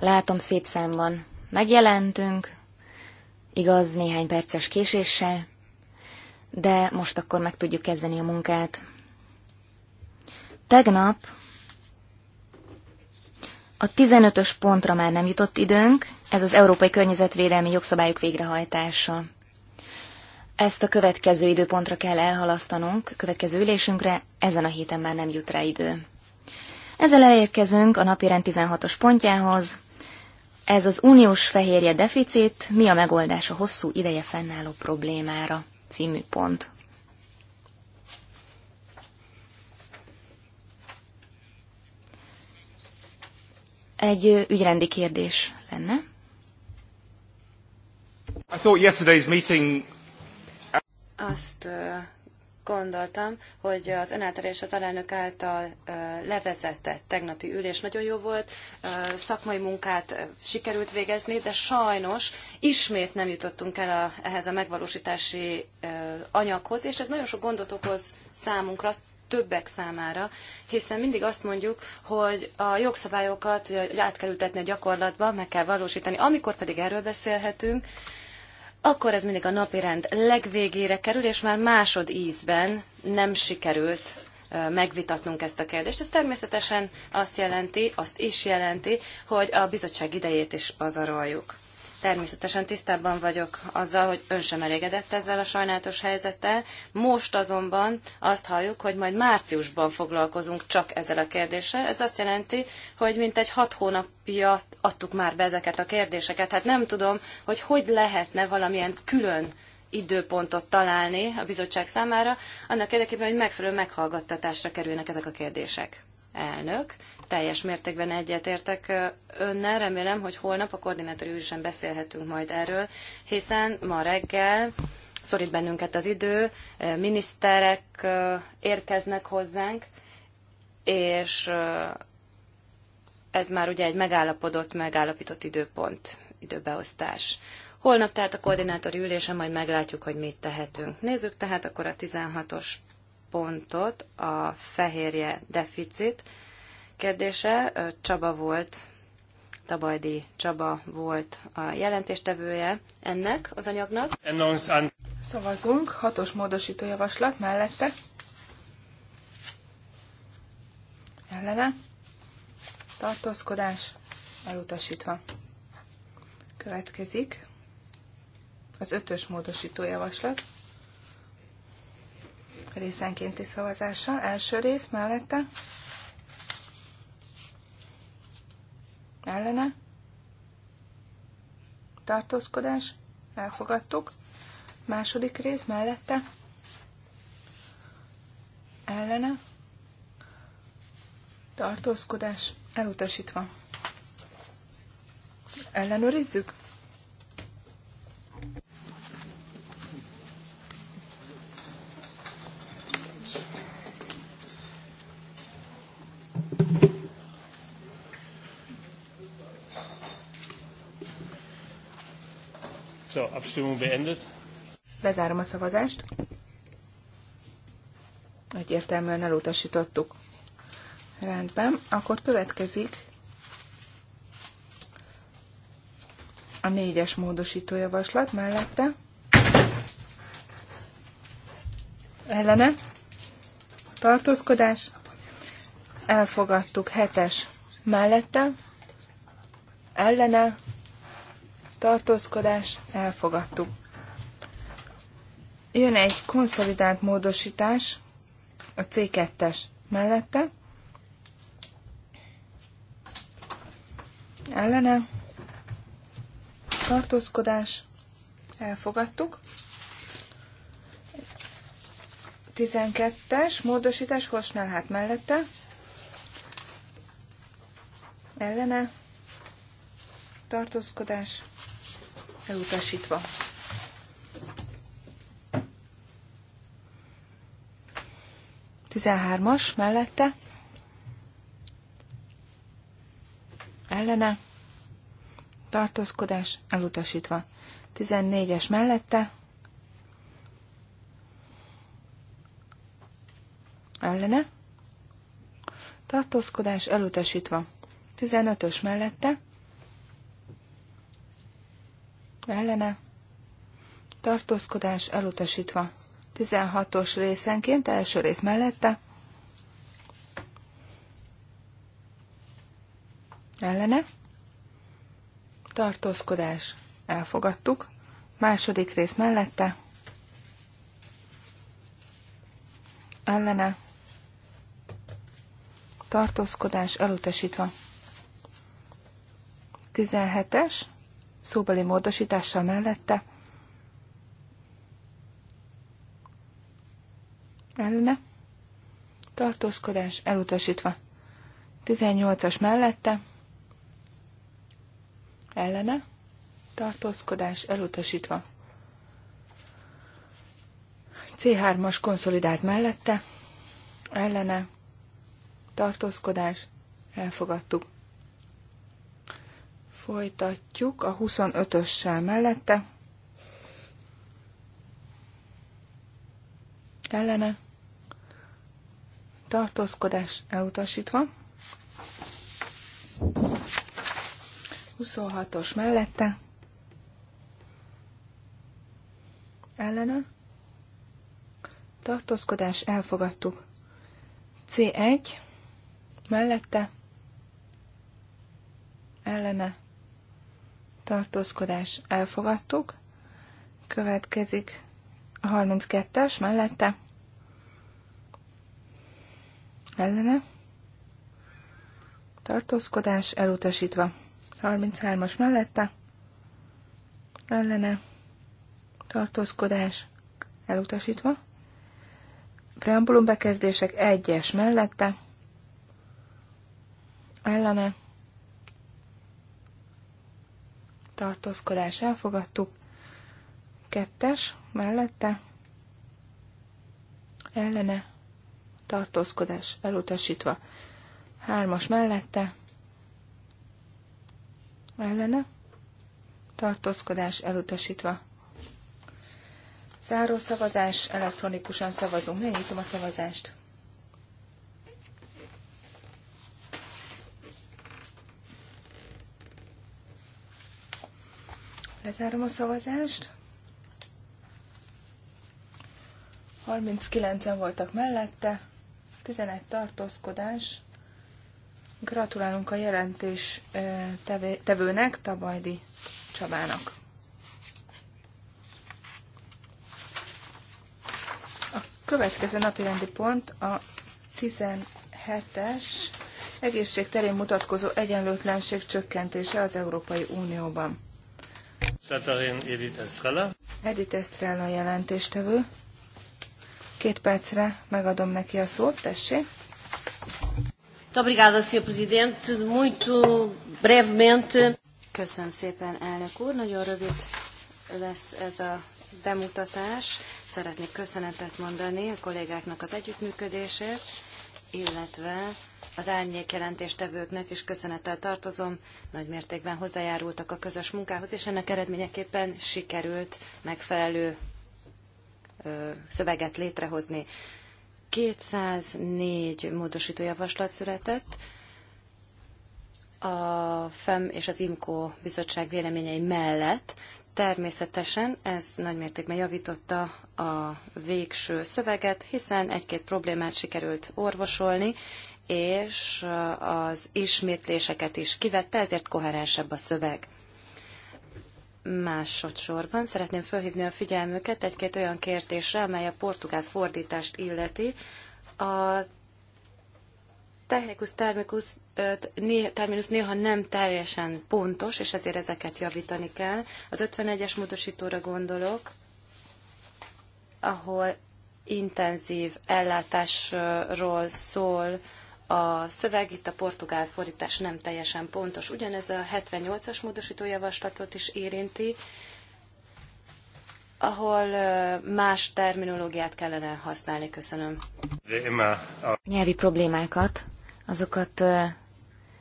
Látom, szép számban megjelentünk, igaz, néhány perces késéssel, de most akkor meg tudjuk kezdeni a munkát. Tegnap a 15-ös pontra már nem jutott időnk, ez az Európai Környezetvédelmi Jogszabályok végrehajtása. Ezt a következő időpontra kell elhalasztanunk, következő ülésünkre, ezen a héten már nem jut rá idő. Ezzel elérkezünk a rend 16-os pontjához. Ez az uniós fehérje deficit, mi a megoldás a hosszú ideje fennálló problémára című pont. Egy ügyrendi kérdés lenne. I thought yesterday's meeting... Azt gondoltam, hogy az ön által és az alelnök által levezetett tegnapi ülés nagyon jó volt, szakmai munkát sikerült végezni, de sajnos ismét nem jutottunk el a, ehhez a megvalósítási anyaghoz, és ez nagyon sok gondot okoz számunkra, többek számára, hiszen mindig azt mondjuk, hogy a jogszabályokat át kell ültetni a gyakorlatba, meg kell valósítani. Amikor pedig erről beszélhetünk, akkor ez mindig a napirend legvégére kerül, és már másod ízben nem sikerült megvitatnunk ezt a kérdést. Ez természetesen azt jelenti, azt is jelenti, hogy a bizottság idejét is pazaroljuk. Természetesen tisztában vagyok azzal, hogy ön sem elégedett ezzel a sajnálatos helyzettel. Most azonban azt halljuk, hogy majd márciusban foglalkozunk csak ezzel a kérdéssel. Ez azt jelenti, hogy mintegy hat hónapja adtuk már be ezeket a kérdéseket. Hát nem tudom, hogy hogy lehetne valamilyen külön időpontot találni a bizottság számára, annak érdekében, hogy megfelelő meghallgattatásra kerülnek ezek a kérdések. Elnök, teljes mértékben egyetértek önnel. Remélem, hogy holnap a koordinátori ülésen beszélhetünk majd erről, hiszen ma reggel szorít bennünket az idő, miniszterek érkeznek hozzánk, és ez már ugye egy megállapodott, megállapított időpont, időbeosztás. Holnap tehát a koordinátori ülésen majd meglátjuk, hogy mit tehetünk. Nézzük tehát akkor a 16-os pontot, a fehérje deficit kérdése. Csaba volt, Tabajdi Csaba volt a jelentéstevője ennek az anyagnak. Szavazunk, hatos módosító javaslat mellette. Ellene. Tartózkodás elutasítva. Következik az ötös módosító javaslat részenkénti szavazással. Első rész mellette ellene, tartózkodás, elfogadtuk. Második rész mellette, ellene, tartózkodás, elutasítva. Ellenőrizzük? Abstimmung beendet. Lezárom a szavazást. Egyértelműen elutasítottuk. Rendben, akkor következik a négyes módosítójavaslat mellette. Ellene. Tartózkodás. Elfogadtuk hetes mellette. Ellene tartózkodás, elfogadtuk. Jön egy konszolidált módosítás, a C2-es mellette, ellene, tartózkodás, elfogadtuk. 12-es módosítás Hosnál hát mellette, ellene, tartózkodás, elutasítva. Tizenhármas mellette, ellene, tartózkodás elutasítva. Tizennégyes mellette, ellene, tartózkodás elutasítva. Tizenötös mellette, ellene, tartózkodás elutasítva. 16-os részenként, első rész mellette, ellene, tartózkodás elfogadtuk, második rész mellette, ellene, tartózkodás elutasítva. 17-es, szóbeli módosítással mellette. Ellene. Tartózkodás elutasítva. 18-as mellette. Ellene. Tartózkodás elutasítva. C3-as konszolidált mellette. Ellene. Tartózkodás. Elfogadtuk. Folytatjuk a 25-össel mellette. Ellene. Tartózkodás elutasítva. 26-os mellette. Ellene. Tartózkodás elfogadtuk. C1 mellette. Ellene tartózkodás elfogadtuk. Következik a 32-es mellette. Ellene. Tartózkodás elutasítva. 33-as mellette. Ellene. Tartózkodás elutasítva. Preambulum bekezdések 1-es mellette. Ellene tartózkodás elfogadtuk, kettes mellette ellene tartózkodás elutasítva, hármas mellette ellene tartózkodás elutasítva. Záró szavazás, elektronikusan szavazunk. nyitom a szavazást. Lezárom a szavazást. 39-en voltak mellette, 11 tartózkodás. Gratulálunk a jelentés tevőnek, Tabajdi Csabának. A következő napi rendi pont a 17-es egészség terén mutatkozó egyenlőtlenség csökkentése az Európai Unióban. Katalin Edith Estrella. Edith Estrella jelentéstevő. Két percre megadom neki a szót, tessé. Muito obrigada, Sr. Presidente. Muito brevemente. Köszönöm szépen, elnök úr. Nagyon rövid lesz ez a bemutatás. Szeretnék köszönetet mondani a kollégáknak az együttműködésért illetve az árnyék jelentéstevőknek is köszönettel tartozom, nagy mértékben hozzájárultak a közös munkához, és ennek eredményeképpen sikerült megfelelő ö, szöveget létrehozni. 204 módosító javaslat született, a FEM és az IMKO bizottság véleményei mellett, Természetesen ez nagymértékben javította a végső szöveget, hiszen egy-két problémát sikerült orvosolni, és az ismétléseket is kivette, ezért koherensebb a szöveg. Másodszorban szeretném felhívni a figyelmüket egy-két olyan kérdésre, amely a portugál fordítást illeti. A technikus termikus, terminus néha nem teljesen pontos, és ezért ezeket javítani kell. Az 51-es módosítóra gondolok, ahol intenzív ellátásról szól a szöveg, itt a portugál fordítás nem teljesen pontos. Ugyanez a 78-as módosítójavaslatot is érinti, ahol más terminológiát kellene használni. Köszönöm. Nyelvi problémákat azokat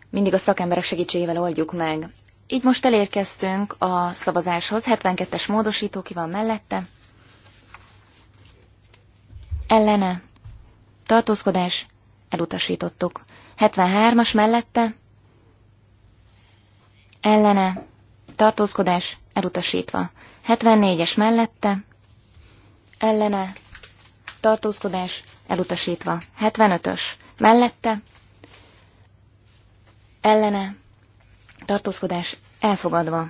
mindig a szakemberek segítségével oldjuk meg. Így most elérkeztünk a szavazáshoz. 72-es módosító, ki van mellette? Ellene. Tartózkodás. Elutasítottuk. 73-as mellette? Ellene. Tartózkodás. Elutasítva. 74-es mellette? Ellene. Tartózkodás. Elutasítva. 75-ös. Mellette? ellene, tartózkodás elfogadva.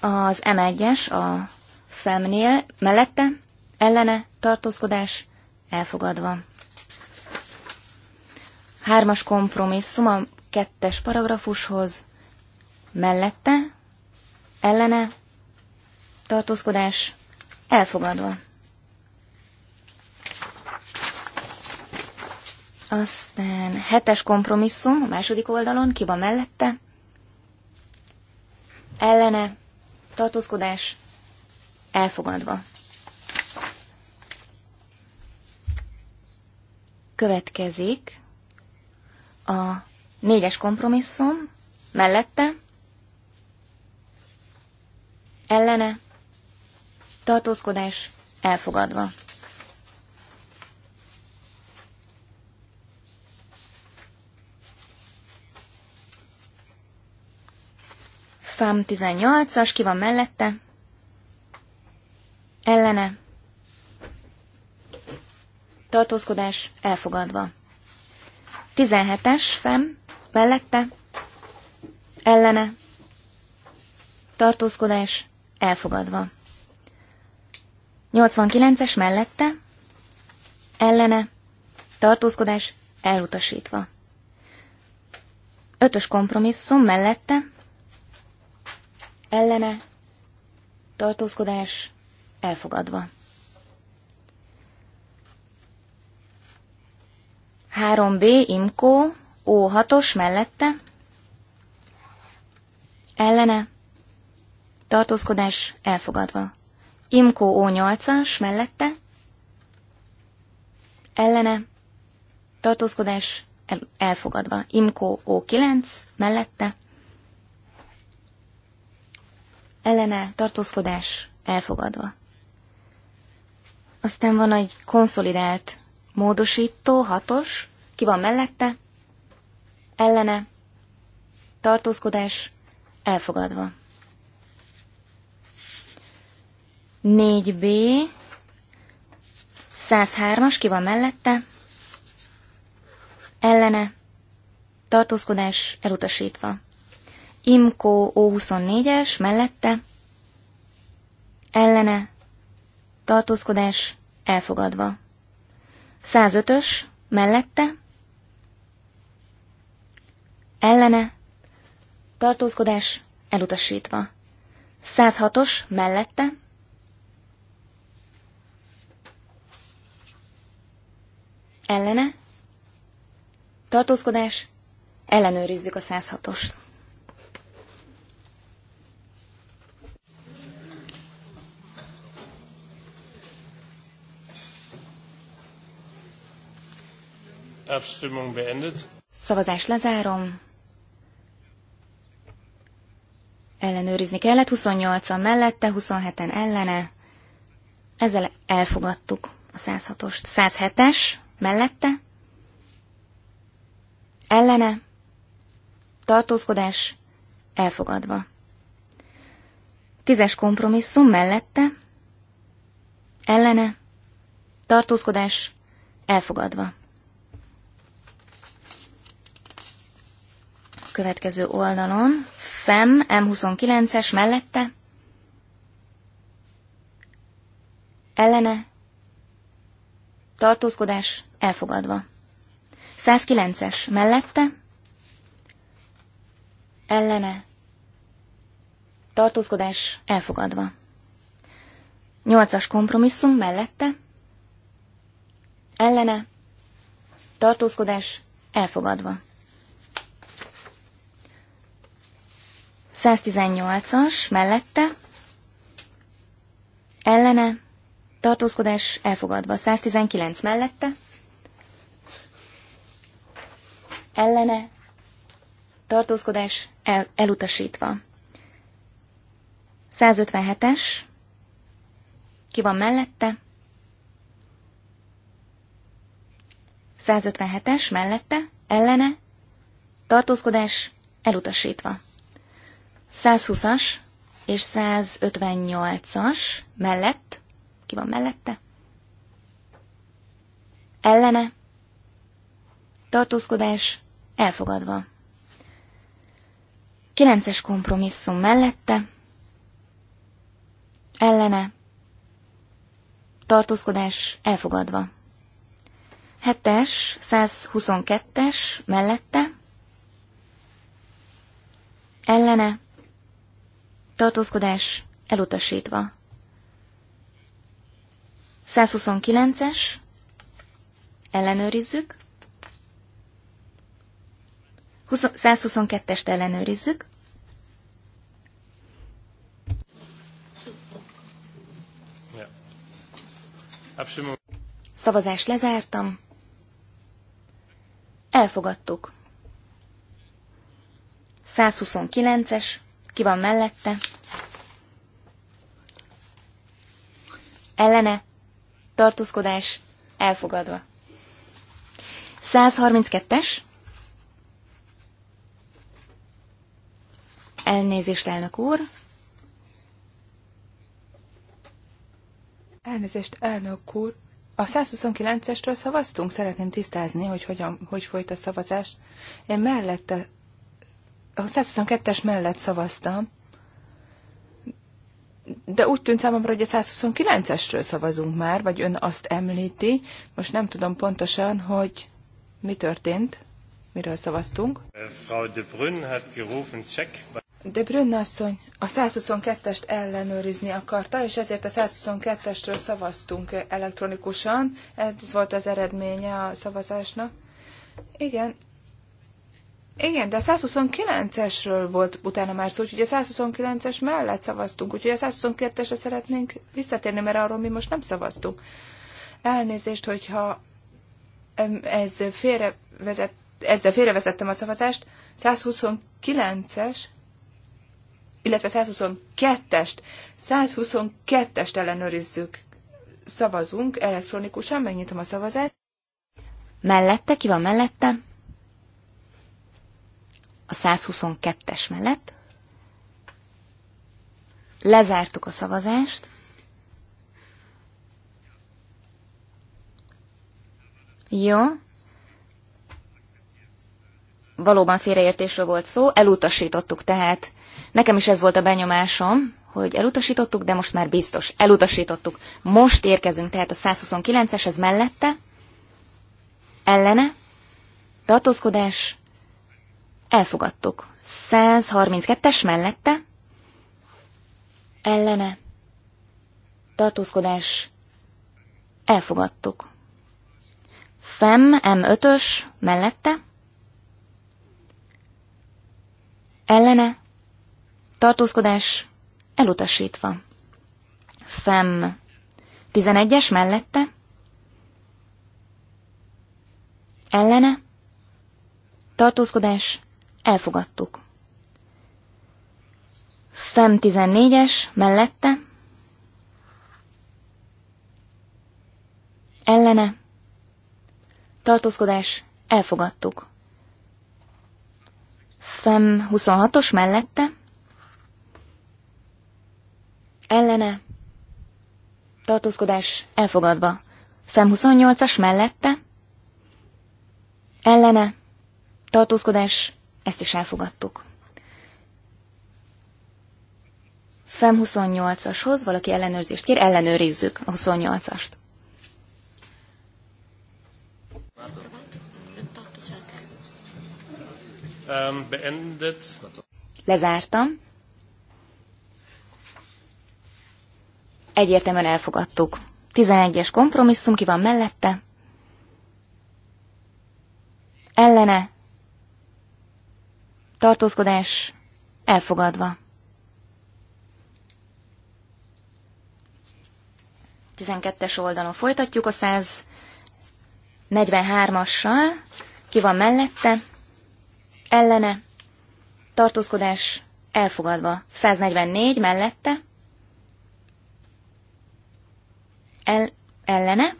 Az M1-es a femnél mellette, ellene, tartózkodás elfogadva. Hármas kompromisszum a kettes paragrafushoz mellette, ellene, tartózkodás elfogadva. Aztán hetes kompromisszum a második oldalon, ki van mellette? Ellene, tartózkodás, elfogadva. Következik a négyes kompromisszum, mellette, ellene, tartózkodás, elfogadva. FAM 18-as, ki van mellette? Ellene. Tartózkodás elfogadva. 17-es fem, mellette? Ellene. Tartózkodás elfogadva. 89-es mellette? Ellene. Tartózkodás elutasítva. Ötös kompromisszum mellette? ellene, tartózkodás elfogadva. Három b Imkó, o hatos mellette, ellene, tartózkodás elfogadva. Imkó o nyolcas mellette, ellene, tartózkodás elfogadva. Imkó o kilenc mellette, ellene tartózkodás elfogadva. Aztán van egy konszolidált módosító, hatos, ki van mellette, ellene tartózkodás elfogadva. 4B, 103-as, ki van mellette, ellene, tartózkodás elutasítva. Imko O24-es mellette, ellene, tartózkodás elfogadva. 105-ös mellette, ellene, tartózkodás elutasítva. 106-os mellette, ellene, tartózkodás, ellenőrizzük a 106-ost. Abstimmung beendet. Szavazást lezárom. Ellenőrizni kellett, 28-an mellette, 27-en ellene. Ezzel elfogadtuk a 106-ost. 107-es mellette. Ellene. Tartózkodás elfogadva. Tízes kompromisszum mellette. Ellene. Tartózkodás elfogadva. következő oldalon. FEM M29-es mellette. Ellene. Tartózkodás elfogadva. 109-es mellette. Ellene. Tartózkodás elfogadva. 8-as kompromisszum mellette. Ellene. Tartózkodás elfogadva. 118-as mellette, ellene, tartózkodás elfogadva. 119 mellette, ellene, tartózkodás el, elutasítva. 157-es, ki van mellette? 157-es mellette, ellene, tartózkodás elutasítva. 120-as és 158-as mellett, ki van mellette? Ellene, tartózkodás elfogadva. 9-es kompromisszum mellette, ellene, tartózkodás elfogadva. 7-es, 122-es mellette, ellene, tartózkodás elutasítva. 129-es, ellenőrizzük. 122-est ellenőrizzük. Szavazást lezártam. Elfogadtuk. 129-es, ki van mellette? Ellene. Tartózkodás. Elfogadva. 132-es. Elnézést, elnök úr. Elnézést, elnök úr. A 129-estről szavaztunk, szeretném tisztázni, hogy hogyan, hogy folyt a szavazás. Én mellette a 122-es mellett szavaztam, de úgy tűnt számomra, hogy a 129-esről szavazunk már, vagy ön azt említi. Most nem tudom pontosan, hogy mi történt, miről szavaztunk. Äh, Frau de Brünn hat gerufen, check. De Brünn asszony a 122-est ellenőrizni akarta, és ezért a 122-estről szavaztunk elektronikusan. Ez volt az eredménye a szavazásnak. Igen, igen, de a 129-esről volt utána már szó, úgyhogy a 129-es mellett szavaztunk, úgyhogy a 122-esre szeretnénk visszatérni, mert arról mi most nem szavaztunk. Elnézést, hogyha ez félrevezet, ezzel félrevezettem a szavazást, 129-es, illetve 122-est, 122-est ellenőrizzük, szavazunk elektronikusan, megnyitom a szavazást. Mellette, ki van mellette? a 122-es mellett. Lezártuk a szavazást. Jó. Valóban félreértésről volt szó, elutasítottuk tehát. Nekem is ez volt a benyomásom, hogy elutasítottuk, de most már biztos, elutasítottuk. Most érkezünk tehát a 129-eshez mellette, ellene, tartózkodás, Elfogadtuk. 132-es mellette. Ellene. Tartózkodás. Elfogadtuk. FEM M5-ös mellette. Ellene. Tartózkodás. Elutasítva. FEM 11-es mellette. Ellene. Tartózkodás Elfogadtuk. FEM 14-es, mellette. Ellene. Tartózkodás. Elfogadtuk. FEM 26-os, mellette. Ellene. Tartózkodás. Elfogadva. FEM 28-as, mellette. Ellene. Tartózkodás. Ezt is elfogadtuk. FEM 28-ashoz valaki ellenőrzést kér, ellenőrizzük a 28-ast. Ähm, Lezártam. Egyértelműen elfogadtuk. 11-es kompromisszum ki van mellette? Ellene tartózkodás elfogadva. 12-es oldalon folytatjuk a 143-assal, ki van mellette, ellene, tartózkodás elfogadva, 144 mellette, el, ellene,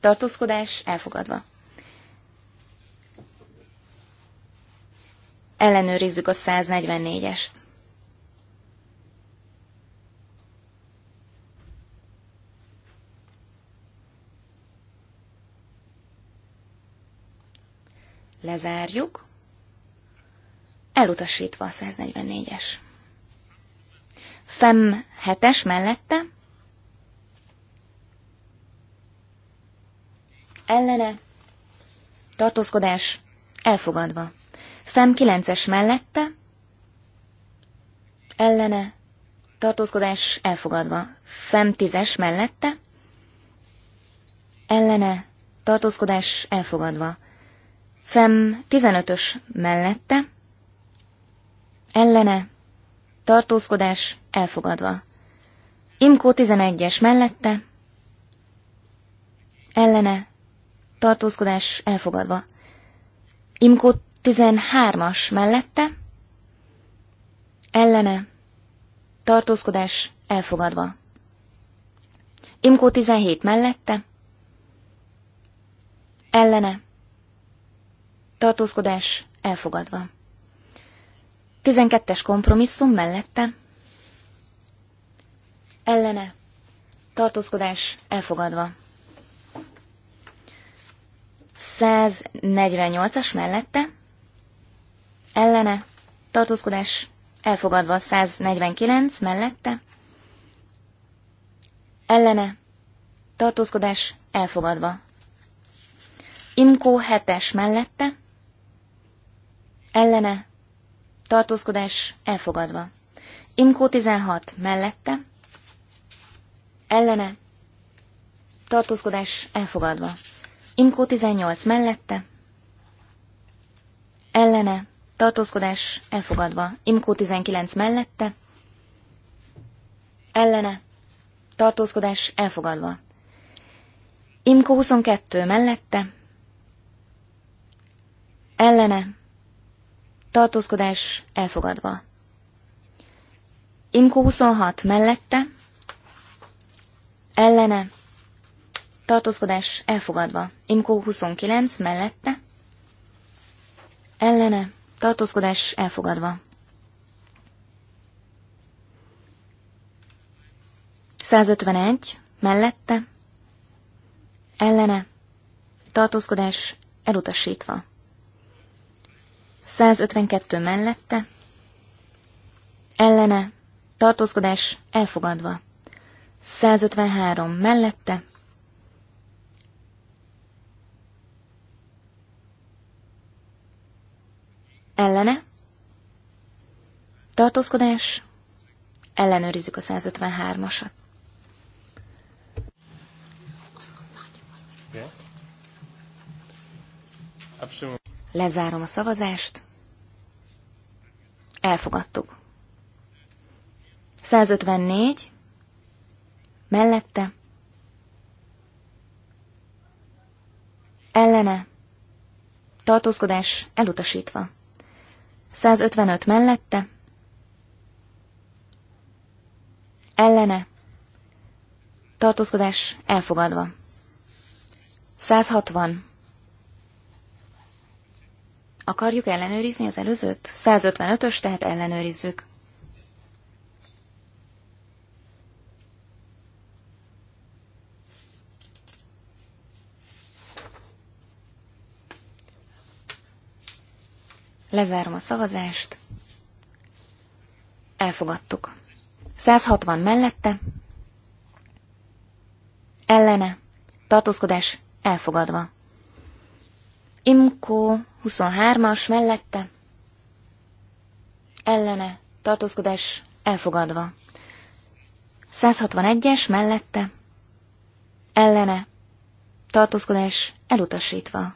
tartózkodás elfogadva. Ellenőrizzük a 144-est. Lezárjuk. Elutasítva a 144-es. Fem 7-es mellette. Ellene. Tartózkodás. Elfogadva. FEM kilences mellette, ellene, tartózkodás elfogadva. FEM tízes mellette, ellene, tartózkodás elfogadva. FEM tizenötös mellette, ellene, tartózkodás elfogadva. Imkó tizenegyes mellette, ellene, tartózkodás elfogadva. Imkó 13-as mellette, ellene, tartózkodás elfogadva. Imkó 17 mellette, ellene, tartózkodás elfogadva. 12-es kompromisszum mellette, ellene, tartózkodás elfogadva. 148-as mellette, ellene, tartózkodás elfogadva 149 mellette, ellene, tartózkodás elfogadva. Imkó 7-es mellette, ellene, tartózkodás elfogadva. Imkó 16 mellette, ellene, tartózkodás elfogadva. Imkó 18 mellette, ellene, tartózkodás elfogadva. Imkó 19 mellette, ellene, tartózkodás elfogadva. Imkó 22 mellette, ellene, tartózkodás elfogadva. Imkó 26 mellette, ellene, tartózkodás elfogadva. Imkó 29 mellette, ellene, tartózkodás elfogadva. Százötvenegy mellette, ellene, tartózkodás elutasítva. 152 mellette, ellene, tartózkodás elfogadva. 153 mellette, Ellene? Tartózkodás? Ellenőrizzük a 153-asat. Lezárom a szavazást. Elfogadtuk. 154. Mellette. Ellene. Tartózkodás elutasítva. 155 mellette, ellene, tartózkodás elfogadva. 160. Akarjuk ellenőrizni az előzőt? 155-ös, tehát ellenőrizzük. Lezárom a szavazást. Elfogadtuk. 160 mellette. Ellene. Tartózkodás elfogadva. Imkó 23-as mellette. Ellene. Tartózkodás elfogadva. 161-es mellette. Ellene. Tartózkodás elutasítva.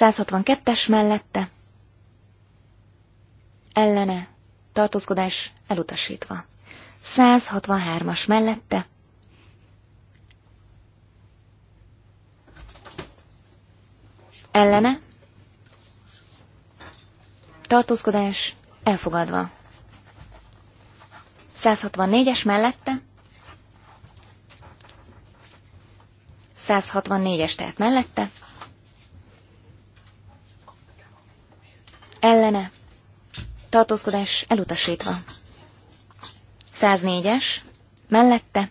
162-es mellette, ellene, tartózkodás elutasítva. 163-as mellette, ellene, tartózkodás elfogadva. 164-es mellette, 164-es tehát mellette, ellene, tartózkodás elutasítva. 104-es, mellette,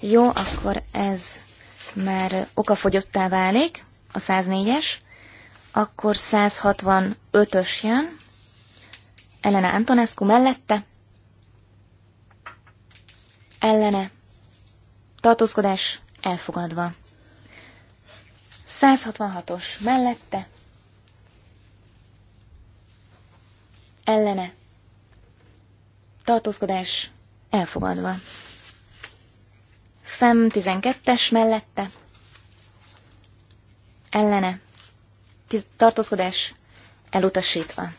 Jó, akkor ez már okafogyottá válik, a 104-es, akkor 165-ös jön, Elena Antonescu mellette, ellene, tartózkodás elfogadva. 166-os mellette, ellene, tartózkodás elfogadva. Fem 12-es mellette, ellene, tartózkodás elutasítva.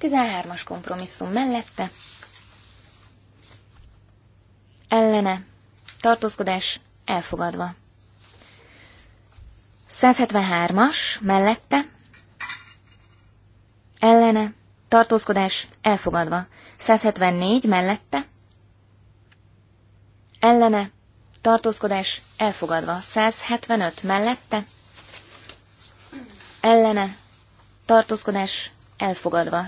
13-as kompromisszum mellette, ellene, tartózkodás elfogadva. 173-as, mellette, ellene, tartózkodás elfogadva. 174 mellette, ellene, tartózkodás elfogadva. 175 mellette, ellene, tartózkodás elfogadva.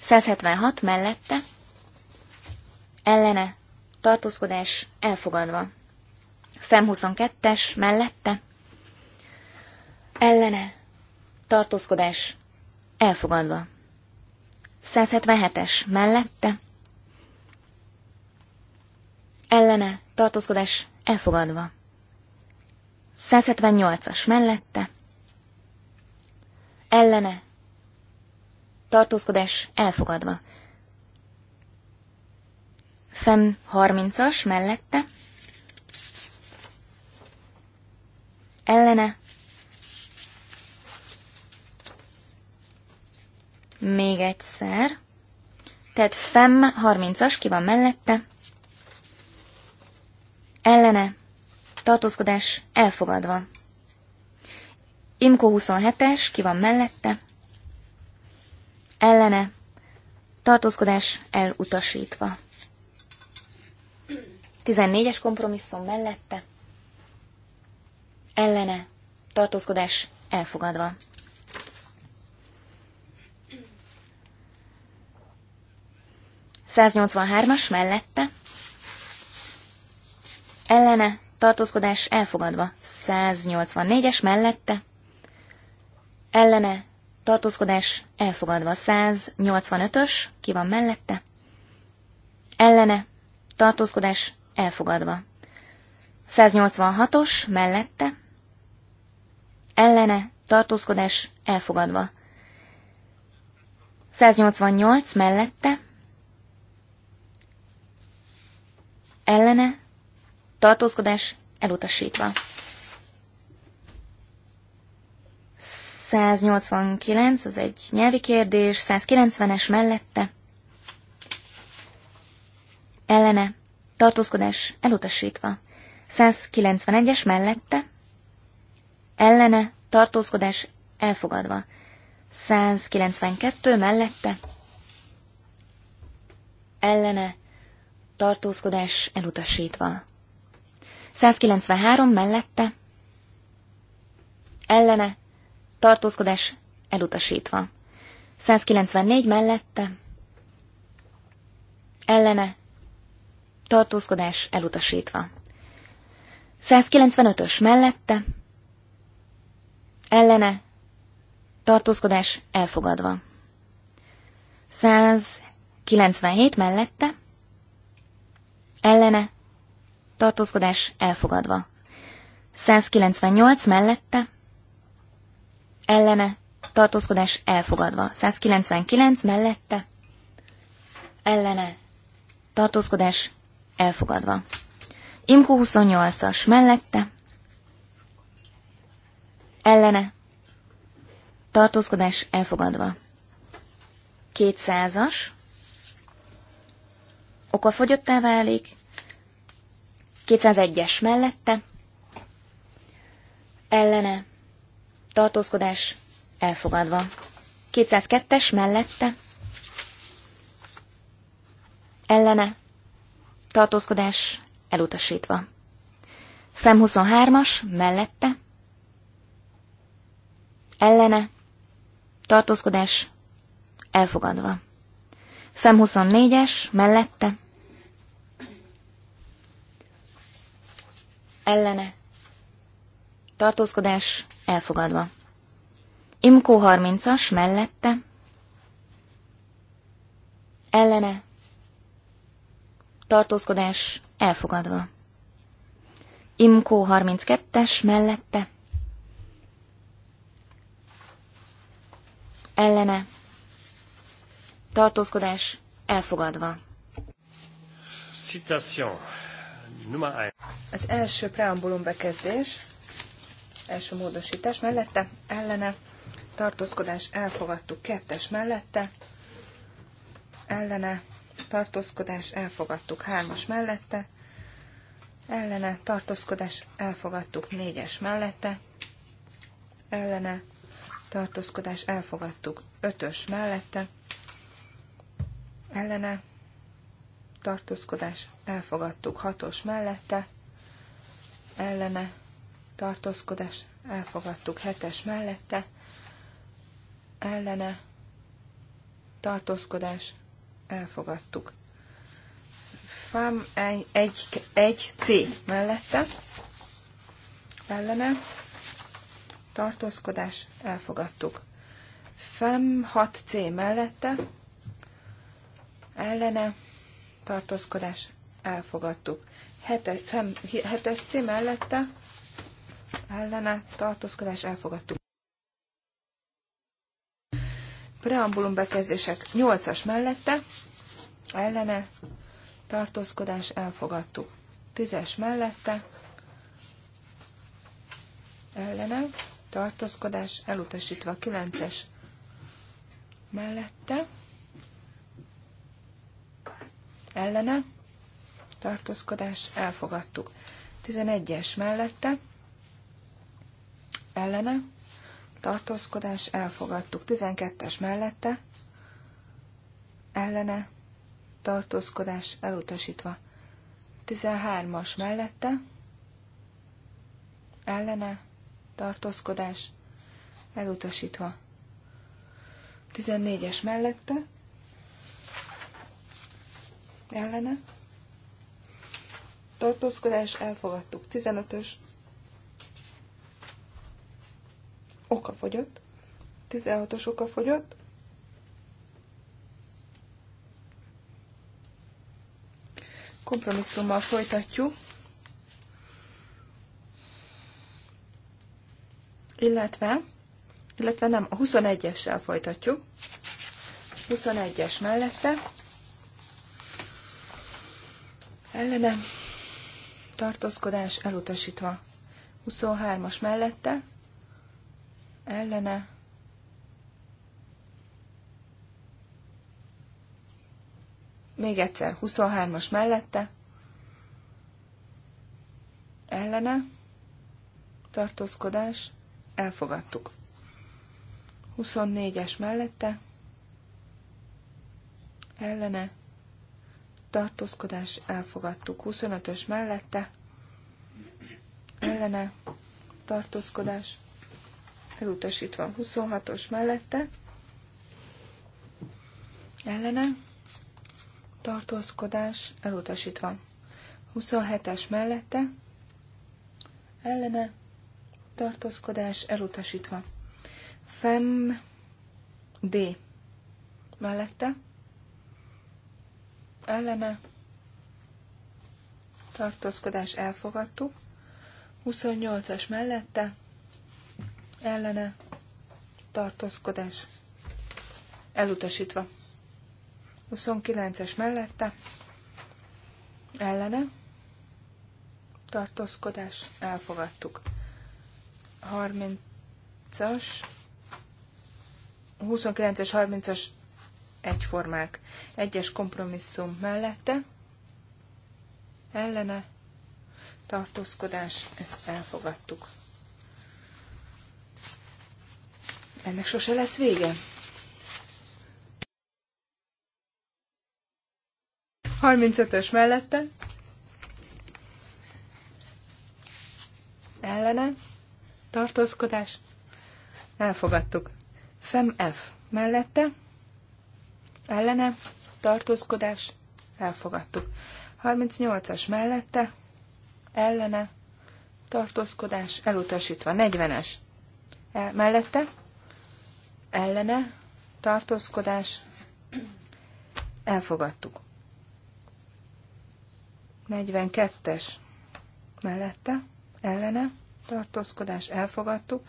176 mellette, ellene, tartózkodás elfogadva. FEM 22-es mellette, ellene, tartózkodás elfogadva. 177-es mellette, ellene, tartózkodás elfogadva. 178-as mellette, ellene, tartózkodás elfogadva. Fem 30-as mellette. Ellene. Még egyszer. Tehát Fem 30-as, ki van mellette? Ellene. Tartózkodás elfogadva. Imko 27-es, ki van mellette? Ellene. Tartózkodás elutasítva. 14-es kompromisszum mellette, ellene, tartózkodás elfogadva. as mellette, ellene, tartózkodás elfogadva. 184-es mellette, ellene, tartózkodás elfogadva. 185-ös, ki van mellette, ellene, tartózkodás elfogadva. 186-os mellette, ellene, tartózkodás, elfogadva. 188 mellette, ellene, tartózkodás, elutasítva. 189, az egy nyelvi kérdés, 190-es mellette, ellene, tartózkodás elutasítva. 191-es mellette, ellene, tartózkodás elfogadva. 192 mellette, ellene, tartózkodás elutasítva. 193 mellette, ellene, tartózkodás elutasítva. 194 mellette, ellene, tartózkodás elutasítva. 195-ös mellette, ellene, tartózkodás elfogadva. 197 mellette, ellene, tartózkodás elfogadva. 198 mellette, ellene, tartózkodás elfogadva. 199 mellette, ellene, tartózkodás elfogadva. Imko 28-as mellette, ellene, tartózkodás elfogadva. 200-as, fogyottá válik, 201-es mellette, ellene, tartózkodás elfogadva. 202-es mellette, ellene, tartózkodás elutasítva. FEM 23-as, mellette, ellene, tartózkodás elfogadva. FEM 24-es, mellette, ellene, tartózkodás elfogadva. Imkó 30-as, mellette, ellene, tartózkodás elfogadva. Imkó 32-es mellette. Ellene. Tartózkodás elfogadva. Citation. Az első preambulum bekezdés, első módosítás mellette, ellene, tartózkodás elfogadtuk kettes mellette, ellene, tartózkodás elfogadtuk hármas mellette, ellene tartózkodás elfogadtuk négyes mellette, ellene tartózkodás elfogadtuk ötös mellette, ellene tartózkodás elfogadtuk hatos mellette, ellene tartózkodás elfogadtuk hetes mellette, ellene tartózkodás elfogadtuk. egy 1C mellette ellene tartózkodás elfogadtuk. FEM 6C mellette ellene tartózkodás elfogadtuk. 7-es C mellette ellene tartózkodás elfogadtuk fem 6 c mellette ellene tartózkodás elfogadtuk 7 hetes c mellette ellene tartózkodás elfogadtuk Preambulum bekezdések 8-as mellette, ellene, tartózkodás elfogadtuk. 10-es mellette, ellene, tartózkodás elutasítva. 9-es mellette, ellene, tartózkodás elfogadtuk. 11-es mellette, ellene, tartózkodás, elfogadtuk. 12-es mellette, ellene, tartózkodás, elutasítva. 13-as mellette, ellene, tartózkodás, elutasítva. 14-es mellette, ellene, tartózkodás, elfogadtuk. 15-ös oka fogyott, 16-os oka fogyott, kompromisszummal folytatjuk, illetve, illetve nem, a 21-essel folytatjuk, 21-es mellette, Ellenem tartózkodás elutasítva, 23-as mellette, ellene. Még egyszer, 23-as mellette, ellene, tartózkodás, elfogadtuk. 24-es mellette, ellene, tartózkodás, elfogadtuk. 25-ös mellette, ellene, tartózkodás, elfogadtuk elutasítva 26-os mellette, ellene, tartózkodás elutasítva 27-es mellette, ellene, tartózkodás elutasítva. Fem D. Mellette. Ellene. Tartózkodás elfogadtuk. 28-as mellette ellene tartózkodás elutasítva. 29-es mellette ellene tartózkodás elfogadtuk. 30-as 29-es, 30-as egyformák. Egyes kompromisszum mellette ellene tartózkodás, ezt elfogadtuk. ennek sose lesz vége. Harmincötös mellette. Ellene. Tartózkodás. Elfogadtuk. Fem F mellette. Ellene. Tartózkodás. Elfogadtuk. 38-as mellette. Ellene. Tartózkodás. Elutasítva. 40-es. El, mellette ellene, tartózkodás, elfogadtuk. 42-es mellette, ellene, tartózkodás, elfogadtuk.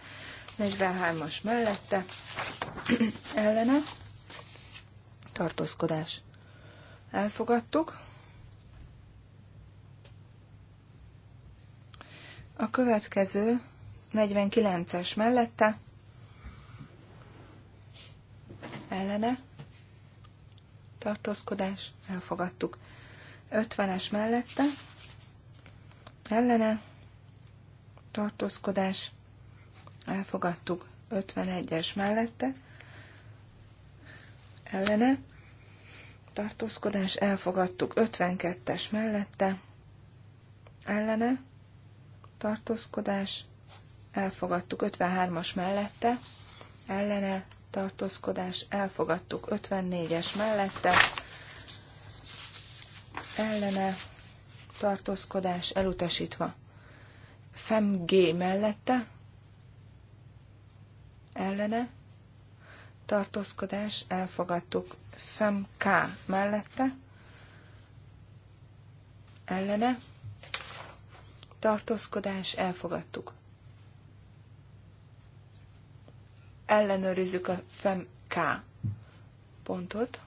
43-as mellette, ellene, tartózkodás. Elfogadtuk. A következő 49-es mellette, ellene, tartózkodás, elfogadtuk. 50-es mellette, ellene, tartózkodás, elfogadtuk. 51-es mellette, ellene, tartózkodás, elfogadtuk. 52-es mellette, ellene, tartózkodás, elfogadtuk. 53-as mellette, ellene, tartózkodás, elfogadtuk 54-es mellette, ellene tartózkodás elutasítva. FEMG mellette, ellene tartózkodás elfogadtuk. FEMK mellette, ellene tartózkodás elfogadtuk. ellenőrizzük a FEMK pontot.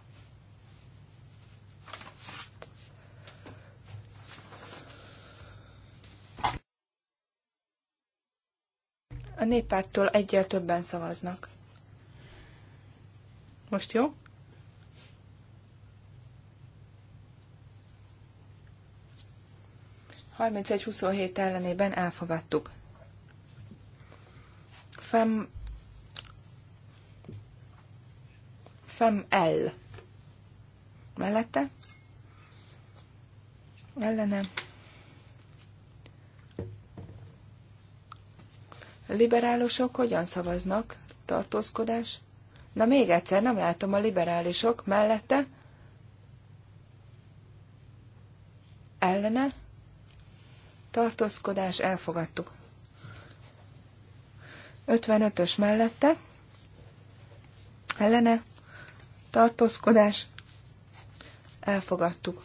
A néppárttól egyel többen szavaznak. Most jó? harmincegy ellenében elfogadtuk. FEM Fem L. Mellette? Ellene. Liberálosok hogyan szavaznak? Tartózkodás? Na még egyszer, nem látom a liberálisok mellette. Ellene? Tartózkodás, elfogadtuk. 55-ös mellette. Ellene? tartózkodás, elfogadtuk.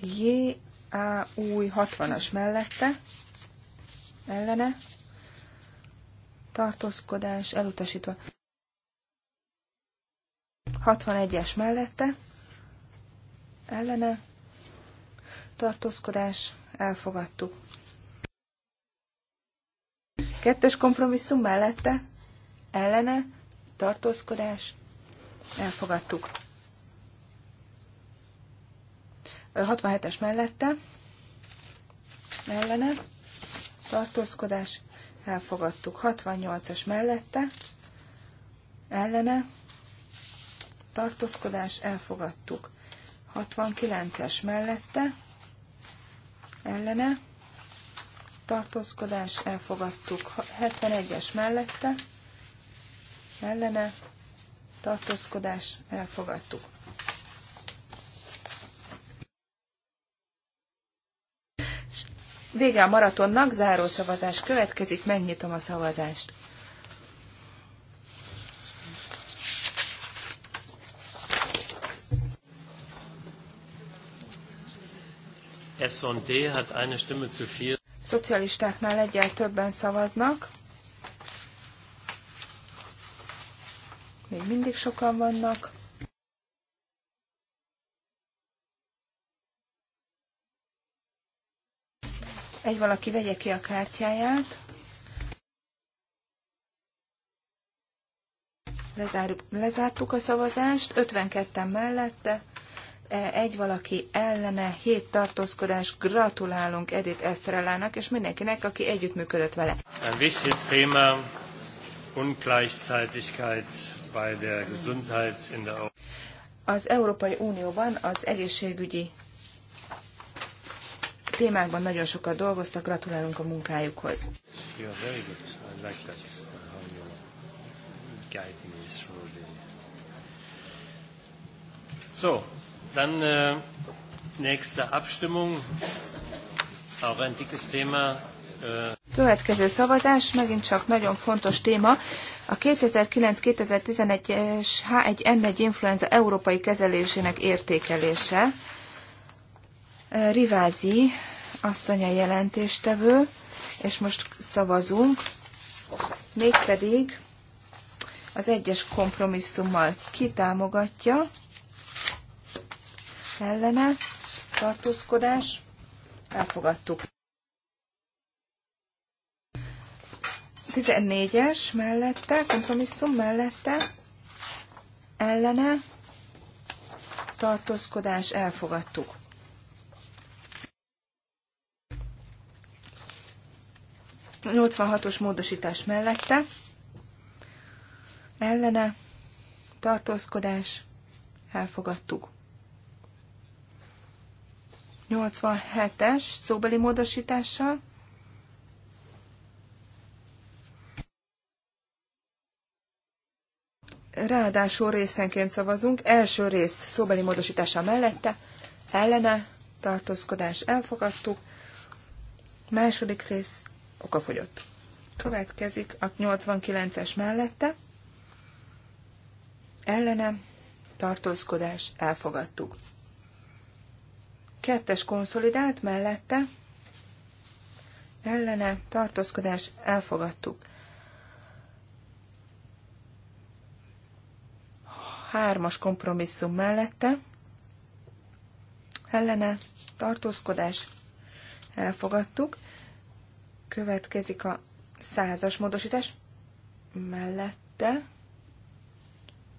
J, A, új 60-as mellette, ellene, tartózkodás, elutasítva. 61-es mellette, ellene, tartózkodás, elfogadtuk. Kettes kompromisszum mellette, ellene, tartózkodás, elfogadtuk. 67-es mellette, ellene, tartózkodás, elfogadtuk. 68 es mellette, ellene, tartózkodás, elfogadtuk. 69-es mellette, ellene, tartózkodás, elfogadtuk 71-es mellette, ellene, tartózkodás, elfogadtuk. Vége a maratonnak, záró szavazás következik, megnyitom a szavazást. S&D hat eine Stimme zu viel szocialistáknál egyel többen szavaznak. Még mindig sokan vannak. Egy valaki vegye ki a kártyáját. Lezár, lezártuk a szavazást, 52-en mellette, E, egy valaki ellene, hét tartózkodás. Gratulálunk Edith Eszterellának és mindenkinek, aki együttműködött vele. Ein wichtiges Thema, Ungleichzeitigkeit bei der Gesundheit in der az Európai Unióban az egészségügyi témákban nagyon sokat dolgoztak, gratulálunk a munkájukhoz. So, Dann äh, nächste Abstimmung. Auch ein dickes Thema. Äh Következő szavazás, megint csak nagyon fontos téma. A 2009-2011-es H1N1 influenza európai kezelésének értékelése. Rivázi asszonya jelentéstevő, és most szavazunk, mégpedig az egyes kompromisszummal kitámogatja, ellene tartózkodás elfogadtuk. 14-es mellette, kompromisszum mellette, ellene tartózkodás elfogadtuk. A 86-os módosítás mellette, ellene tartózkodás elfogadtuk. 87-es szóbeli módosítással. Ráadásul részenként szavazunk. Első rész szóbeli módosítása mellette, ellene, tartózkodás elfogadtuk. Második rész okafogyott. Következik a 89-es mellette, ellene, tartózkodás elfogadtuk. Kettes konszolidált mellette ellene tartózkodás elfogadtuk. Hármas kompromisszum mellette ellene tartózkodás elfogadtuk. Következik a százas módosítás mellette,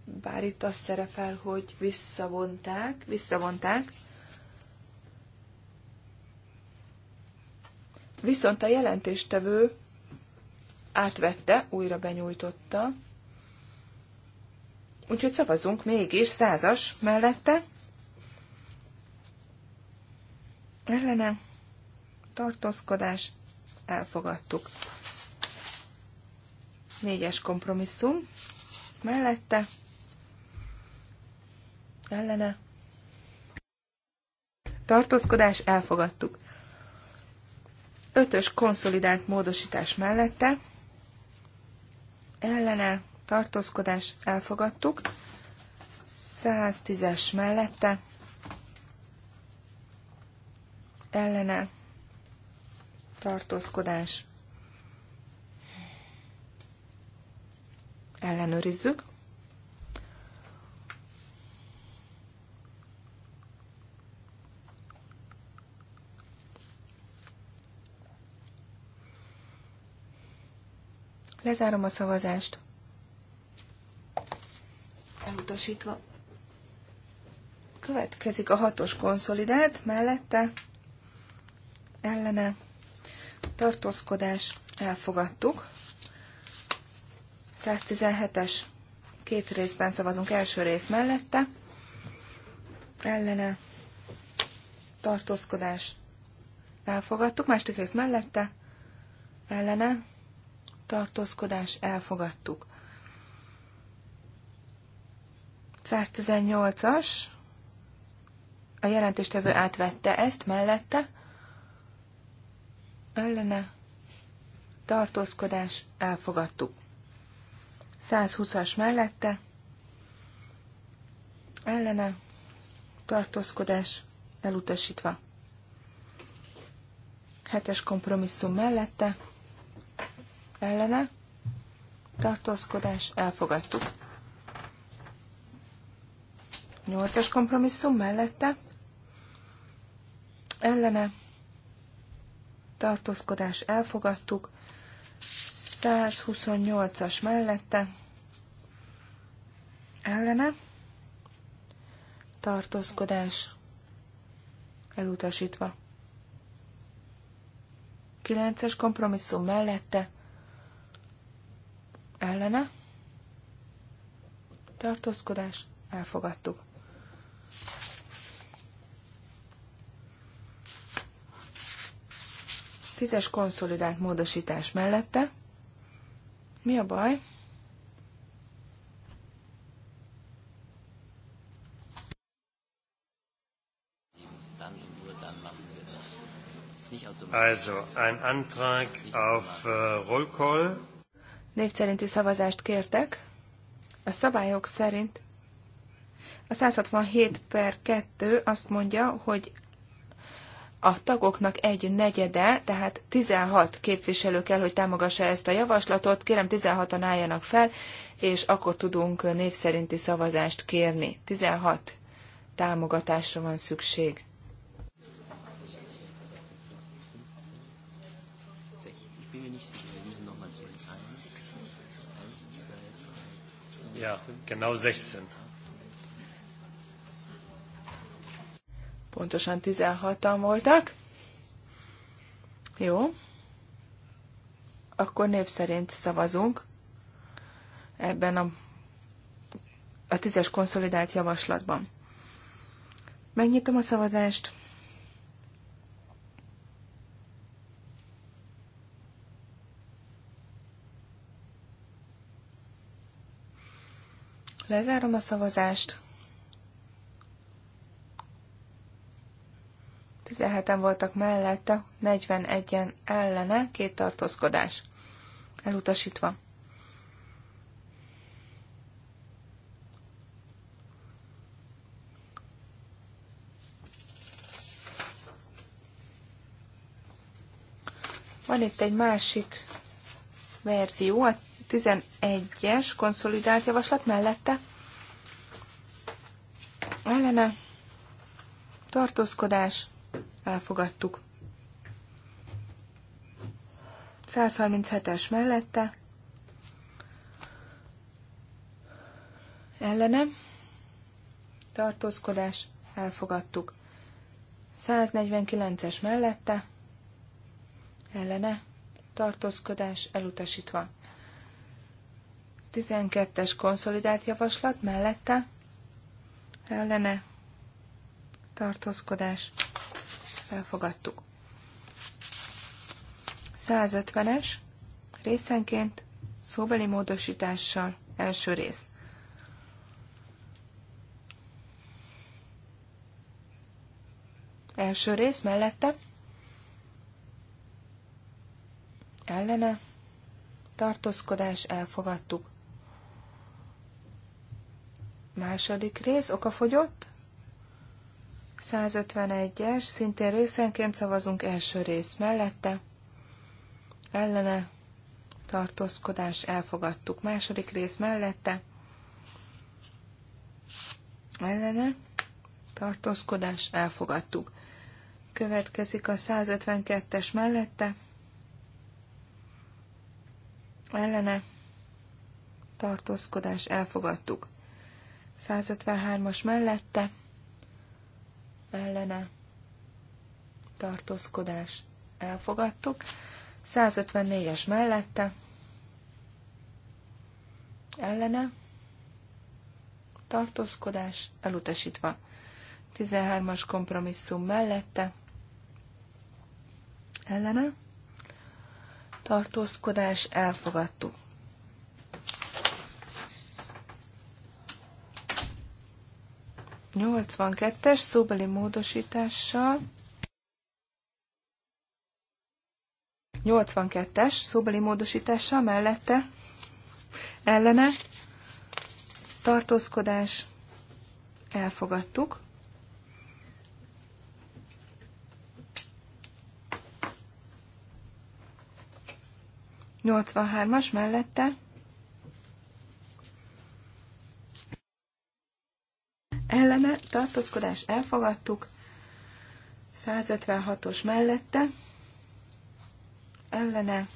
bár itt az szerepel, hogy visszavonták, visszavonták, Viszont a jelentéstevő átvette, újra benyújtotta, úgyhogy szavazunk mégis százas mellette. Ellene tartózkodás elfogadtuk. Négyes kompromisszum mellette ellene tartózkodás elfogadtuk. Ötös konszolidált módosítás mellette ellene tartózkodás elfogadtuk. 110-es mellette ellene tartózkodás ellenőrizzük. Lezárom a szavazást. Elutasítva. Következik a hatos konszolidált, mellette ellene tartózkodás elfogadtuk. 117-es két részben szavazunk első rész mellette. Ellene tartózkodás elfogadtuk, másik rész mellette ellene tartózkodás elfogadtuk. 118-as, a jelentéstevő átvette ezt mellette, ellene tartózkodás elfogadtuk. 120-as mellette, ellene tartózkodás elutasítva. Hetes kompromisszum mellette, ellene, tartózkodás, elfogadtuk. Nyolcas kompromisszum mellette, ellene, tartózkodás, elfogadtuk. 128-as mellette, ellene, tartózkodás, elutasítva. 9-es kompromisszum mellette, ellene, tartózkodás, elfogadtuk. Tízes konszolidált módosítás mellette. Mi a baj? Also ein Antrag auf äh, Rollcall név szerinti szavazást kértek. A szabályok szerint a 167 per 2 azt mondja, hogy a tagoknak egy negyede, tehát 16 képviselő kell, hogy támogassa ezt a javaslatot. Kérem, 16-an álljanak fel, és akkor tudunk név szerinti szavazást kérni. 16 támogatásra van szükség. Ja, genau 16. Pontosan 16-an voltak. Jó. Akkor név szerint szavazunk ebben a, a tízes konszolidált javaslatban. Megnyitom a szavazást. Lezárom a szavazást. 17-en voltak mellette, 41-en ellene, két tartózkodás. Elutasítva. Van itt egy másik verzió, a 11-es konszolidált javaslat mellette. Ellene tartózkodás elfogadtuk. 137-es mellette. Ellene tartózkodás elfogadtuk. 149-es mellette. Ellene tartózkodás elutasítva. 12-es konszolidált javaslat mellette ellene tartózkodás elfogadtuk. 150-es részenként szóbeli módosítással első rész. Első rész mellette ellene tartózkodás elfogadtuk. Második rész, okafogyott. 151-es, szintén részenként szavazunk első rész mellette. Ellene tartózkodás elfogadtuk. Második rész mellette. Ellene tartózkodás elfogadtuk. Következik a 152-es mellette. Ellene tartózkodás elfogadtuk. 153-as mellette ellene tartózkodás elfogadtuk. 154-es mellette ellene tartózkodás elutasítva. 13-as kompromisszum mellette ellene tartózkodás elfogadtuk. 82-es szóbeli módosítással. 82-es szóbeli módosítással mellette ellene tartózkodás elfogadtuk. Nyolcvanhármas mellette ellene tartózkodás elfogadtuk, 156-os mellette ellene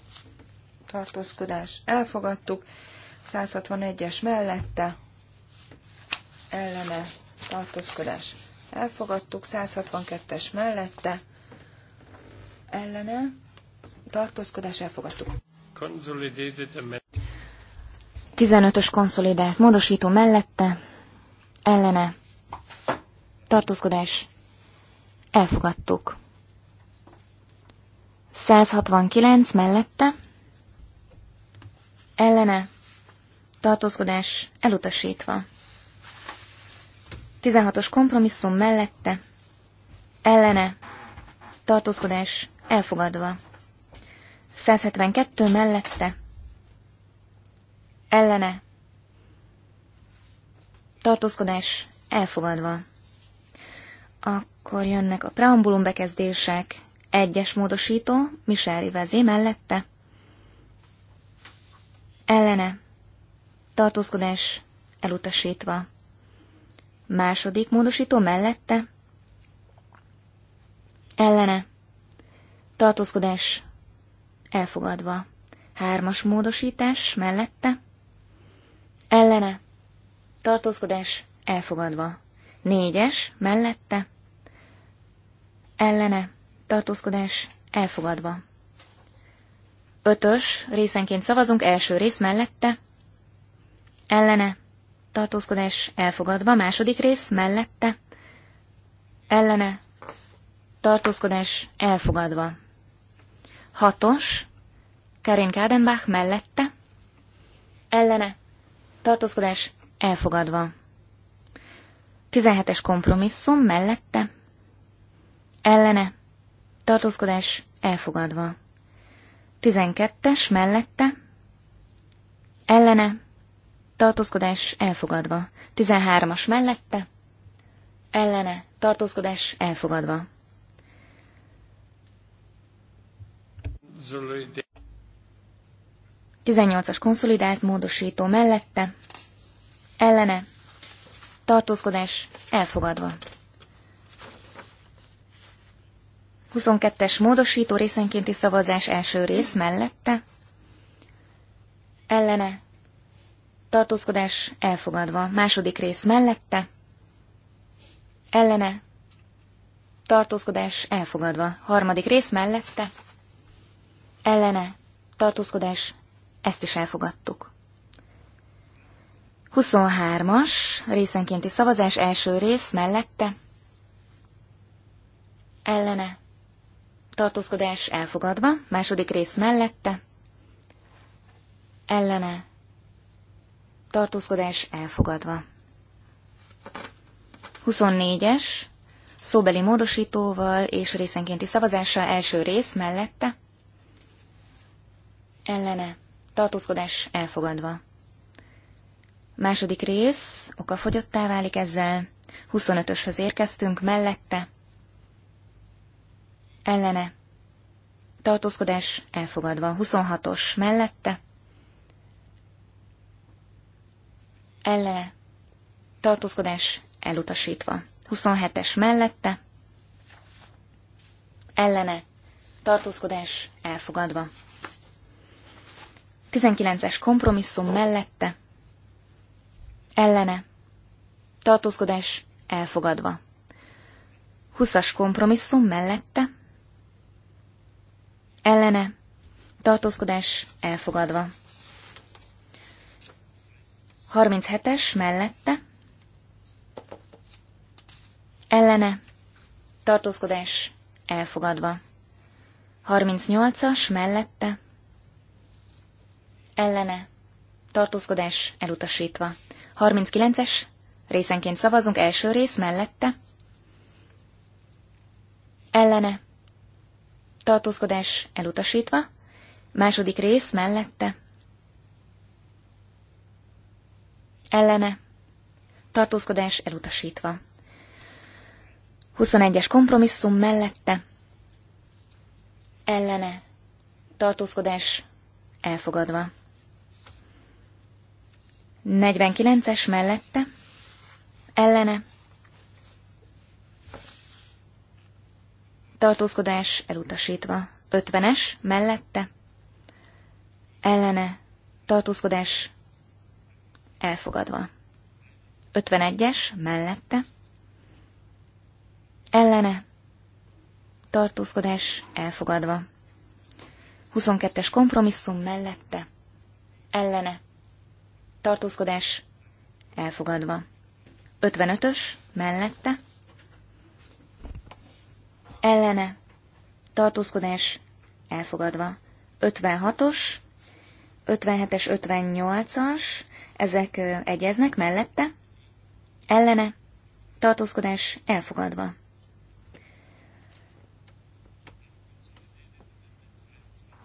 tartózkodás elfogadtuk, 161-es mellette ellene tartózkodás elfogadtuk, 162-es mellette ellene tartózkodás elfogadtuk. 15-ös konszolidált módosító mellette ellene tartózkodás elfogadtuk. 169 mellette ellene tartózkodás elutasítva. 16-os kompromisszum mellette ellene tartózkodás elfogadva. 172 mellette ellene tartózkodás elfogadva. Akkor jönnek a preambulum bekezdések, egyes módosító, Michel Rivezé mellette. Ellene. Tartózkodás elutasítva. Második módosító mellette. Ellene. Tartózkodás elfogadva. Hármas módosítás mellette. Ellene. Tartózkodás elfogadva. Négyes mellette ellene, tartózkodás elfogadva. Ötös, részenként szavazunk, első rész mellette, ellene, tartózkodás elfogadva, második rész mellette, ellene, tartózkodás elfogadva. Hatos, Karin Kádenbach mellette, ellene, tartózkodás elfogadva. 17-es kompromisszum mellette, ellene, tartózkodás elfogadva. Tizenkettes mellette, ellene, tartózkodás elfogadva. Tizenhármas mellette, ellene, tartózkodás elfogadva. Tizennyolcas konszolidált módosító mellette, ellene, tartózkodás elfogadva. 22-es módosító részenkénti szavazás első rész mellette. Ellene. Tartózkodás elfogadva. Második rész mellette. Ellene. Tartózkodás elfogadva. Harmadik rész mellette. Ellene. Tartózkodás. Ezt is elfogadtuk. 23-as részenkénti szavazás első rész mellette. Ellene tartózkodás elfogadva, második rész mellette, ellene, tartózkodás elfogadva. 24-es, szóbeli módosítóval és részenkénti szavazással első rész mellette, ellene, tartózkodás elfogadva. Második rész, okafogyottá válik ezzel, 25-öshöz érkeztünk, mellette, ellene, tartózkodás elfogadva. 26-os mellette, ellene, tartózkodás elutasítva. 27-es mellette, ellene, tartózkodás elfogadva. 19-es kompromisszum mellette, ellene, tartózkodás elfogadva. 20-as kompromisszum mellette, ellene, tartózkodás elfogadva. 37-es mellette, ellene, tartózkodás elfogadva. 38-as mellette, ellene, tartózkodás elutasítva. 39-es, részenként szavazunk első rész mellette, ellene, tartózkodás elutasítva, második rész mellette, ellene, tartózkodás elutasítva. 21-es kompromisszum mellette, ellene, tartózkodás elfogadva. 49-es mellette, ellene, tartózkodás elutasítva. Ötvenes mellette ellene tartózkodás elfogadva. 51-es mellette ellene tartózkodás elfogadva. 22-es kompromisszum mellette ellene tartózkodás elfogadva. 55-ös mellette ellene, tartózkodás elfogadva. 56-os, 57-es, 58-as, ezek egyeznek mellette, ellene, tartózkodás elfogadva.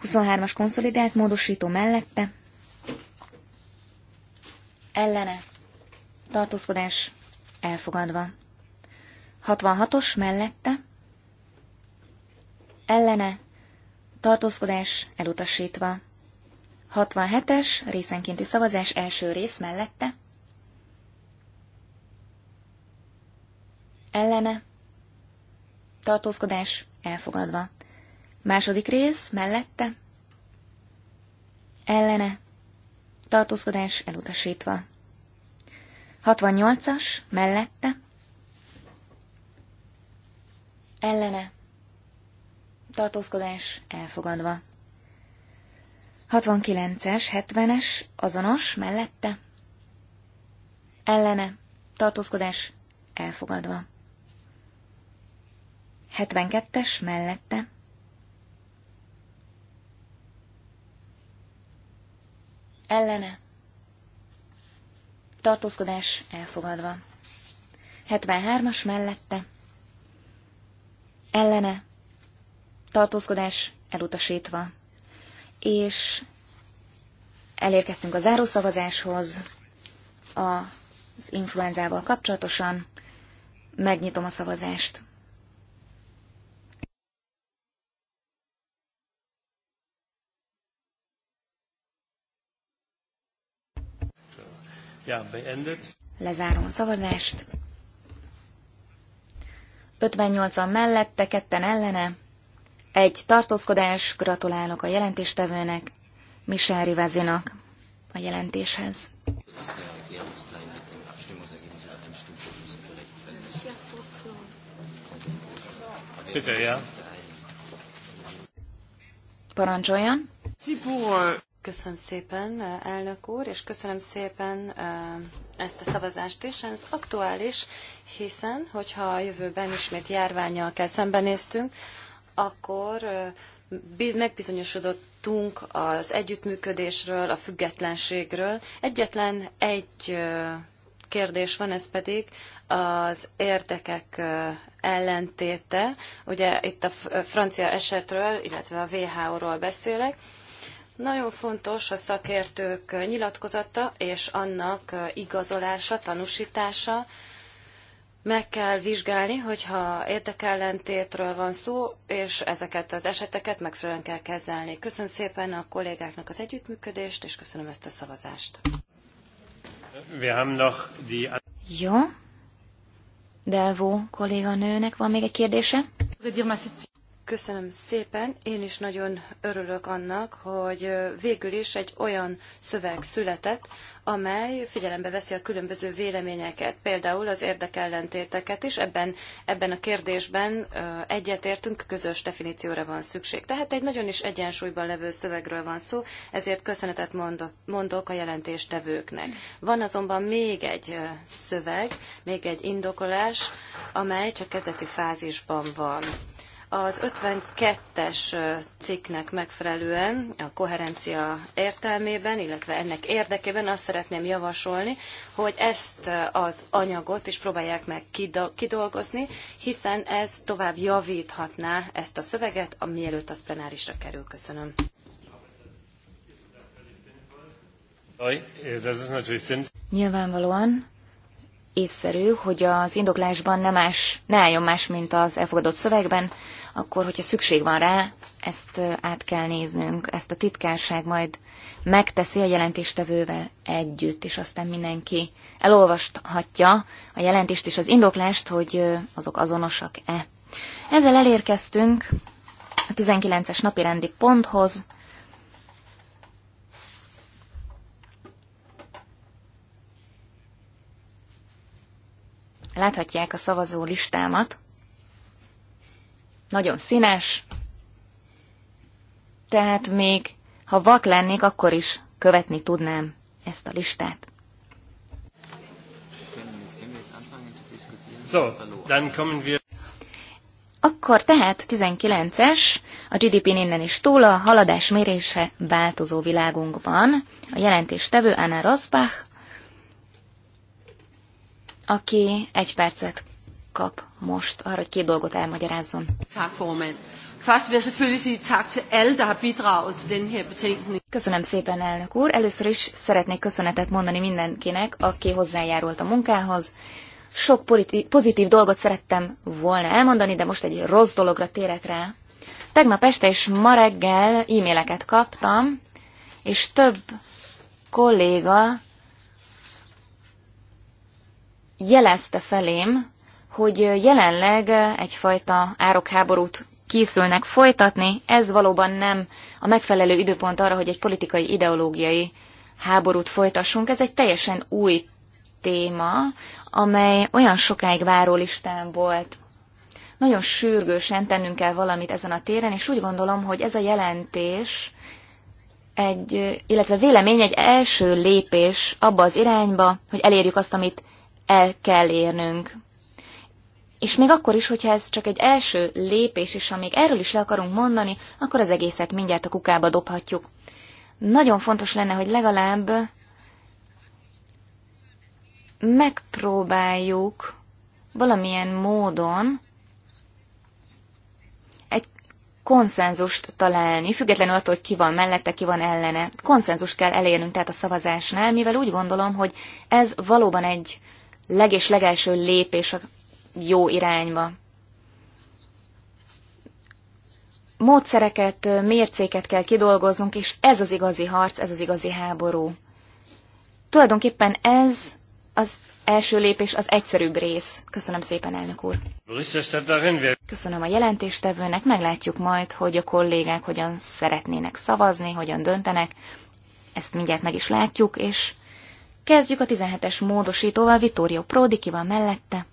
Huszonhármas konszolidált módosító mellette, ellene, tartózkodás elfogadva. 66-os mellette, ellene, tartózkodás elutasítva. 67-es részenkénti szavazás első rész mellette, ellene, tartózkodás elfogadva. Második rész mellette, ellene, tartózkodás elutasítva. 68-as mellette, ellene, tartózkodás elfogadva. 69-es, 70-es, azonos, mellette, ellene, tartózkodás elfogadva. 72-es, mellette, ellene, tartózkodás elfogadva. 73-as mellette, ellene, tartózkodás elutasítva. És elérkeztünk a zárószavazáshoz az influenzával kapcsolatosan. Megnyitom a szavazást. Lezárom a szavazást. 58-an mellette, ketten ellene, egy tartózkodás, gratulálok a jelentéstevőnek, Michel Rivazinak a jelentéshez. Parancsoljon! Euh, köszönöm szépen, euh, elnök úr, és köszönöm szépen euh, ezt a szavazást is. Ez aktuális, hiszen, hogyha a jövőben ismét járványjal kell szembenéztünk, akkor megbizonyosodottunk az együttműködésről, a függetlenségről. Egyetlen egy kérdés van, ez pedig az érdekek ellentéte. Ugye itt a francia esetről, illetve a WHO-ról beszélek. Nagyon fontos a szakértők nyilatkozata és annak igazolása, tanúsítása, meg kell vizsgálni, hogyha érdekellentétről van szó, és ezeket az eseteket megfelelően kell kezelni. Köszönöm szépen a kollégáknak az együttműködést, és köszönöm ezt a szavazást. Jó. Delvó kolléganőnek van még egy kérdése? Köszönöm szépen. Én is nagyon örülök annak, hogy végül is egy olyan szöveg született, amely figyelembe veszi a különböző véleményeket, például az érdekellentéteket is. Ebben, ebben a kérdésben egyetértünk, közös definícióra van szükség. Tehát egy nagyon is egyensúlyban levő szövegről van szó, ezért köszönetet mondott, mondok a jelentéstevőknek. Van azonban még egy szöveg, még egy indokolás, amely csak kezdeti fázisban van. Az 52-es cikknek megfelelően, a koherencia értelmében, illetve ennek érdekében azt szeretném javasolni, hogy ezt az anyagot is próbálják meg kidolgozni, hiszen ez tovább javíthatná ezt a szöveget, mielőtt az plenárisra kerül. Köszönöm. Nyilvánvalóan észszerű, hogy az indoklásban nem más, ne álljon más, mint az elfogadott szövegben, akkor, hogyha szükség van rá, ezt át kell néznünk, ezt a titkárság majd megteszi a jelentéstevővel együtt, és aztán mindenki elolvashatja a jelentést és az indoklást, hogy azok azonosak-e. Ezzel elérkeztünk a 19-es rendi ponthoz, Láthatják a szavazó listámat. Nagyon színes. Tehát még, ha vak lennék, akkor is követni tudnám ezt a listát. So, dann kommen wir akkor tehát 19-es, a gdp innen is túl a haladás mérése változó világunkban. A jelentéstevő Anna Rosbach aki egy percet kap most arra, hogy két dolgot elmagyarázzon. Köszönöm szépen, elnök úr. Először is szeretnék köszönetet mondani mindenkinek, aki hozzájárult a munkához. Sok pozitív dolgot szerettem volna elmondani, de most egy rossz dologra térek rá. Tegnap este és ma reggel e-maileket kaptam, és több kolléga jelezte felém, hogy jelenleg egyfajta árokháborút készülnek folytatni, ez valóban nem a megfelelő időpont arra, hogy egy politikai, ideológiai háborút folytassunk. Ez egy teljesen új téma, amely olyan sokáig várólistán volt. Nagyon sürgősen tennünk kell valamit ezen a téren, és úgy gondolom, hogy ez a jelentés egy, illetve vélemény egy első lépés abba az irányba, hogy elérjük azt, amit el kell érnünk. És még akkor is, hogyha ez csak egy első lépés, és amíg erről is le akarunk mondani, akkor az egészet mindjárt a kukába dobhatjuk. Nagyon fontos lenne, hogy legalább megpróbáljuk valamilyen módon egy konszenzust találni, függetlenül attól, hogy ki van mellette, ki van ellene. Konszenzust kell elérnünk tehát a szavazásnál, mivel úgy gondolom, hogy ez valóban egy leg- és legelső lépés a jó irányba. Módszereket, mércéket kell kidolgoznunk, és ez az igazi harc, ez az igazi háború. Tulajdonképpen ez az első lépés az egyszerűbb rész. Köszönöm szépen, elnök úr. Köszönöm a jelentéstevőnek, meglátjuk majd, hogy a kollégák hogyan szeretnének szavazni, hogyan döntenek. Ezt mindjárt meg is látjuk, és Kezdjük a 17-es módosítóval, Vittorio Prodi, ki van mellette.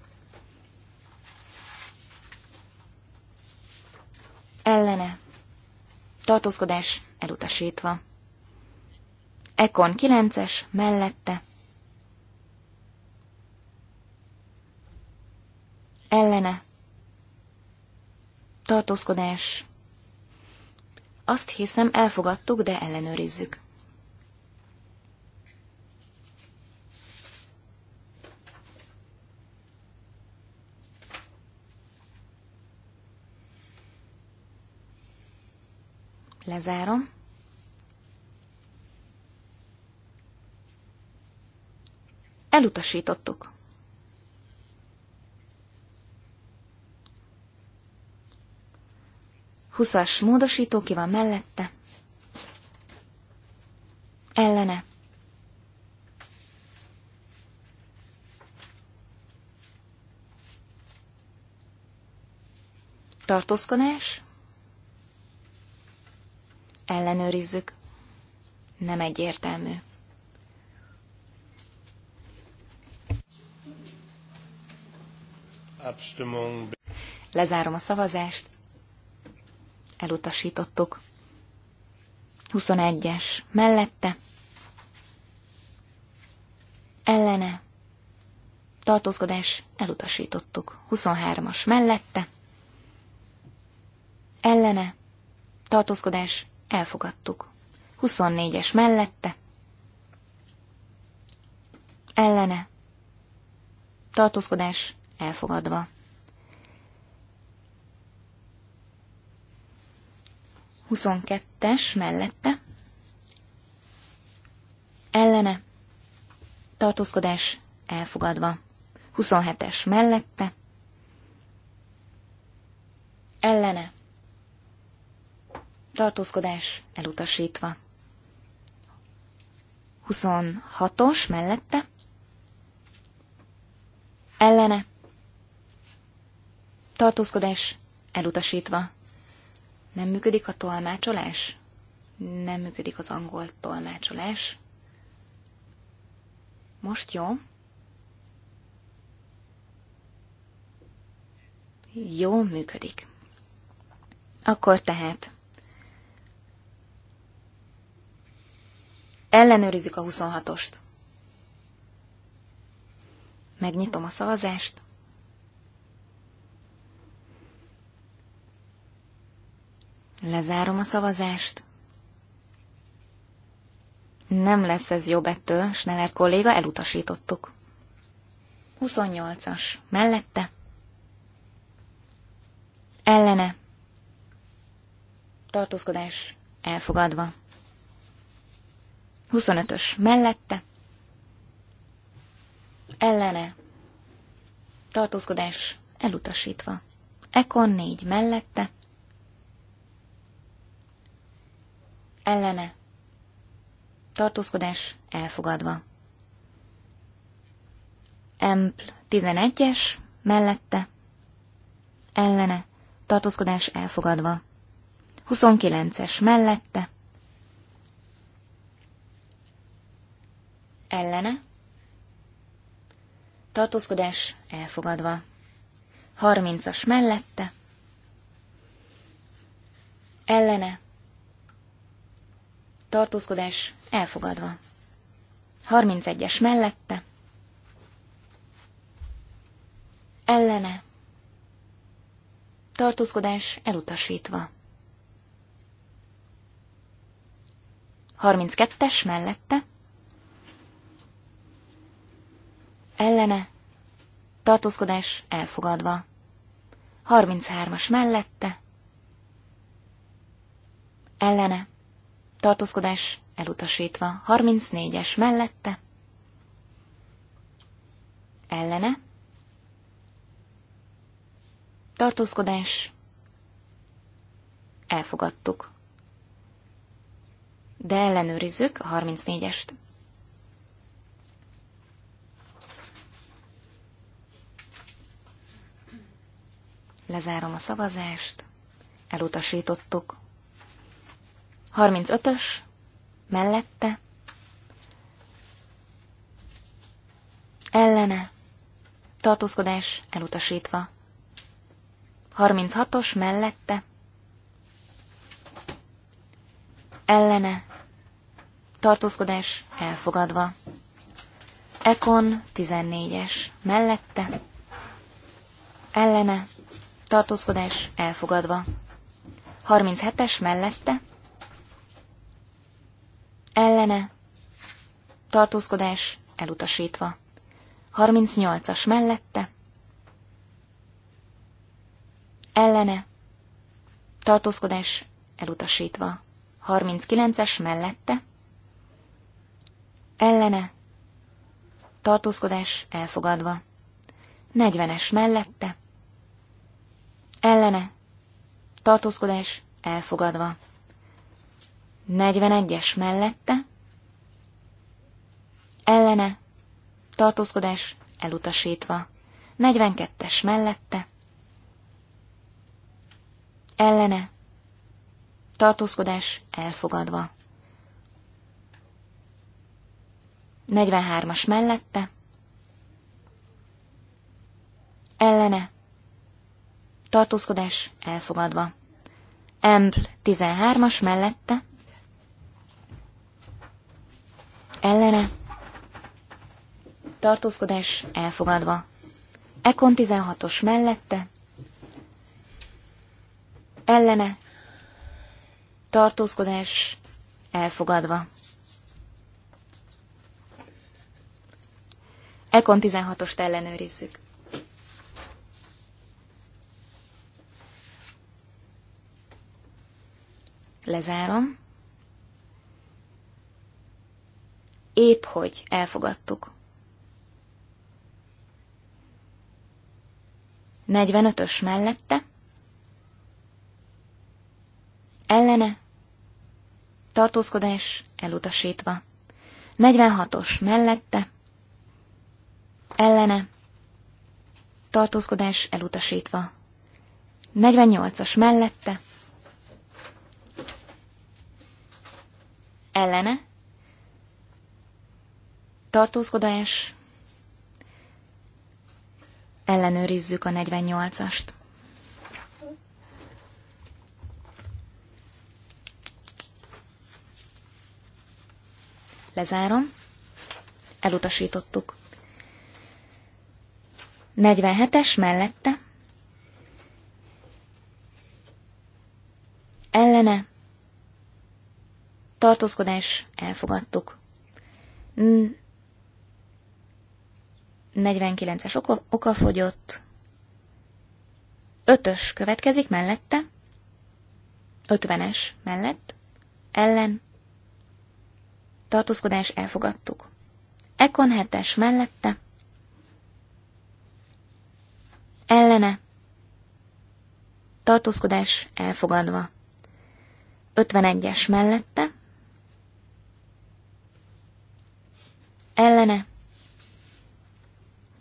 Ellene. Tartózkodás elutasítva. Ekon 9-es, mellette. Ellene. Tartózkodás. Azt hiszem elfogadtuk, de ellenőrizzük. Lezárom. Elutasítottuk. Huszas módosító ki van mellette. Ellene. Tartózkodás ellenőrizzük. Nem egyértelmű. Lezárom a szavazást. Elutasítottuk. 21-es mellette. Ellene. Tartózkodás elutasítottuk. 23-as mellette. Ellene. Tartózkodás Elfogadtuk. 24-es mellette. Ellene. Tartózkodás elfogadva. 22-es mellette. Ellene. Tartózkodás elfogadva. 27-es mellette. Ellene tartózkodás elutasítva. 26-os mellette, ellene, tartózkodás elutasítva. Nem működik a tolmácsolás? Nem működik az angol tolmácsolás. Most jó. Jó működik. Akkor tehát Ellenőrizzük a 26-ost. Megnyitom a szavazást. Lezárom a szavazást. Nem lesz ez jobb ettől, Schneller kolléga, elutasítottuk. 28-as. Mellette? Ellene. Tartózkodás elfogadva. 25-ös mellette, ellene, tartózkodás elutasítva. Ekon 4 mellette, ellene, tartózkodás elfogadva. Empl 11-es mellette, ellene, tartózkodás elfogadva. 29-es mellette, Ellene. Tartózkodás elfogadva. Harmincas mellette. Ellene. Tartózkodás elfogadva. Harmincegyes mellette. Ellene. Tartózkodás elutasítva. 32-es mellette. ellene, tartózkodás elfogadva. 33-as mellette, ellene, tartózkodás elutasítva. 34-es mellette, ellene, tartózkodás elfogadtuk. De ellenőrizzük a 34-est. Lezárom a szavazást. Elutasítottuk. 35-ös. Mellette. Ellene. Tartózkodás elutasítva. 36-os mellette. Ellene. Tartózkodás elfogadva. Ekon 14-es mellette. Ellene tartózkodás elfogadva. 37-es mellette, ellene, tartózkodás elutasítva. 38-as mellette, ellene, tartózkodás elutasítva. 39-es mellette, ellene, tartózkodás elfogadva. 40-es mellette, Ellene. Tartózkodás elfogadva. 41-es mellette. Ellene. Tartózkodás elutasítva. 42-es mellette. Ellene. Tartózkodás elfogadva. 43-as mellette. Ellene tartózkodás elfogadva. Empl 13-as mellette, ellene, tartózkodás elfogadva. Ekon 16-os mellette, ellene, tartózkodás elfogadva. Ekon 16-ost ellenőrizzük. Lezárom. Épp hogy elfogadtuk. 45-ös mellette. Ellene. Tartózkodás elutasítva. 46-os mellette. Ellene. Tartózkodás elutasítva. 48-as mellette. ellene, tartózkodás, ellenőrizzük a 48-ast. Lezárom. Elutasítottuk. 47-es mellette. Ellene tartózkodás, elfogadtuk. 49-es oka, oka fogyott. 5-ös következik mellette. 50-es mellett. Ellen. Tartózkodás elfogadtuk. Ekon 7-es mellette. Ellene. Tartózkodás elfogadva. 51-es mellette. Ellene.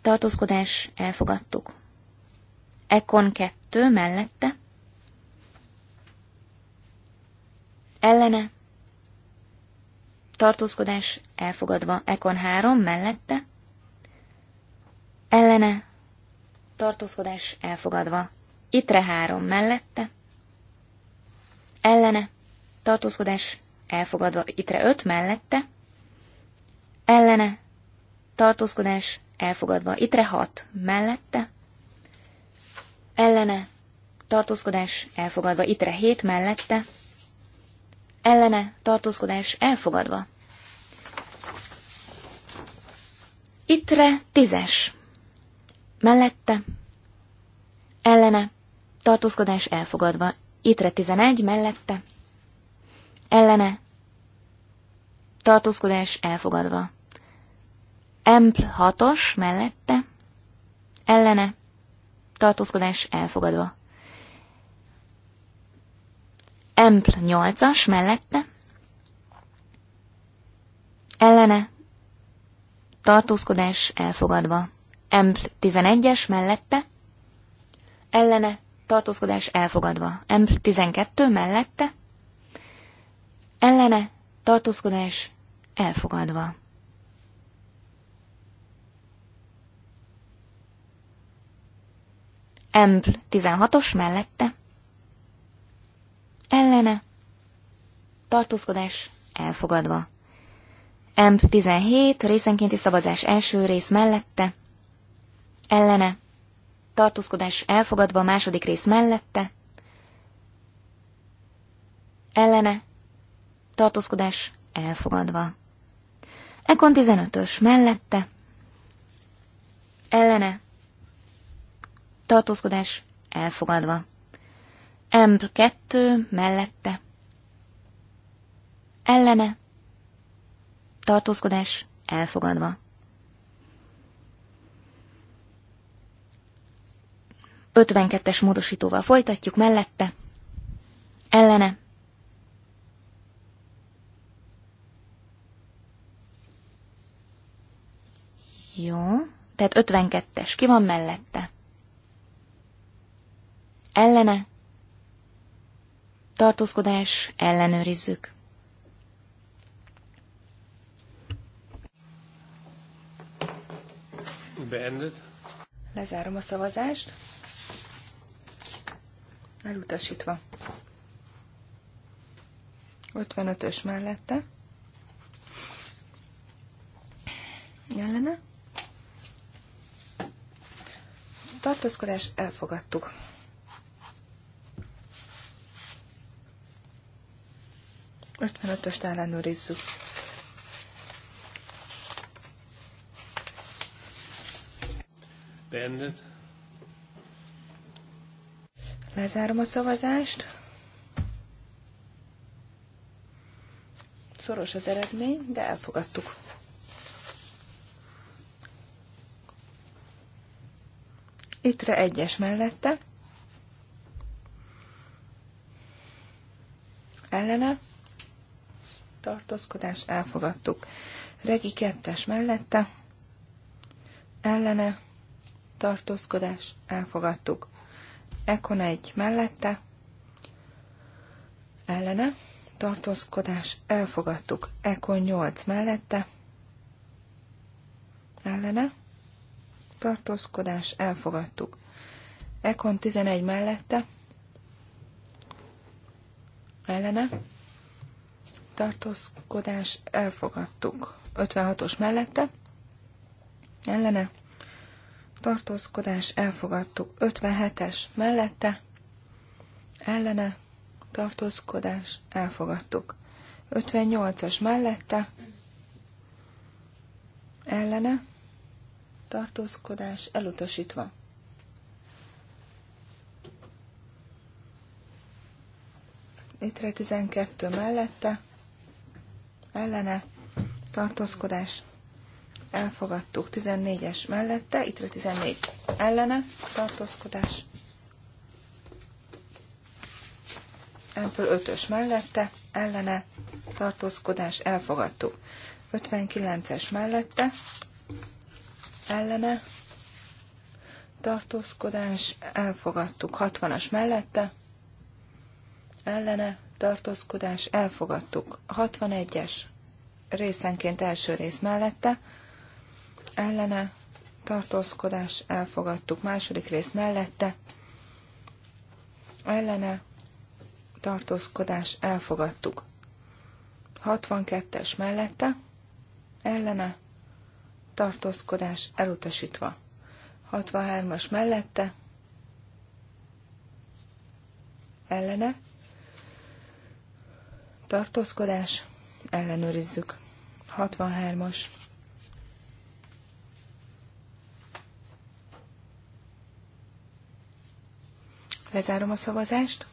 Tartózkodás elfogadtuk. Ekon kettő mellette. Ellene. Tartózkodás elfogadva. Ekon három mellette. Ellene. Tartózkodás elfogadva. Itre három mellette. Ellene. Tartózkodás elfogadva. Itre öt mellette ellene, tartózkodás elfogadva. Itre hat mellette, ellene, tartózkodás elfogadva. Itre hét mellette, ellene, tartózkodás elfogadva. Itre tízes. mellette, ellene, tartózkodás elfogadva. Itre tizenegy mellette, ellene, tartózkodás elfogadva. Empl 6-os mellette, ellene, tartózkodás elfogadva. Empl 8-as mellette, ellene, tartózkodás elfogadva. Empl 11-es mellette, ellene, tartózkodás elfogadva. Empl 12 mellette, ellene, tartózkodás elfogadva. Empl 16-os mellette. Ellene. Tartózkodás elfogadva. Empl 17 részenkénti szavazás első rész mellette. Ellene. Tartózkodás elfogadva második rész mellette. Ellene. Tartózkodás elfogadva. Ekon 15-ös mellette. Ellene tartózkodás elfogadva. M2 mellette. Ellene. Tartózkodás elfogadva. 52 módosítóval folytatjuk mellette. Ellene. Jó. Tehát 52-es. Ki van mellette? ellene, tartózkodás, ellenőrizzük. Beendet. Lezárom a szavazást. Elutasítva. 55-ös mellette. Ellene. Tartózkodás elfogadtuk. 55-öst ellenőrizzük. Beendet. Lezárom a szavazást. Szoros az eredmény, de elfogadtuk. Ittre egyes mellette. Ellene tartózkodás elfogadtuk. Regi kettes mellette, ellene, tartózkodás elfogadtuk. Ekon egy mellette, ellene, tartózkodás elfogadtuk. Ekon nyolc mellette, ellene, tartózkodás elfogadtuk. Ekon 11 mellette, ellene, tartózkodás elfogadtuk. 56-os mellette, ellene, tartózkodás elfogadtuk. 57-es mellette, ellene, tartózkodás elfogadtuk. 58-as mellette, ellene, tartózkodás elutasítva. Étre 12 mellette, ellene tartózkodás elfogadtuk 14-es mellette, itt a 14 ellene tartózkodás, ebből 5-ös mellette ellene tartózkodás elfogadtuk. 59-es mellette ellene tartózkodás elfogadtuk. 60-as mellette ellene tartózkodás elfogadtuk. 61-es részenként első rész mellette, ellene tartózkodás elfogadtuk. Második rész mellette, ellene tartózkodás elfogadtuk. 62-es mellette, ellene tartózkodás elutasítva. 63-as mellette, ellene tartózkodás, ellenőrizzük. 63-as. Lezárom a szavazást.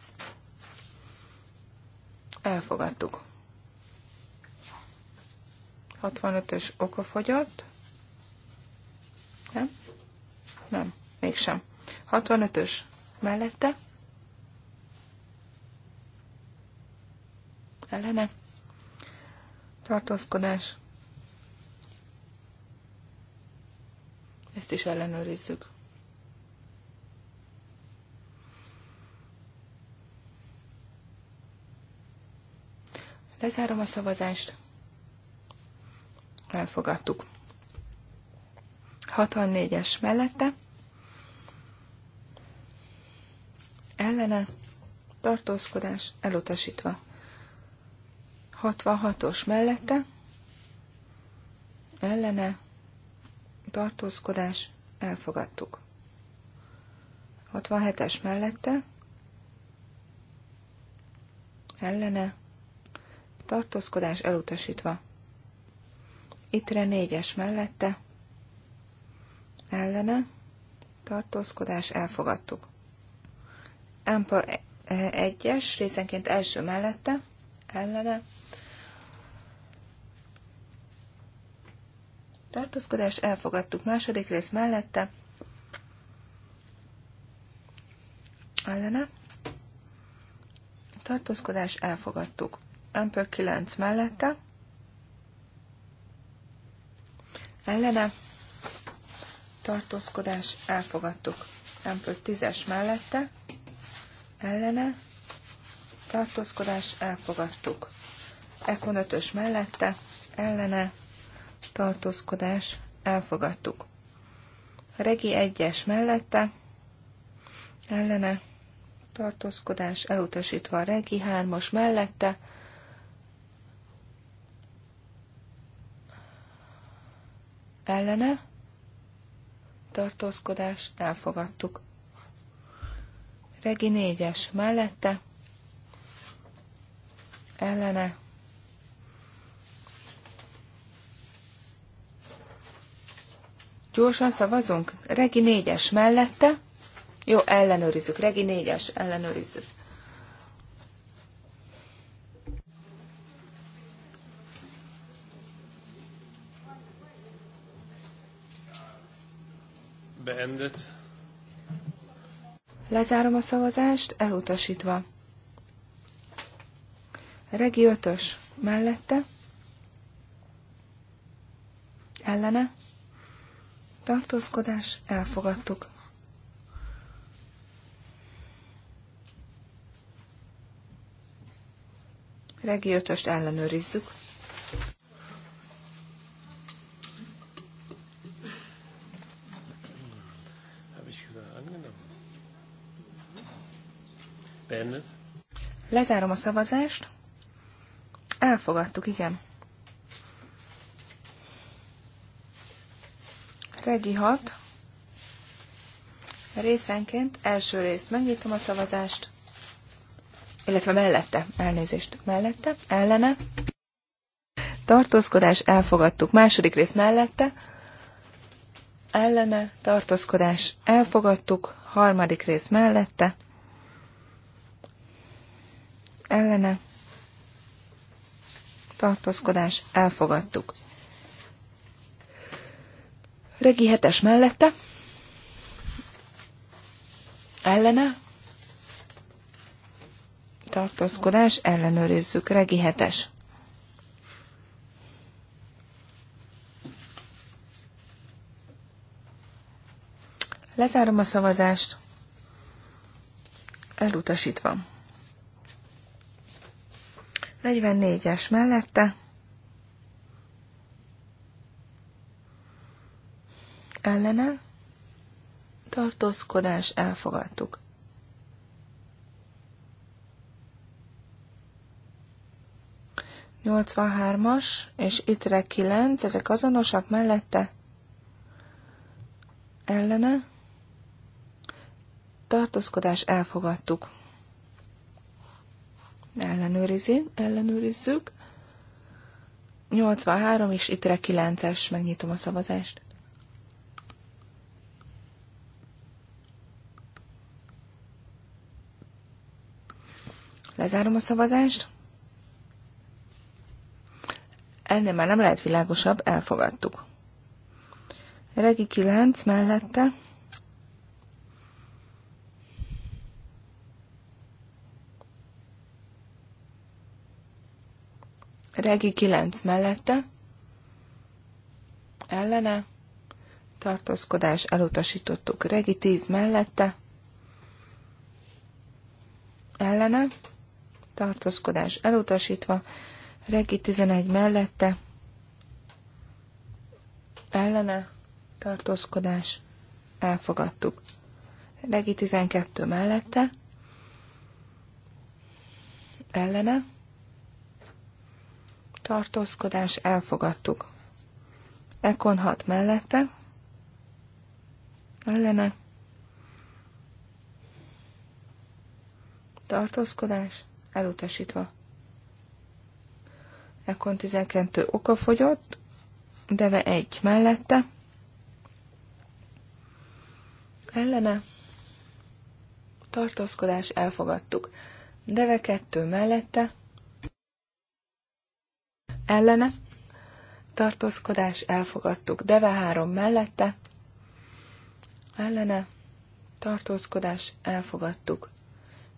Elfogadtuk. 65-ös okafogyott. Nem? Nem, mégsem. 65-ös mellette ellene, tartózkodás. Ezt is ellenőrizzük. Lezárom a szavazást. Elfogadtuk. 64-es mellette. Ellene tartózkodás elutasítva. 66-os mellette, ellene, tartózkodás, elfogadtuk. 67-es mellette, ellene, tartózkodás elutasítva. Ittre 4-es mellette, ellene, tartózkodás elfogadtuk. 1 egyes, részenként első mellette, ellene, tartózkodás, elfogadtuk második rész mellette, ellene, tartózkodás, elfogadtuk. Ampör 9 mellette, ellene, tartózkodás, elfogadtuk. Ampör 10-es mellette, ellene, tartózkodás, elfogadtuk. Ekon 5 mellette, ellene, tartózkodás elfogadtuk. Regi egyes mellette, ellene tartózkodás elutasítva a regi hármas mellette, ellene tartózkodás elfogadtuk. Regi négyes mellette, ellene Gyorsan szavazunk. Regi négyes mellette. Jó, ellenőrizzük. Regi négyes, ellenőrizzük. Beendet. Lezárom a szavazást, elutasítva. Regi ötös mellette. Ellene tartózkodás, elfogadtuk. Regi ötöst ellenőrizzük. Lezárom a szavazást. Elfogadtuk, igen. Regi 6. Részenként első rész. Megnyitom a szavazást. Illetve mellette. Elnézést. Mellette. Ellene. Tartózkodás. Elfogadtuk. Második rész mellette. Ellene. Tartózkodás. Elfogadtuk. Harmadik rész mellette. Ellene. Tartózkodás. Elfogadtuk. Regi hetes mellette. Ellene. Tartózkodás, ellenőrizzük. Regi hetes. Lezárom a szavazást. Elutasítva. 44-es mellette ellene tartózkodás elfogadtuk. Nyolcvanhármas és ittre kilenc, ezek azonosak mellette ellene tartózkodás elfogadtuk. Ellenőrizi, ellenőrizzük. 83 és ittre kilences, megnyitom a szavazást. Lezárom a szavazást. Ennél már nem lehet világosabb, elfogadtuk. Regi 9 mellette. Regi 9 mellette. Ellene. Tartózkodás elutasítottuk. Regi 10 mellette. Ellene tartózkodás elutasítva, Regi 11 mellette, ellene, tartózkodás, elfogadtuk. Regi 12 mellette, ellene, tartózkodás, elfogadtuk. Ekon 6 mellette, ellene, tartózkodás, elutasítva. Ekkor 12 oka fogyott, deve egy mellette, ellene, tartózkodás elfogadtuk, deve kettő mellette, ellene, tartózkodás elfogadtuk, deve három mellette, ellene, tartózkodás elfogadtuk,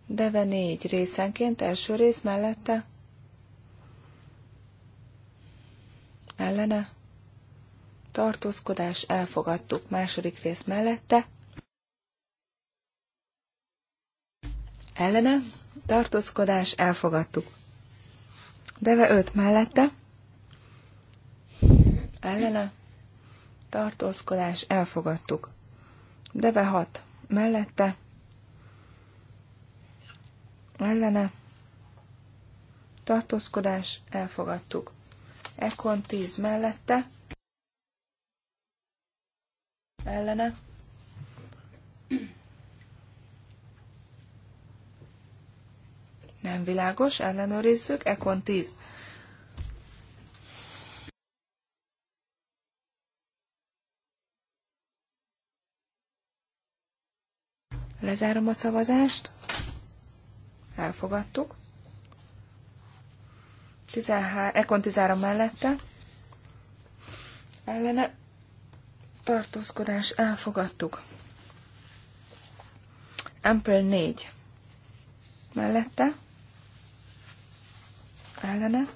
Deve négy részenként, első rész mellette. Ellene. Tartózkodás elfogadtuk második rész mellette. Ellene. Tartózkodás elfogadtuk. Deve öt mellette. Ellene. Tartózkodás elfogadtuk. Deve hat mellette ellene, tartózkodás, elfogadtuk. Ekon 10 mellette, ellene, nem világos, ellenőrizzük, Ekon 10. Lezárom a szavazást elfogadtuk. 13, Ekon 13 mellette ellene tartózkodás elfogadtuk. Ample 4 mellette ellene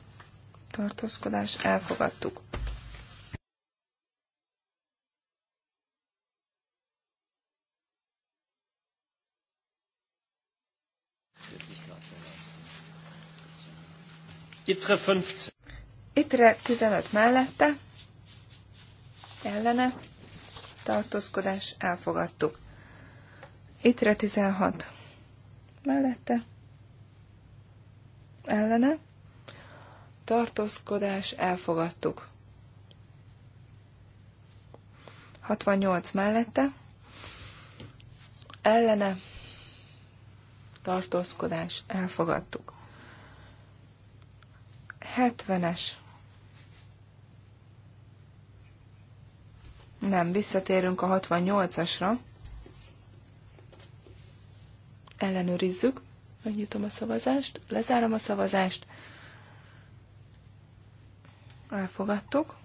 tartózkodás elfogadtuk. Itre 15. Itre 15 mellette, ellene, tartózkodás, elfogadtuk. Itre 16 mellette, ellene, tartózkodás, elfogadtuk. 68 mellette, ellene, tartózkodás, elfogadtuk. 70-es. Nem, visszatérünk a 68-asra. Ellenőrizzük. Megnyitom a szavazást, lezárom a szavazást. Elfogadtuk.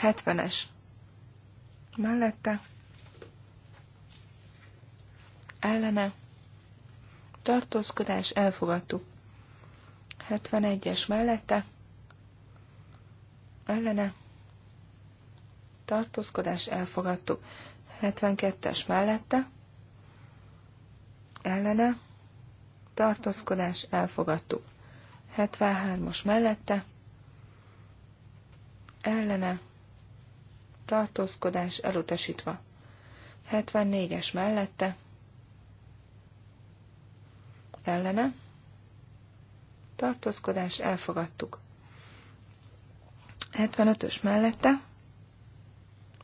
70-es. Mellette. Ellene. Tartózkodás. Elfogadtuk. 71-es mellette, ellene, tartózkodás elfogadtuk. 72-es mellette, ellene, tartózkodás elfogadtuk. 73-as mellette, ellene, tartózkodás elutasítva. 74-es mellette, ellene, tartózkodás, elfogadtuk. 75-ös mellette,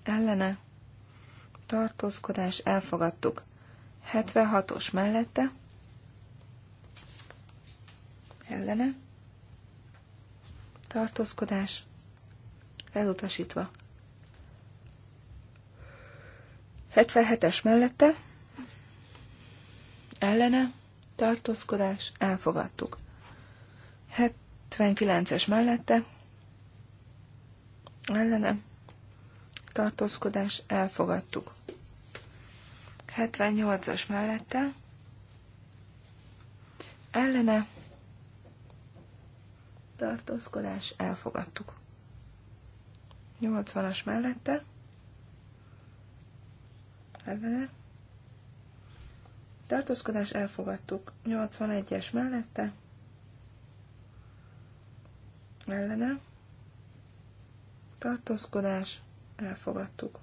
ellene, tartózkodás, elfogadtuk. 76-os mellette, ellene, tartózkodás, elutasítva. 77-es mellette, ellene, tartózkodás, elfogadtuk. 79-es mellette ellene tartózkodás elfogadtuk. 78-as mellette ellene tartózkodás elfogadtuk. 80-as mellette ellene tartózkodás elfogadtuk. 81-es mellette ellene tartózkodás elfogadtuk.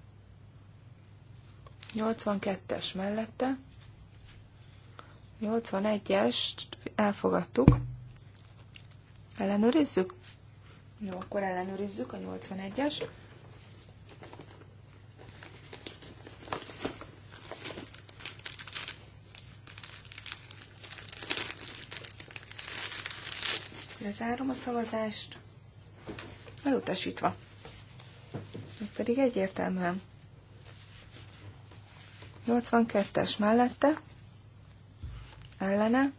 82-es mellette 81-est elfogadtuk. Ellenőrizzük? Jó, akkor ellenőrizzük a 81-est. Lezárom a szavazást. Elutasítva. Még pedig egyértelműen. 82-es mellette, ellene,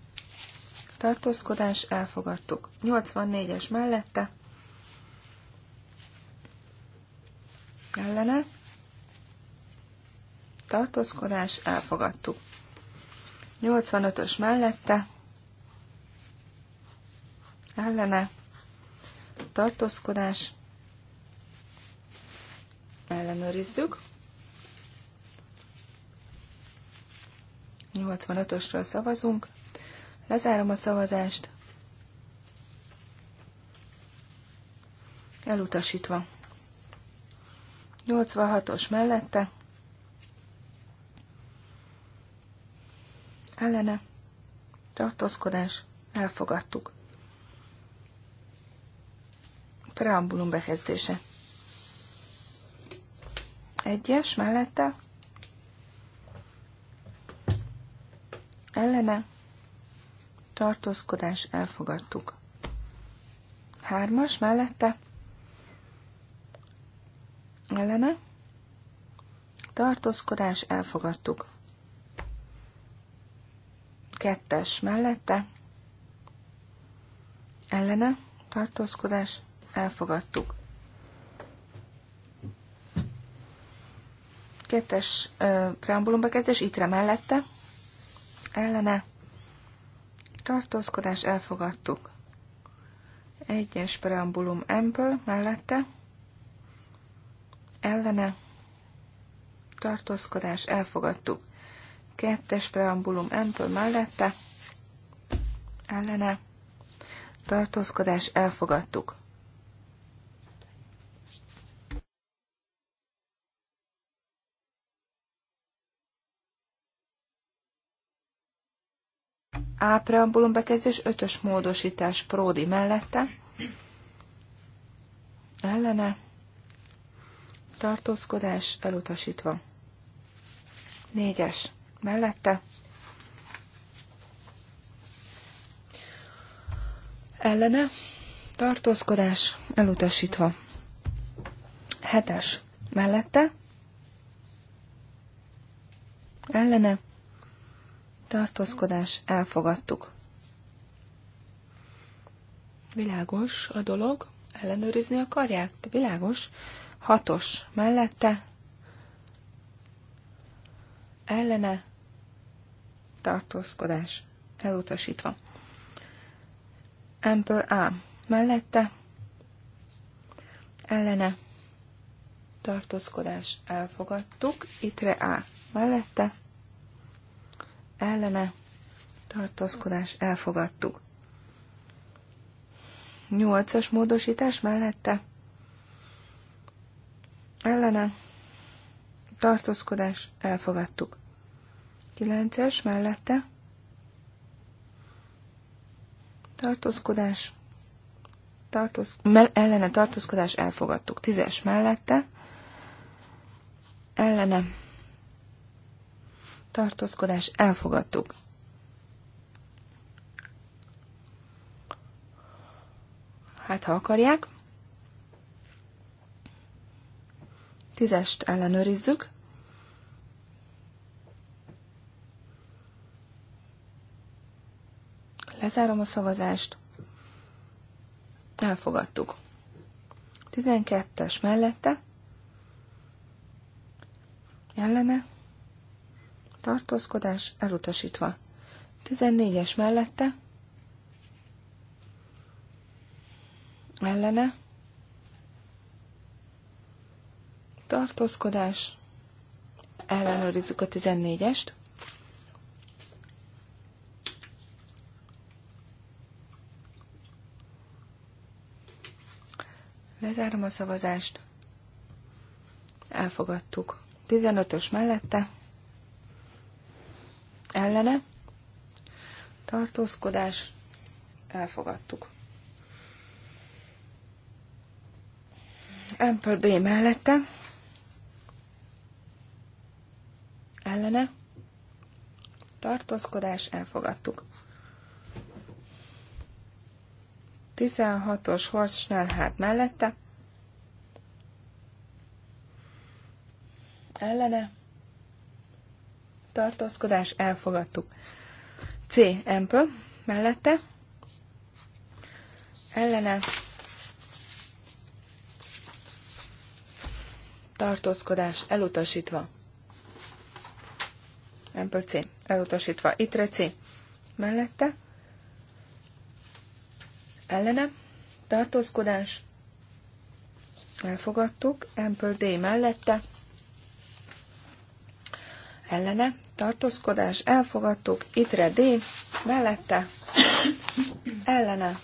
tartózkodás, elfogadtuk. 84-es mellette, ellene, tartózkodás, elfogadtuk. 85-ös mellette, ellene, tartózkodás, ellenőrizzük. 85-ösről szavazunk, lezárom a szavazást, elutasítva. 86-os mellette, ellene, tartózkodás, elfogadtuk. Preambulum bekezdése. Egyes mellette. Ellene. Tartózkodás elfogadtuk. Hármas mellette. Ellene. Tartózkodás elfogadtuk. Kettes mellette. Ellene. Tartózkodás elfogadtuk. Kettes preambulumba kezdés, itre mellette, ellene, tartózkodás, elfogadtuk. Egyes preambulum emből mellette, ellene, tartózkodás, elfogadtuk. Kettes preambulum emből mellette, ellene, tartózkodás, elfogadtuk. A preambulum bekezdés ötös módosítás Pródi mellette. Ellene. Tartózkodás elutasítva. Négyes mellette. Ellene. Tartózkodás elutasítva. Hetes mellette. Ellene tartózkodás, elfogadtuk. Világos a dolog, ellenőrizni akarják, de világos. Hatos mellette, ellene, tartózkodás, elutasítva. Ample A mellette, ellene, tartózkodás, elfogadtuk. Itre A mellette, ellene tartózkodás elfogadtuk. Nyolcas módosítás mellette ellene tartózkodás elfogadtuk. Kilences mellette tartózkodás tartóz, mell- ellene tartózkodás elfogadtuk. Tízes mellette ellene tartózkodás elfogadtuk. Hát, ha akarják. Tízest ellenőrizzük. Lezárom a szavazást. Elfogadtuk. 12-es mellette. Ellene tartózkodás elutasítva. 14-es mellette, ellene, tartózkodás, ellenőrizzük a 14-est, Lezárom a szavazást. Elfogadtuk. 15-ös mellette ellene, tartózkodás, elfogadtuk. Ample B mellette, ellene, tartózkodás, elfogadtuk. 16-os Horst Schnellhardt mellette, ellene, tartózkodás, elfogadtuk. C. Empö mellette, ellene, tartózkodás, elutasítva. Empö C, elutasítva. Itre C, mellette, ellene, tartózkodás, elfogadtuk. Empö D mellette, ellene, tartózkodás, elfogadtuk, itre D, mellette, ellene,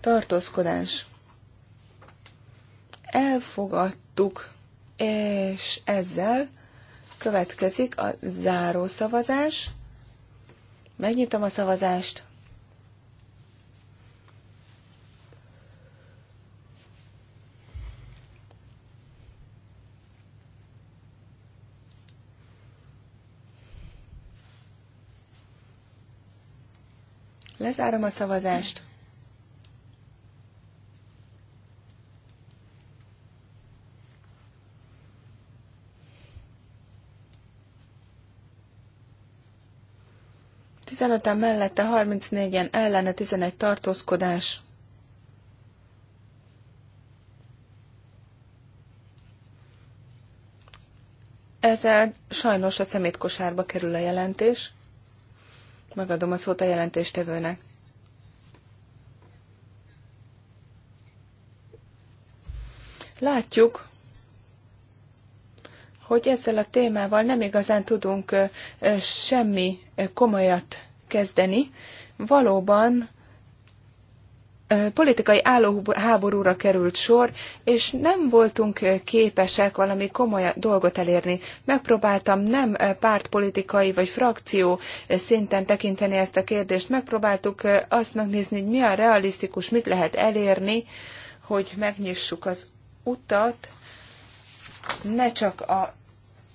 tartózkodás, elfogadtuk, és ezzel következik a zárószavazás. Megnyitom a szavazást. Lezárom a szavazást. Tizenöten mellette, 34-en ellene, 11 tartózkodás. Ezzel sajnos a szemétkosárba kerül a jelentés. Megadom a szót a jelentéstevőnek. Látjuk, hogy ezzel a témával nem igazán tudunk semmi komolyat kezdeni. Valóban politikai állóháborúra került sor, és nem voltunk képesek valami komoly dolgot elérni. Megpróbáltam nem pártpolitikai vagy frakció szinten tekinteni ezt a kérdést, megpróbáltuk azt megnézni, hogy mi a realisztikus, mit lehet elérni, hogy megnyissuk az utat, ne csak a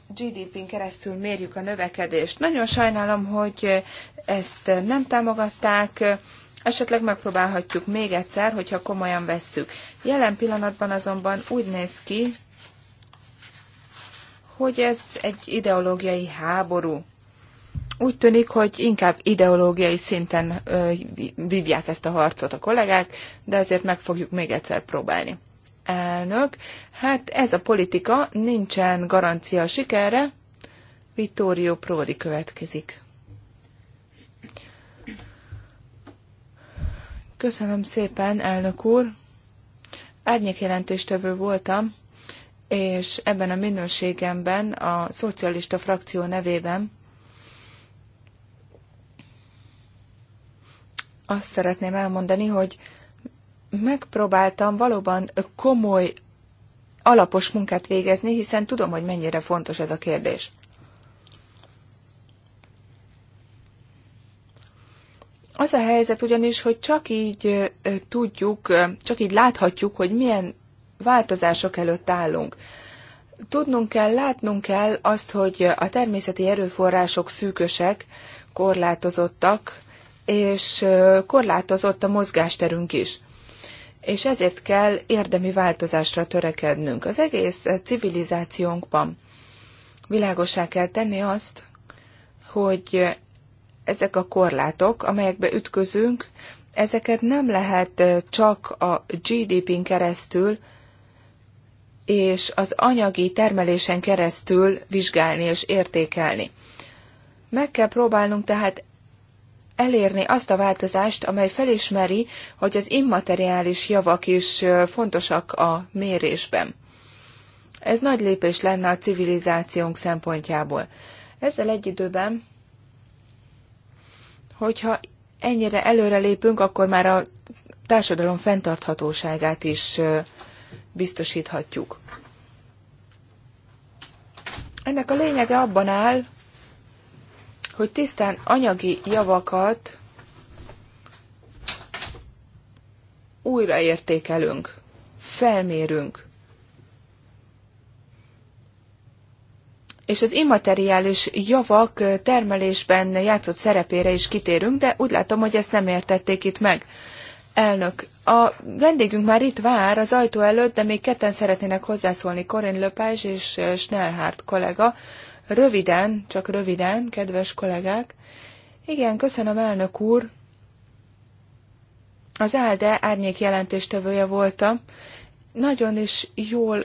GDP-n keresztül mérjük a növekedést. Nagyon sajnálom, hogy ezt nem támogatták, Esetleg megpróbálhatjuk még egyszer, hogyha komolyan vesszük. Jelen pillanatban azonban úgy néz ki, hogy ez egy ideológiai háború. Úgy tűnik, hogy inkább ideológiai szinten ö, vívják ezt a harcot a kollégák, de azért meg fogjuk még egyszer próbálni. Elnök, hát ez a politika, nincsen garancia a sikerre. Vittorio Prodi következik. Köszönöm szépen, elnök úr. Árnyékjelentéstevő voltam, és ebben a minőségemben a szocialista frakció nevében azt szeretném elmondani, hogy megpróbáltam valóban komoly, alapos munkát végezni, hiszen tudom, hogy mennyire fontos ez a kérdés. Az a helyzet ugyanis, hogy csak így tudjuk, csak így láthatjuk, hogy milyen változások előtt állunk. Tudnunk kell, látnunk kell azt, hogy a természeti erőforrások szűkösek, korlátozottak, és korlátozott a mozgásterünk is. És ezért kell érdemi változásra törekednünk az egész civilizációnkban. Világosá kell tenni azt, hogy ezek a korlátok, amelyekbe ütközünk, ezeket nem lehet csak a GDP-n keresztül és az anyagi termelésen keresztül vizsgálni és értékelni. Meg kell próbálnunk tehát elérni azt a változást, amely felismeri, hogy az immateriális javak is fontosak a mérésben. Ez nagy lépés lenne a civilizációnk szempontjából. Ezzel egy időben hogyha ennyire előrelépünk, akkor már a társadalom fenntarthatóságát is biztosíthatjuk. Ennek a lényege abban áll, hogy tisztán anyagi javakat újraértékelünk, felmérünk. és az immateriális javak termelésben játszott szerepére is kitérünk, de úgy látom, hogy ezt nem értették itt meg. Elnök, a vendégünk már itt vár az ajtó előtt, de még ketten szeretnének hozzászólni Corinne Löpázs és Schnellhardt kollega. Röviden, csak röviden, kedves kollégák. Igen, köszönöm, elnök úr. Az ALDE árnyék jelentéstevője voltam, nagyon is jól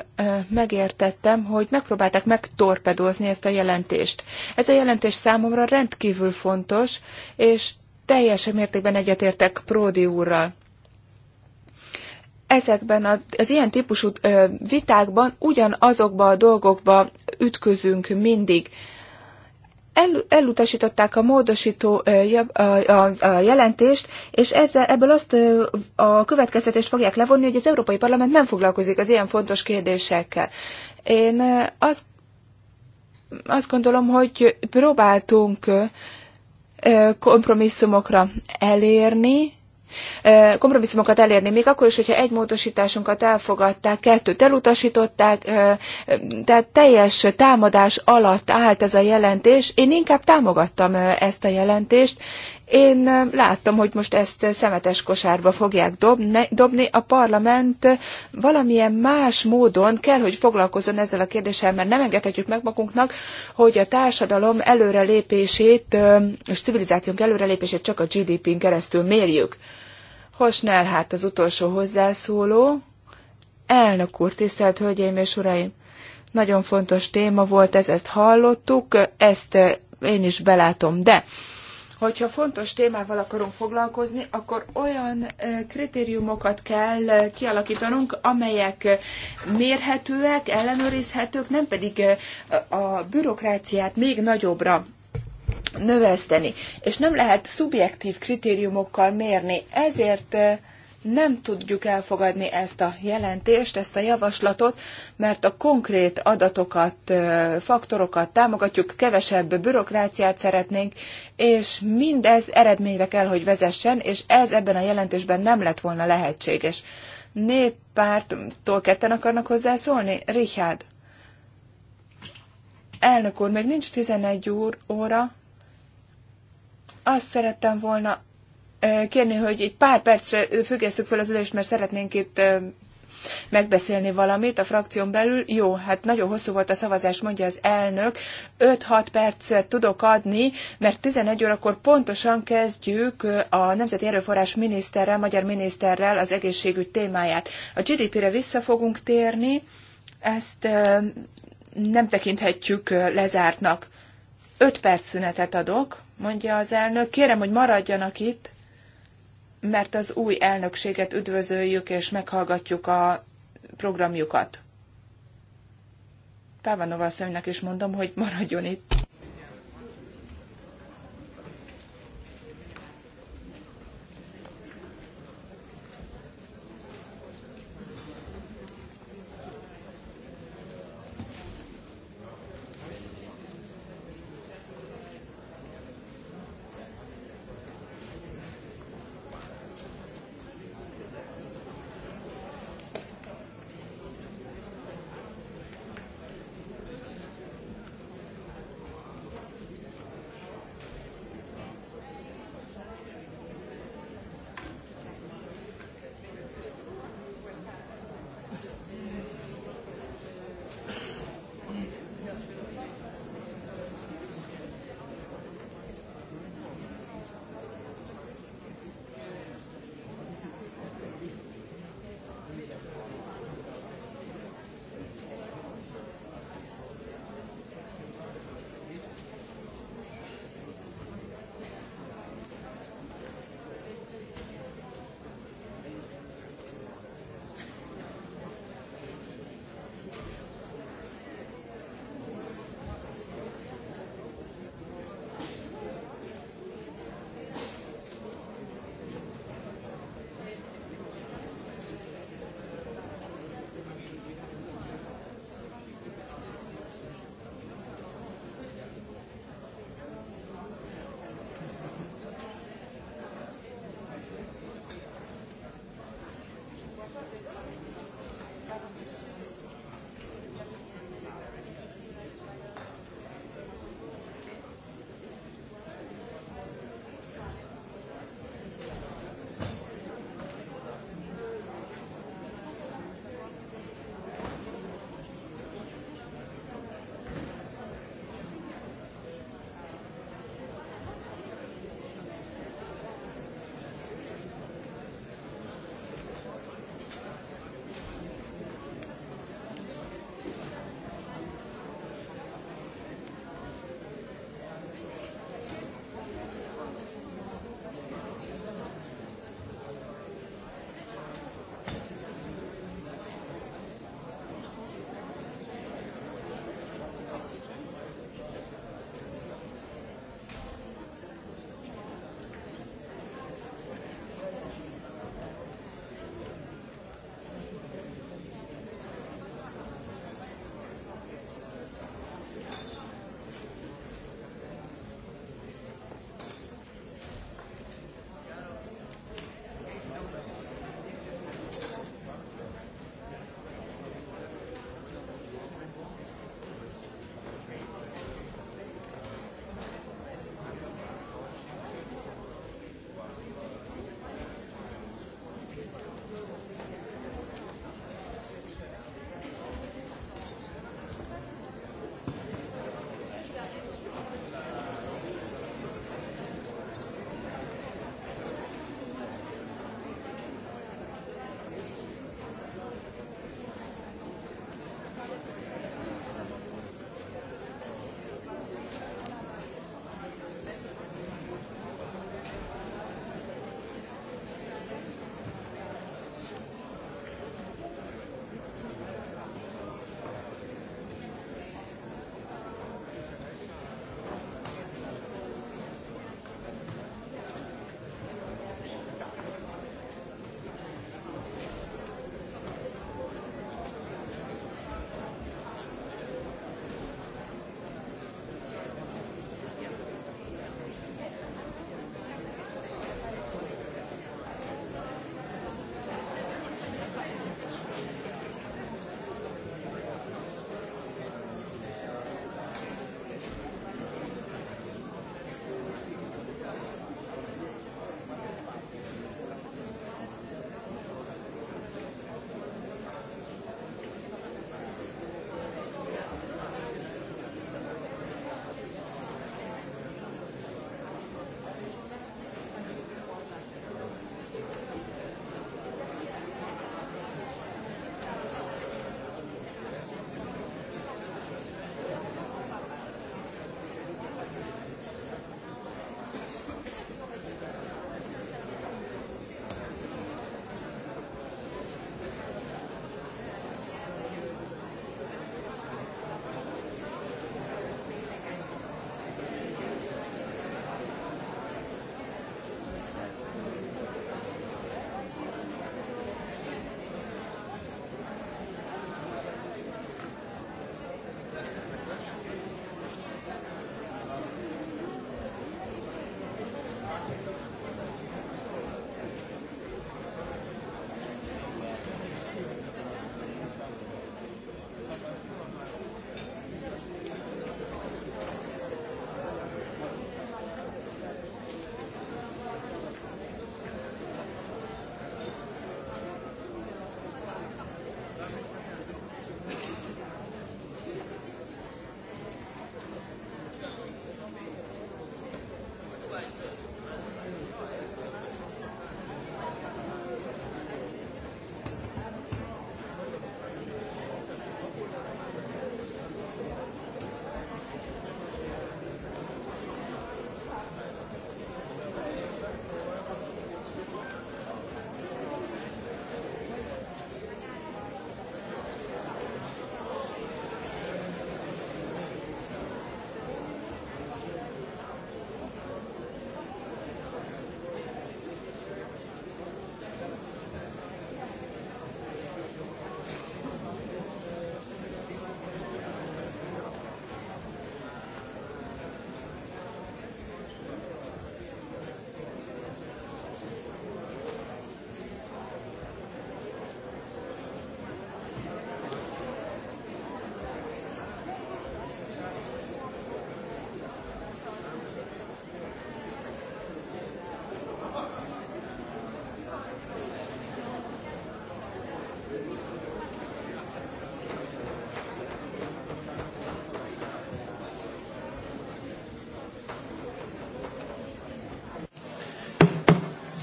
megértettem, hogy megpróbálták megtorpedozni ezt a jelentést. Ez a jelentés számomra rendkívül fontos, és teljes mértékben egyetértek Pródi úrral. Ezekben az ilyen típusú vitákban ugyanazokba a dolgokba ütközünk mindig el, elutasították a módosító a, a, a jelentést, és ezzel, ebből azt a következtetést fogják levonni, hogy az Európai Parlament nem foglalkozik az ilyen fontos kérdésekkel. Én azt, azt gondolom, hogy próbáltunk kompromisszumokra elérni, kompromisszumokat elérni, még akkor is, hogyha egy módosításunkat elfogadták, kettőt elutasították, tehát teljes támadás alatt állt ez a jelentés. Én inkább támogattam ezt a jelentést, én láttam, hogy most ezt szemetes kosárba fogják dobni, A parlament valamilyen más módon kell, hogy foglalkozzon ezzel a kérdéssel, mert nem engedhetjük meg magunknak, hogy a társadalom előrelépését és civilizációnk előrelépését csak a GDP-n keresztül mérjük. Hosnál hát az utolsó hozzászóló. Elnök úr, tisztelt Hölgyeim és Uraim! Nagyon fontos téma volt ez, ezt hallottuk, ezt én is belátom, de hogyha fontos témával akarunk foglalkozni, akkor olyan kritériumokat kell kialakítanunk, amelyek mérhetőek, ellenőrizhetők, nem pedig a bürokráciát még nagyobbra növeszteni. És nem lehet szubjektív kritériumokkal mérni. Ezért nem tudjuk elfogadni ezt a jelentést, ezt a javaslatot, mert a konkrét adatokat, faktorokat támogatjuk, kevesebb bürokráciát szeretnénk, és mindez eredményre kell, hogy vezessen, és ez ebben a jelentésben nem lett volna lehetséges. Néppárttól ketten akarnak hozzászólni? Richard. Elnök úr, még nincs 11 úr óra. Azt szerettem volna kérni, hogy egy pár percre függesszük fel az ülést, mert szeretnénk itt megbeszélni valamit a frakción belül. Jó, hát nagyon hosszú volt a szavazás, mondja az elnök. 5-6 percet tudok adni, mert 11 órakor pontosan kezdjük a Nemzeti Erőforrás miniszterrel, magyar miniszterrel az egészségügy témáját. A GDP-re vissza fogunk térni, ezt nem tekinthetjük lezártnak. 5 perc szünetet adok, mondja az elnök. Kérem, hogy maradjanak itt mert az új elnökséget üdvözöljük és meghallgatjuk a programjukat. Pávanova asszonynak is mondom, hogy maradjon itt.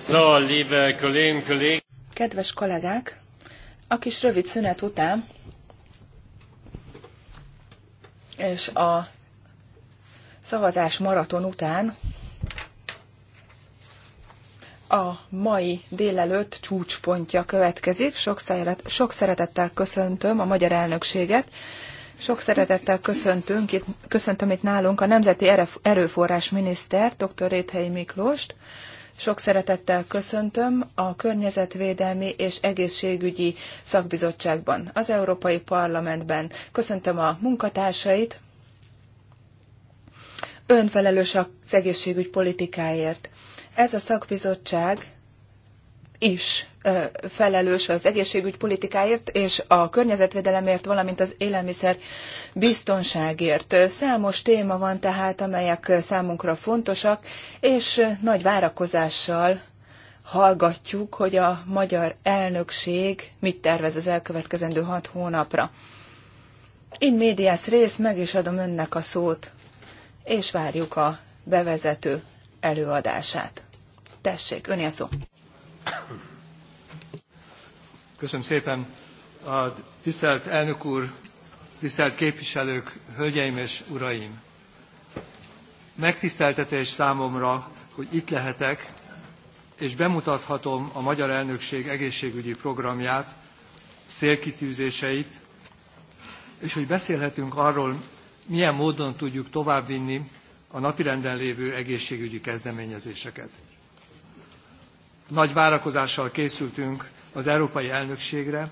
So, liebe Kollegen, Kollegen. Kedves kollégák, a kis rövid szünet után és a szavazás maraton után a mai délelőtt csúcspontja következik. Sok, szeret, sok szeretettel köszöntöm a magyar elnökséget. Sok szeretettel köszöntünk, itt, köszöntöm itt nálunk a Nemzeti Erőforrás Miniszter, dr. Réthelyi Miklóst, sok szeretettel köszöntöm a Környezetvédelmi és Egészségügyi Szakbizottságban, az Európai Parlamentben. Köszöntöm a munkatársait, önfelelős az egészségügy politikáért. Ez a szakbizottság is felelős az egészségügy politikáért és a környezetvédelemért, valamint az élelmiszer biztonságért. Számos téma van tehát, amelyek számunkra fontosak, és nagy várakozással hallgatjuk, hogy a magyar elnökség mit tervez az elkövetkezendő hat hónapra. In médiás rész, meg is adom önnek a szót, és várjuk a bevezető előadását. Tessék, öné a szó. Köszönöm szépen. A tisztelt elnök úr, tisztelt képviselők, hölgyeim és uraim! Megtiszteltetés számomra, hogy itt lehetek, és bemutathatom a magyar elnökség egészségügyi programját, célkitűzéseit, és hogy beszélhetünk arról, milyen módon tudjuk továbbvinni a napirenden lévő egészségügyi kezdeményezéseket. Nagy várakozással készültünk az európai elnökségre,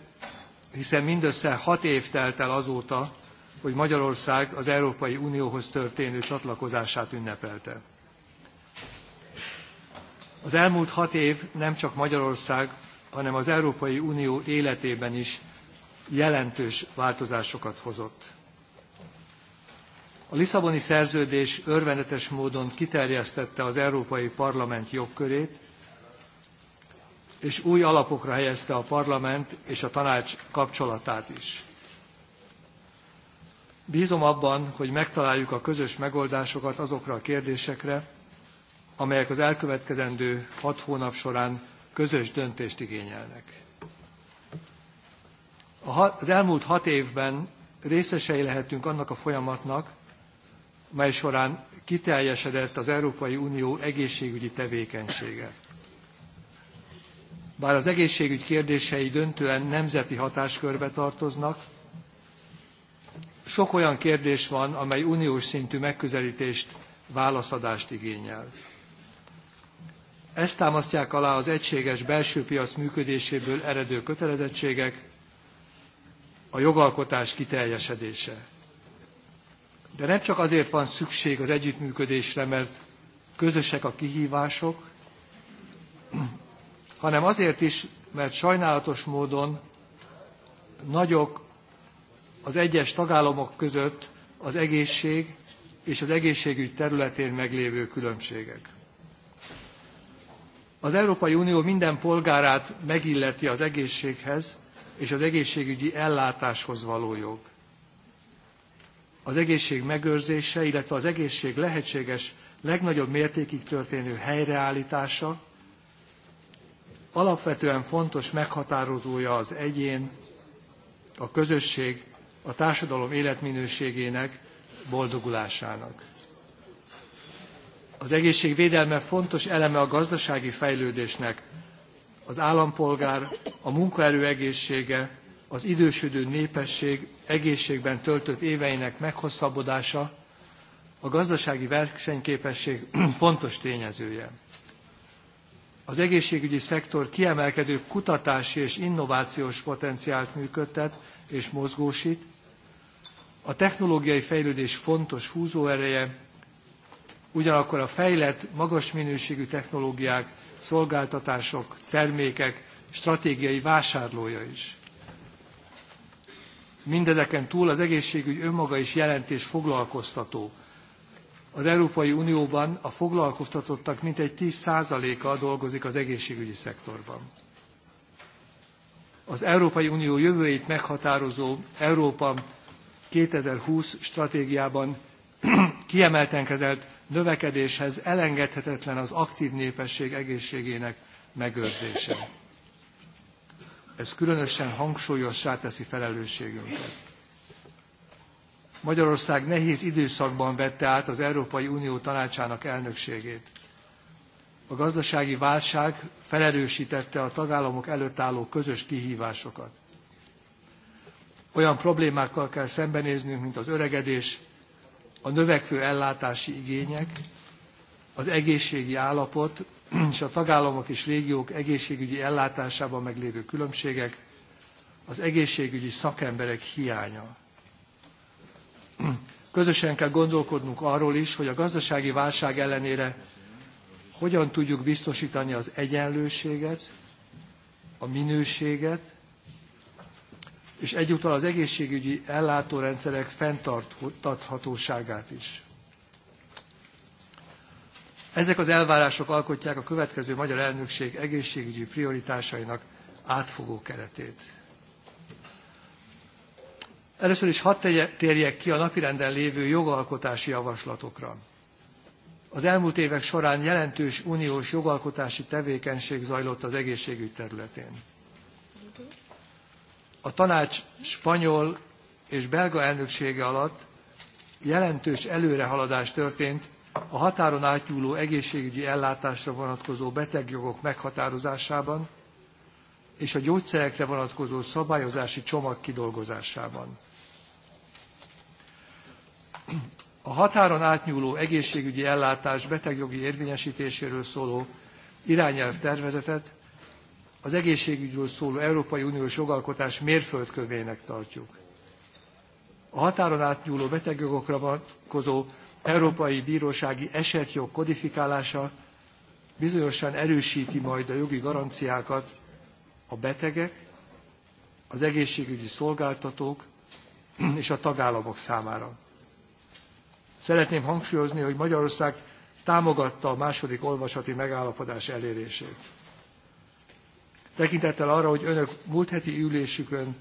hiszen mindössze hat év telt el azóta, hogy Magyarország az Európai Unióhoz történő csatlakozását ünnepelte. Az elmúlt hat év nem csak Magyarország, hanem az Európai Unió életében is jelentős változásokat hozott. A Lisszaboni szerződés örvendetes módon kiterjesztette az Európai Parlament jogkörét, és új alapokra helyezte a parlament és a tanács kapcsolatát is. Bízom abban, hogy megtaláljuk a közös megoldásokat azokra a kérdésekre, amelyek az elkövetkezendő hat hónap során közös döntést igényelnek. Az elmúlt hat évben részesei lehetünk annak a folyamatnak, mely során kiteljesedett az Európai Unió egészségügyi tevékenysége. Bár az egészségügy kérdései döntően nemzeti hatáskörbe tartoznak, sok olyan kérdés van, amely uniós szintű megközelítést, válaszadást igényel. Ezt támasztják alá az egységes belső piac működéséből eredő kötelezettségek, a jogalkotás kiteljesedése. De nem csak azért van szükség az együttműködésre, mert közösek a kihívások, hanem azért is, mert sajnálatos módon nagyok az egyes tagállamok között az egészség és az egészségügy területén meglévő különbségek. Az Európai Unió minden polgárát megilleti az egészséghez és az egészségügyi ellátáshoz való jog. Az egészség megőrzése, illetve az egészség lehetséges legnagyobb mértékig történő helyreállítása, alapvetően fontos meghatározója az egyén, a közösség, a társadalom életminőségének, boldogulásának. Az egészség védelme fontos eleme a gazdasági fejlődésnek. Az állampolgár, a munkaerő egészsége, az idősödő népesség egészségben töltött éveinek meghosszabbodása a gazdasági versenyképesség fontos tényezője az egészségügyi szektor kiemelkedő kutatási és innovációs potenciált működtet és mozgósít, a technológiai fejlődés fontos húzóereje, ugyanakkor a fejlett, magas minőségű technológiák, szolgáltatások, termékek stratégiai vásárlója is. Mindezeken túl az egészségügy önmaga is jelentés foglalkoztató, az Európai Unióban a foglalkoztatottak mintegy 10%-a dolgozik az egészségügyi szektorban. Az Európai Unió jövőjét meghatározó Európa 2020 stratégiában kiemelten kezelt növekedéshez elengedhetetlen az aktív népesség egészségének megőrzése. Ez különösen hangsúlyossá teszi felelősségünket. Magyarország nehéz időszakban vette át az Európai Unió tanácsának elnökségét. A gazdasági válság felerősítette a tagállamok előtt álló közös kihívásokat. Olyan problémákkal kell szembenéznünk, mint az öregedés, a növekvő ellátási igények, az egészségi állapot és a tagállamok és régiók egészségügyi ellátásában meglévő különbségek, az egészségügyi szakemberek hiánya. Közösen kell gondolkodnunk arról is, hogy a gazdasági válság ellenére hogyan tudjuk biztosítani az egyenlőséget, a minőséget, és egyúttal az egészségügyi ellátórendszerek fenntarthatóságát is. Ezek az elvárások alkotják a következő magyar elnökség egészségügyi prioritásainak átfogó keretét. Először is hadd térjek ki a napirenden lévő jogalkotási javaslatokra. Az elmúlt évek során jelentős uniós jogalkotási tevékenység zajlott az egészségügy területén. A tanács spanyol és belga elnöksége alatt jelentős előrehaladás történt a határon átnyúló egészségügyi ellátásra vonatkozó betegjogok meghatározásában és a gyógyszerekre vonatkozó szabályozási csomag kidolgozásában a határon átnyúló egészségügyi ellátás betegjogi érvényesítéséről szóló irányelv tervezetet az egészségügyről szóló Európai Uniós jogalkotás mérföldkövének tartjuk. A határon átnyúló betegjogokra vonatkozó Európai Bírósági Esetjog kodifikálása bizonyosan erősíti majd a jogi garanciákat a betegek, az egészségügyi szolgáltatók és a tagállamok számára. Szeretném hangsúlyozni, hogy Magyarország támogatta a második olvasati megállapodás elérését. Tekintettel arra, hogy önök múlt heti ülésükön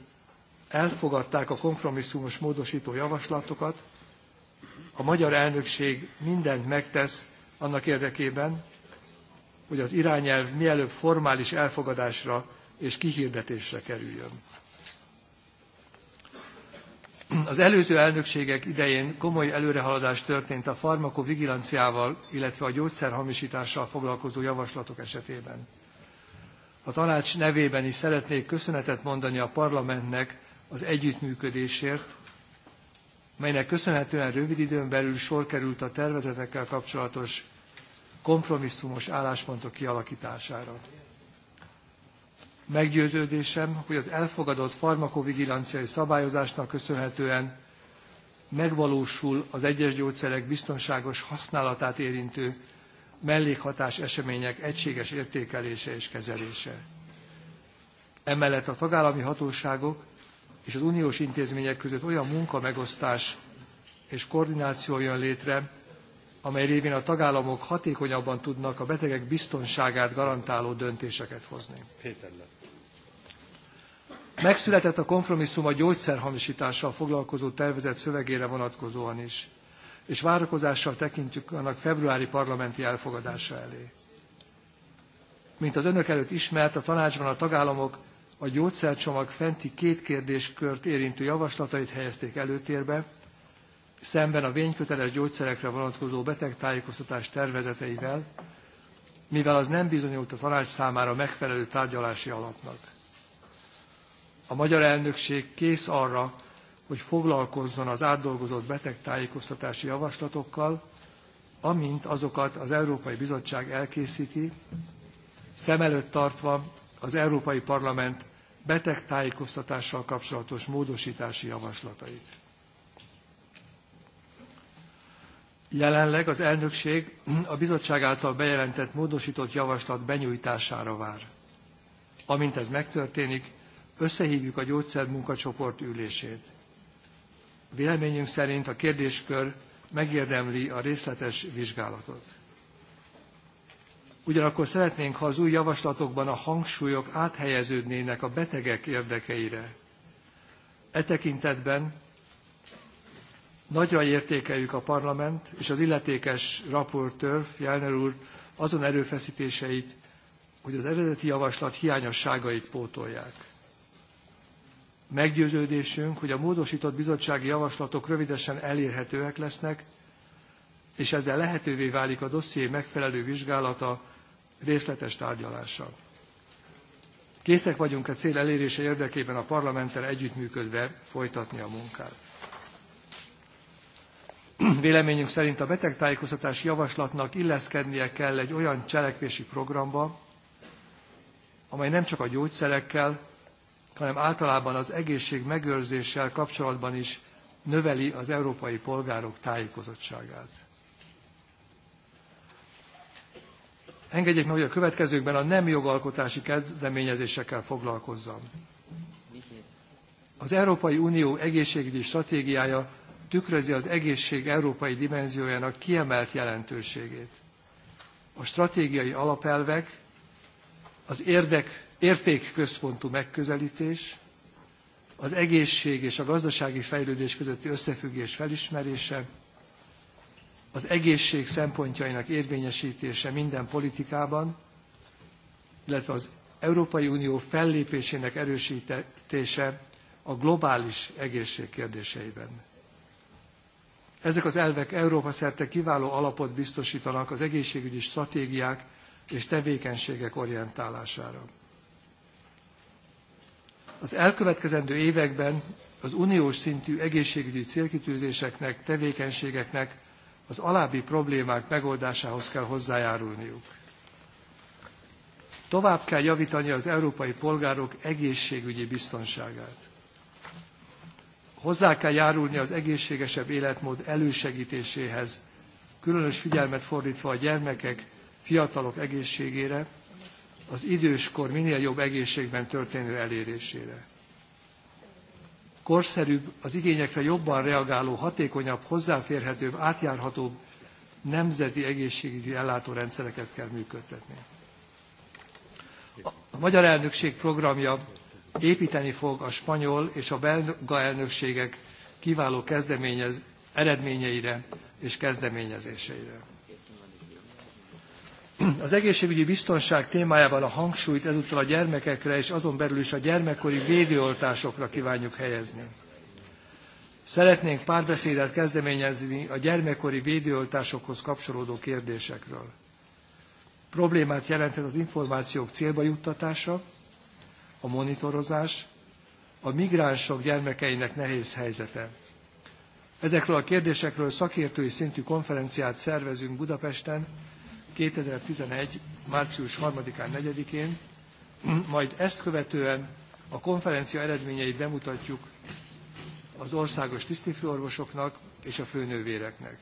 elfogadták a kompromisszumos módosító javaslatokat, a magyar elnökség mindent megtesz annak érdekében, hogy az irányelv mielőbb formális elfogadásra és kihirdetésre kerüljön. Az előző elnökségek idején komoly előrehaladás történt a farmakovigilanciával, illetve a gyógyszerhamisítással foglalkozó javaslatok esetében. A tanács nevében is szeretnék köszönetet mondani a parlamentnek az együttműködésért, melynek köszönhetően rövid időn belül sor került a tervezetekkel kapcsolatos kompromisszumos álláspontok kialakítására. Meggyőződésem, hogy az elfogadott farmakovigilanciai szabályozásnak köszönhetően megvalósul az egyes gyógyszerek biztonságos használatát érintő mellékhatás események egységes értékelése és kezelése. Emellett a tagállami hatóságok és az uniós intézmények között olyan munkamegosztás és koordináció jön létre, amely révén a tagállamok hatékonyabban tudnak a betegek biztonságát garantáló döntéseket hozni. Péter lett. Megszületett a kompromisszum a gyógyszerhamisítással foglalkozó tervezet szövegére vonatkozóan is, és várakozással tekintjük annak februári parlamenti elfogadása elé. Mint az önök előtt ismert, a tanácsban a tagállamok a gyógyszercsomag fenti két kérdéskört érintő javaslatait helyezték előtérbe, szemben a vényköteles gyógyszerekre vonatkozó betegtájékoztatás tervezeteivel, mivel az nem bizonyult a tanács számára megfelelő tárgyalási alapnak. A magyar elnökség kész arra, hogy foglalkozzon az átdolgozott betegtájékoztatási javaslatokkal, amint azokat az Európai Bizottság elkészíti, szem előtt tartva az Európai Parlament betegtájékoztatással kapcsolatos módosítási javaslatait. Jelenleg az elnökség a bizottság által bejelentett módosított javaslat benyújtására vár. Amint ez megtörténik, összehívjuk a gyógyszermunkacsoport ülését. Véleményünk szerint a kérdéskör megérdemli a részletes vizsgálatot. Ugyanakkor szeretnénk, ha az új javaslatokban a hangsúlyok áthelyeződnének a betegek érdekeire. E tekintetben nagyra értékeljük a parlament és az illetékes raportőr, Jelner úr, azon erőfeszítéseit, hogy az eredeti javaslat hiányosságait pótolják. Meggyőződésünk, hogy a módosított bizottsági javaslatok rövidesen elérhetőek lesznek, és ezzel lehetővé válik a dosszié megfelelő vizsgálata részletes tárgyalással. Készek vagyunk a e cél elérése érdekében a parlamenttel együttműködve folytatni a munkát. Véleményünk szerint a betegtájékoztatási javaslatnak illeszkednie kell egy olyan cselekvési programba, amely nem csak a gyógyszerekkel, hanem általában az egészség megőrzéssel kapcsolatban is növeli az európai polgárok tájékozottságát. Engedjék meg, hogy a következőkben a nem jogalkotási kezdeményezésekkel foglalkozzam. Az Európai Unió egészségügyi stratégiája tükrözi az egészség európai dimenziójának kiemelt jelentőségét. A stratégiai alapelvek, az érdek értékközpontú megközelítés, az egészség és a gazdasági fejlődés közötti összefüggés felismerése, az egészség szempontjainak érvényesítése minden politikában, illetve az Európai Unió fellépésének erősítése a globális egészség kérdéseiben. Ezek az elvek Európa szerte kiváló alapot biztosítanak az egészségügyi stratégiák és tevékenységek orientálására. Az elkövetkezendő években az uniós szintű egészségügyi célkitűzéseknek, tevékenységeknek az alábbi problémák megoldásához kell hozzájárulniuk. Tovább kell javítani az európai polgárok egészségügyi biztonságát. Hozzá kell járulni az egészségesebb életmód elősegítéséhez, különös figyelmet fordítva a gyermekek, fiatalok egészségére, az időskor minél jobb egészségben történő elérésére. Korszerűbb, az igényekre jobban reagáló, hatékonyabb, hozzáférhetőbb, átjárhatóbb nemzeti egészségügyi ellátórendszereket kell működtetni. A magyar elnökség programja építeni fog a spanyol és a belga elnökségek kiváló eredményeire és kezdeményezéseire. Az egészségügyi biztonság témájával a hangsúlyt ezúttal a gyermekekre és azon belül is a gyermekkori védőoltásokra kívánjuk helyezni. Szeretnénk párbeszédet kezdeményezni a gyermekkori védőoltásokhoz kapcsolódó kérdésekről. Problémát jelenthet az információk célba juttatása, a monitorozás, a migránsok gyermekeinek nehéz helyzete. Ezekről a kérdésekről szakértői szintű konferenciát szervezünk Budapesten 2011. március 3-án, 4-én, majd ezt követően a konferencia eredményeit bemutatjuk az országos tisztifőorvosoknak és a főnővéreknek.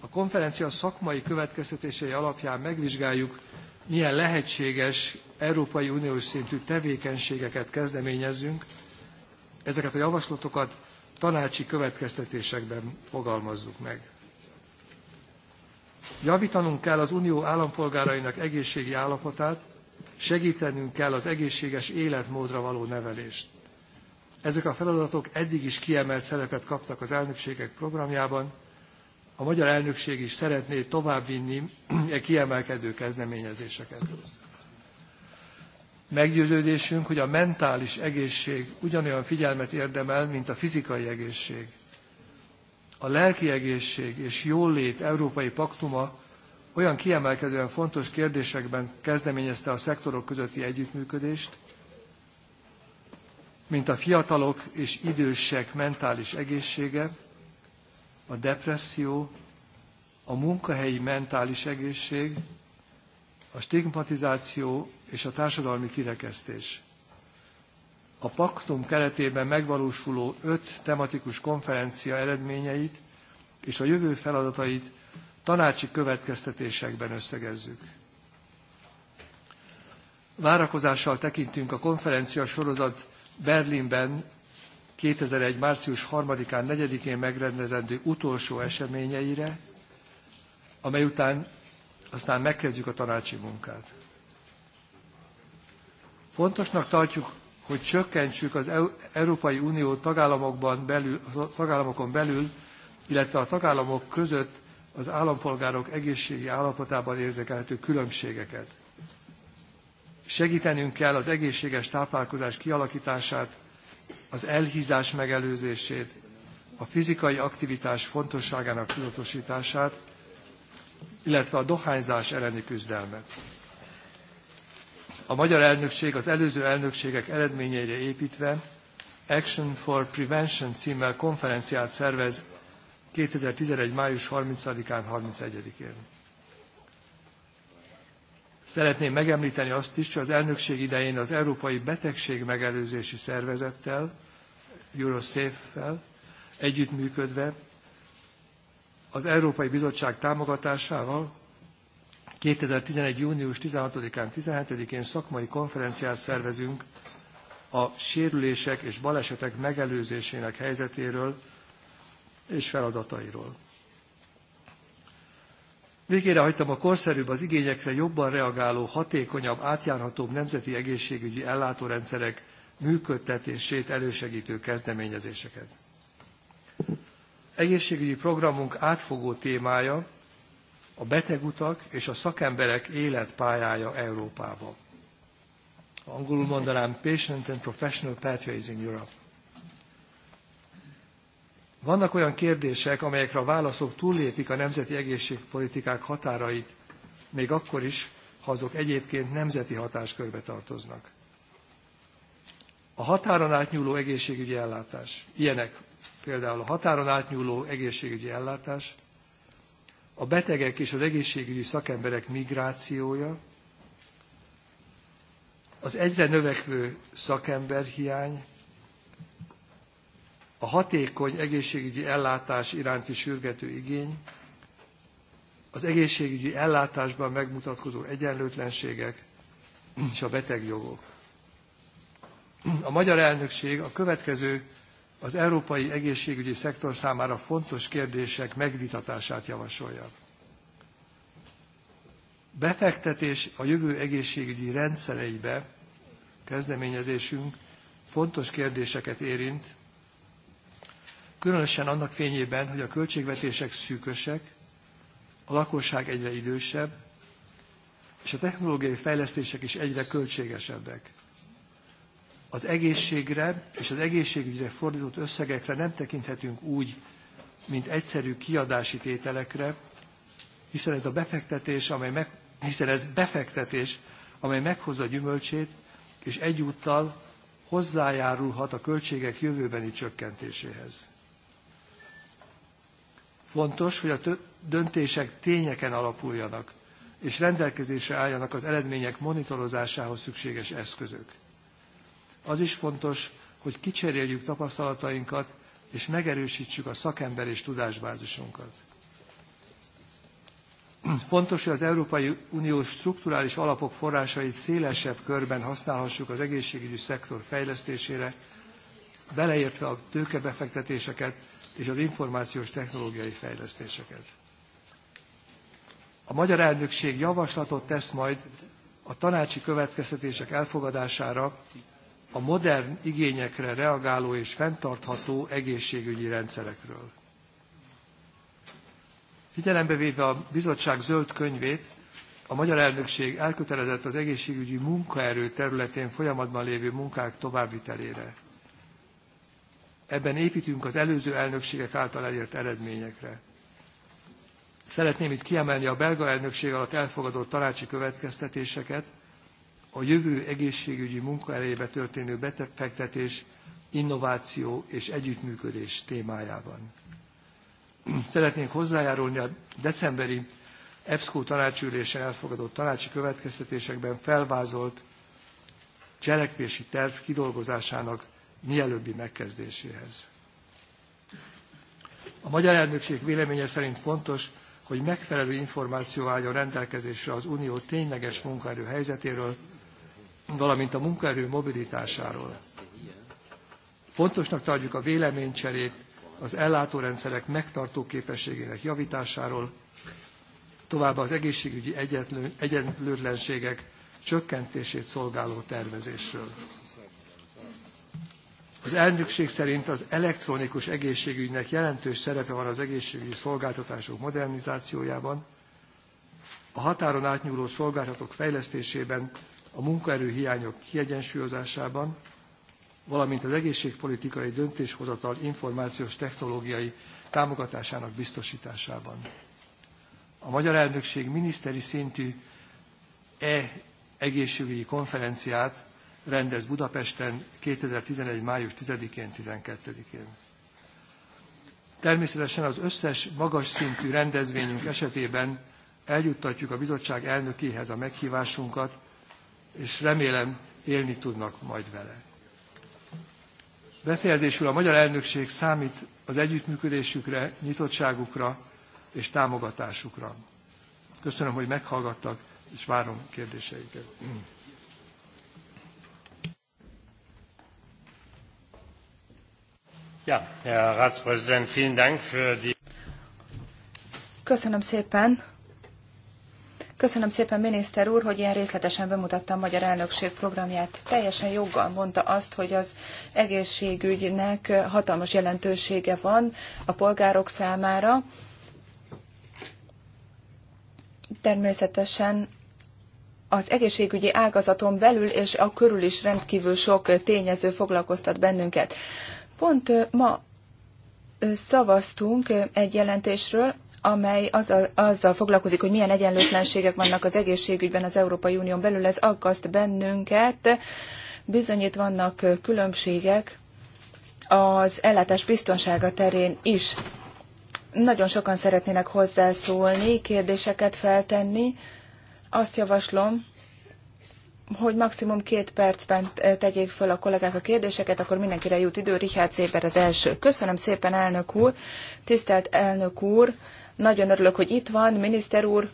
A konferencia szakmai következtetései alapján megvizsgáljuk, milyen lehetséges Európai Uniós szintű tevékenységeket kezdeményezünk, ezeket a javaslatokat tanácsi következtetésekben fogalmazzuk meg. Javítanunk kell az unió állampolgárainak egészségi állapotát, segítenünk kell az egészséges életmódra való nevelést. Ezek a feladatok eddig is kiemelt szerepet kaptak az elnökségek programjában, a magyar elnökség is szeretné továbbvinni e kiemelkedő kezdeményezéseket. Meggyőződésünk, hogy a mentális egészség ugyanolyan figyelmet érdemel, mint a fizikai egészség a lelki egészség és jólét európai paktuma olyan kiemelkedően fontos kérdésekben kezdeményezte a szektorok közötti együttműködést, mint a fiatalok és idősek mentális egészsége, a depresszió, a munkahelyi mentális egészség, a stigmatizáció és a társadalmi kirekesztés a paktum keretében megvalósuló öt tematikus konferencia eredményeit és a jövő feladatait tanácsi következtetésekben összegezzük. Várakozással tekintünk a konferencia sorozat Berlinben 2001. március 3-án, 4-én megrendezendő utolsó eseményeire, amely után aztán megkezdjük a tanácsi munkát. Fontosnak tartjuk hogy csökkentsük az Európai Unió tagállamokban belül, tagállamokon belül, illetve a tagállamok között az állampolgárok egészségi állapotában érzékelhető különbségeket. Segítenünk kell az egészséges táplálkozás kialakítását, az elhízás megelőzését, a fizikai aktivitás fontosságának tudatosítását, illetve a dohányzás elleni küzdelmet a magyar elnökség az előző elnökségek eredményeire építve Action for Prevention címmel konferenciát szervez 2011. május 30-án, 31-én. Szeretném megemlíteni azt is, hogy az elnökség idején az Európai Betegség Megelőzési Szervezettel, Eurosafe-fel együttműködve az Európai Bizottság támogatásával 2011. június 16-án, 17-én szakmai konferenciát szervezünk a sérülések és balesetek megelőzésének helyzetéről és feladatairól. Végére hagytam a korszerűbb, az igényekre jobban reagáló, hatékonyabb, átjárhatóbb nemzeti egészségügyi ellátórendszerek működtetését elősegítő kezdeményezéseket. Egészségügyi programunk átfogó témája a betegutak és a szakemberek életpályája Európába. Angolul mondanám Patient and Professional Pathways in Europe. Vannak olyan kérdések, amelyekre a válaszok túllépik a nemzeti egészségpolitikák határait, még akkor is, ha azok egyébként nemzeti hatáskörbe tartoznak. A határon átnyúló egészségügyi ellátás. Ilyenek például a határon átnyúló egészségügyi ellátás, a betegek és az egészségügyi szakemberek migrációja, az egyre növekvő szakemberhiány, a hatékony egészségügyi ellátás iránti sürgető igény, az egészségügyi ellátásban megmutatkozó egyenlőtlenségek és a betegjogok. A magyar elnökség a következő az európai egészségügyi szektor számára fontos kérdések megvitatását javasolja. Befektetés a jövő egészségügyi rendszereibe kezdeményezésünk fontos kérdéseket érint, különösen annak fényében, hogy a költségvetések szűkösek, a lakosság egyre idősebb, és a technológiai fejlesztések is egyre költségesebbek az egészségre és az egészségügyre fordított összegekre nem tekinthetünk úgy, mint egyszerű kiadási tételekre, hiszen ez a befektetés, amely meg, hiszen ez befektetés, amely meghozza gyümölcsét, és egyúttal hozzájárulhat a költségek jövőbeni csökkentéséhez. Fontos, hogy a döntések tényeken alapuljanak, és rendelkezésre álljanak az eredmények monitorozásához szükséges eszközök. Az is fontos, hogy kicseréljük tapasztalatainkat, és megerősítsük a szakember és tudásbázisunkat. Fontos, hogy az Európai Unió strukturális alapok forrásait szélesebb körben használhassuk az egészségügyi szektor fejlesztésére, beleértve a tőkebefektetéseket és az információs technológiai fejlesztéseket. A magyar elnökség javaslatot tesz majd a tanácsi következtetések elfogadására a modern igényekre reagáló és fenntartható egészségügyi rendszerekről. Figyelembe véve a bizottság zöld könyvét, a magyar elnökség elkötelezett az egészségügyi munkaerő területén folyamatban lévő munkák továbbvitelére. Ebben építünk az előző elnökségek által elért eredményekre. Szeretném itt kiemelni a belga elnökség alatt elfogadott tanácsi következtetéseket, a jövő egészségügyi munkaerejébe történő befektetés, innováció és együttműködés témájában. Szeretnénk hozzájárulni a decemberi EBSCO tanácsülésen elfogadott tanácsi következtetésekben felvázolt cselekvési terv kidolgozásának mielőbbi megkezdéséhez. A magyar elnökség véleménye szerint fontos, hogy megfelelő információ álljon rendelkezésre az unió tényleges munkaerő helyzetéről, valamint a munkaerő mobilitásáról. Fontosnak tartjuk a véleménycserét az ellátórendszerek megtartó képességének javításáról, továbbá az egészségügyi egyenlőtlenségek csökkentését szolgáló tervezésről. Az elnökség szerint az elektronikus egészségügynek jelentős szerepe van az egészségügyi szolgáltatások modernizációjában, a határon átnyúló szolgáltatók fejlesztésében, a munkaerő hiányok kiegyensúlyozásában, valamint az egészségpolitikai döntéshozatal információs technológiai támogatásának biztosításában. A magyar elnökség miniszteri szintű e-egészségügyi konferenciát rendez Budapesten 2011. május 10-én, 12-én. Természetesen az összes magas szintű rendezvényünk esetében eljuttatjuk a bizottság elnökéhez a meghívásunkat és remélem élni tudnak majd vele. Befejezésül a magyar elnökség számít az együttműködésükre, nyitottságukra és támogatásukra. Köszönöm, hogy meghallgattak, és várom kérdéseiket. Ja, Herr Ratspräsident, vielen Dank für die Köszönöm szépen Köszönöm szépen, miniszter úr, hogy ilyen részletesen bemutatta a Magyar Elnökség programját. Teljesen joggal mondta azt, hogy az egészségügynek hatalmas jelentősége van a polgárok számára. Természetesen az egészségügyi ágazaton belül és a körül is rendkívül sok tényező foglalkoztat bennünket. Pont ma szavaztunk egy jelentésről, amely azzal, azzal foglalkozik, hogy milyen egyenlőtlenségek vannak az egészségügyben az Európai Unión belül, ez aggaszt bennünket. Bizony itt vannak különbségek az ellátás biztonsága terén is. Nagyon sokan szeretnének hozzászólni, kérdéseket feltenni. Azt javaslom, hogy maximum két percben tegyék föl a kollégák a kérdéseket, akkor mindenkire jut idő. Richard Zéber az első. Köszönöm szépen, elnök úr. Tisztelt elnök úr, nagyon örülök, hogy itt van, miniszter úr,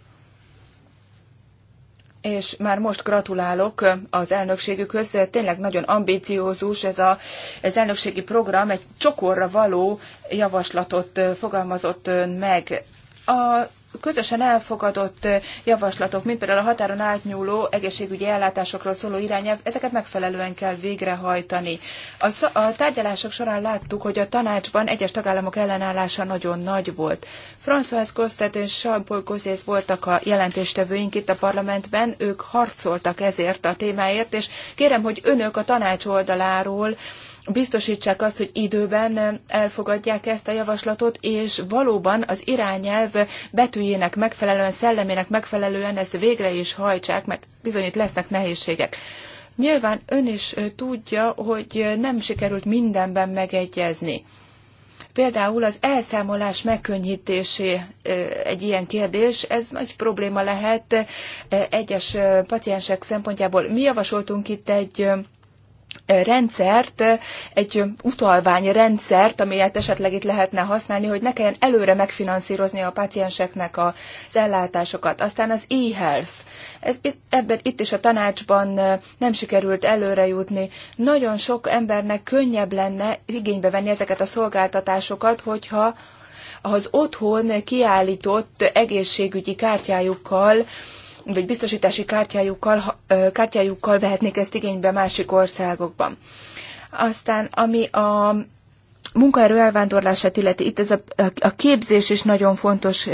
és már most gratulálok az elnökségükhöz. Tényleg nagyon ambíciózus ez a, az elnökségi program, egy csokorra való javaslatot fogalmazott ön meg. A közösen elfogadott javaslatok, mint például a határon átnyúló egészségügyi ellátásokról szóló irányelv, ezeket megfelelően kell végrehajtani. A, sz- a tárgyalások során láttuk, hogy a tanácsban egyes tagállamok ellenállása nagyon nagy volt. François Gostet és Jean-Paul Gossés voltak a jelentéstevőink itt a parlamentben, ők harcoltak ezért a témáért, és kérem, hogy önök a tanács oldaláról biztosítsák azt, hogy időben elfogadják ezt a javaslatot, és valóban az irányelv betűjének megfelelően, szellemének megfelelően ezt végre is hajtsák, mert bizony itt lesznek nehézségek. Nyilván ön is tudja, hogy nem sikerült mindenben megegyezni. Például az elszámolás megkönnyítésé egy ilyen kérdés, ez nagy probléma lehet egyes paciensek szempontjából. Mi javasoltunk itt egy rendszert, egy utalvány rendszert, amelyet esetleg itt lehetne használni, hogy ne kelljen előre megfinanszírozni a pácienseknek az ellátásokat. Aztán az e-health. Ez, ebben itt is a tanácsban nem sikerült előre jutni. Nagyon sok embernek könnyebb lenne igénybe venni ezeket a szolgáltatásokat, hogyha az otthon kiállított egészségügyi kártyájukkal vagy biztosítási kártyájukkal, kártyájukkal vehetnék ezt igénybe másik országokban. Aztán, ami a munkaerő elvándorlását illeti, itt ez a, a képzés is nagyon fontos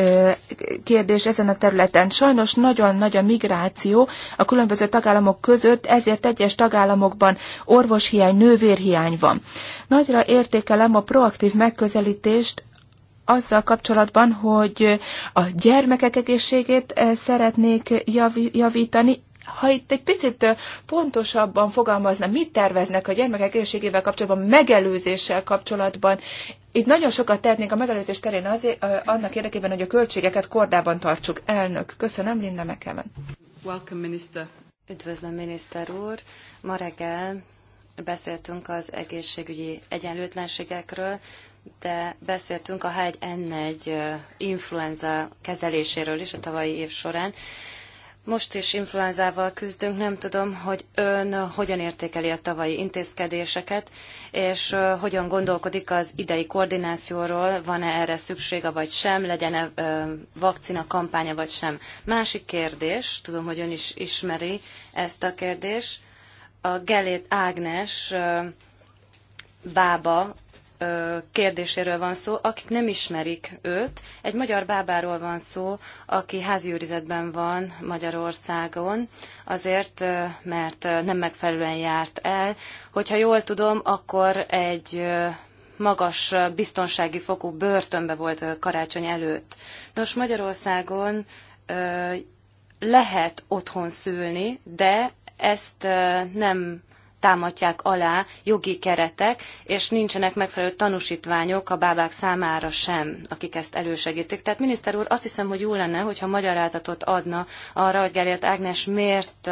kérdés ezen a területen. Sajnos nagyon nagy a migráció a különböző tagállamok között, ezért egyes tagállamokban orvoshiány, nővérhiány van. Nagyra értékelem a proaktív megközelítést, azzal kapcsolatban, hogy a gyermekek egészségét eh, szeretnék javítani, ha itt egy picit eh, pontosabban fogalmazna, mit terveznek a gyermekek egészségével kapcsolatban, megelőzéssel kapcsolatban, itt nagyon sokat tehetnénk a megelőzés terén azért, eh, annak érdekében, hogy a költségeket kordában tartsuk. Elnök, köszönöm, Linda McKeven. Welcome, minister. Üdvözlöm, miniszter úr. Ma reggel beszéltünk az egészségügyi egyenlőtlenségekről, de beszéltünk a H1N1 influenza kezeléséről is a tavalyi év során. Most is influenzával küzdünk, nem tudom, hogy ön hogyan értékeli a tavalyi intézkedéseket, és hogyan gondolkodik az idei koordinációról, van-e erre szüksége vagy sem, legyen-e vakcina kampánya vagy sem. Másik kérdés, tudom, hogy ön is ismeri ezt a kérdést, a Gelét Ágnes bába kérdéséről van szó, akik nem ismerik őt. Egy magyar bábáról van szó, aki házi őrizetben van Magyarországon, azért, mert nem megfelelően járt el. Hogyha jól tudom, akkor egy magas biztonsági fokú börtönbe volt karácsony előtt. Nos, Magyarországon lehet otthon szülni, de ezt nem támadják alá jogi keretek, és nincsenek megfelelő tanúsítványok a bábák számára sem, akik ezt elősegítik. Tehát miniszter úr, azt hiszem, hogy jó lenne, hogyha magyarázatot adna arra, hogy Gerért Ágnes miért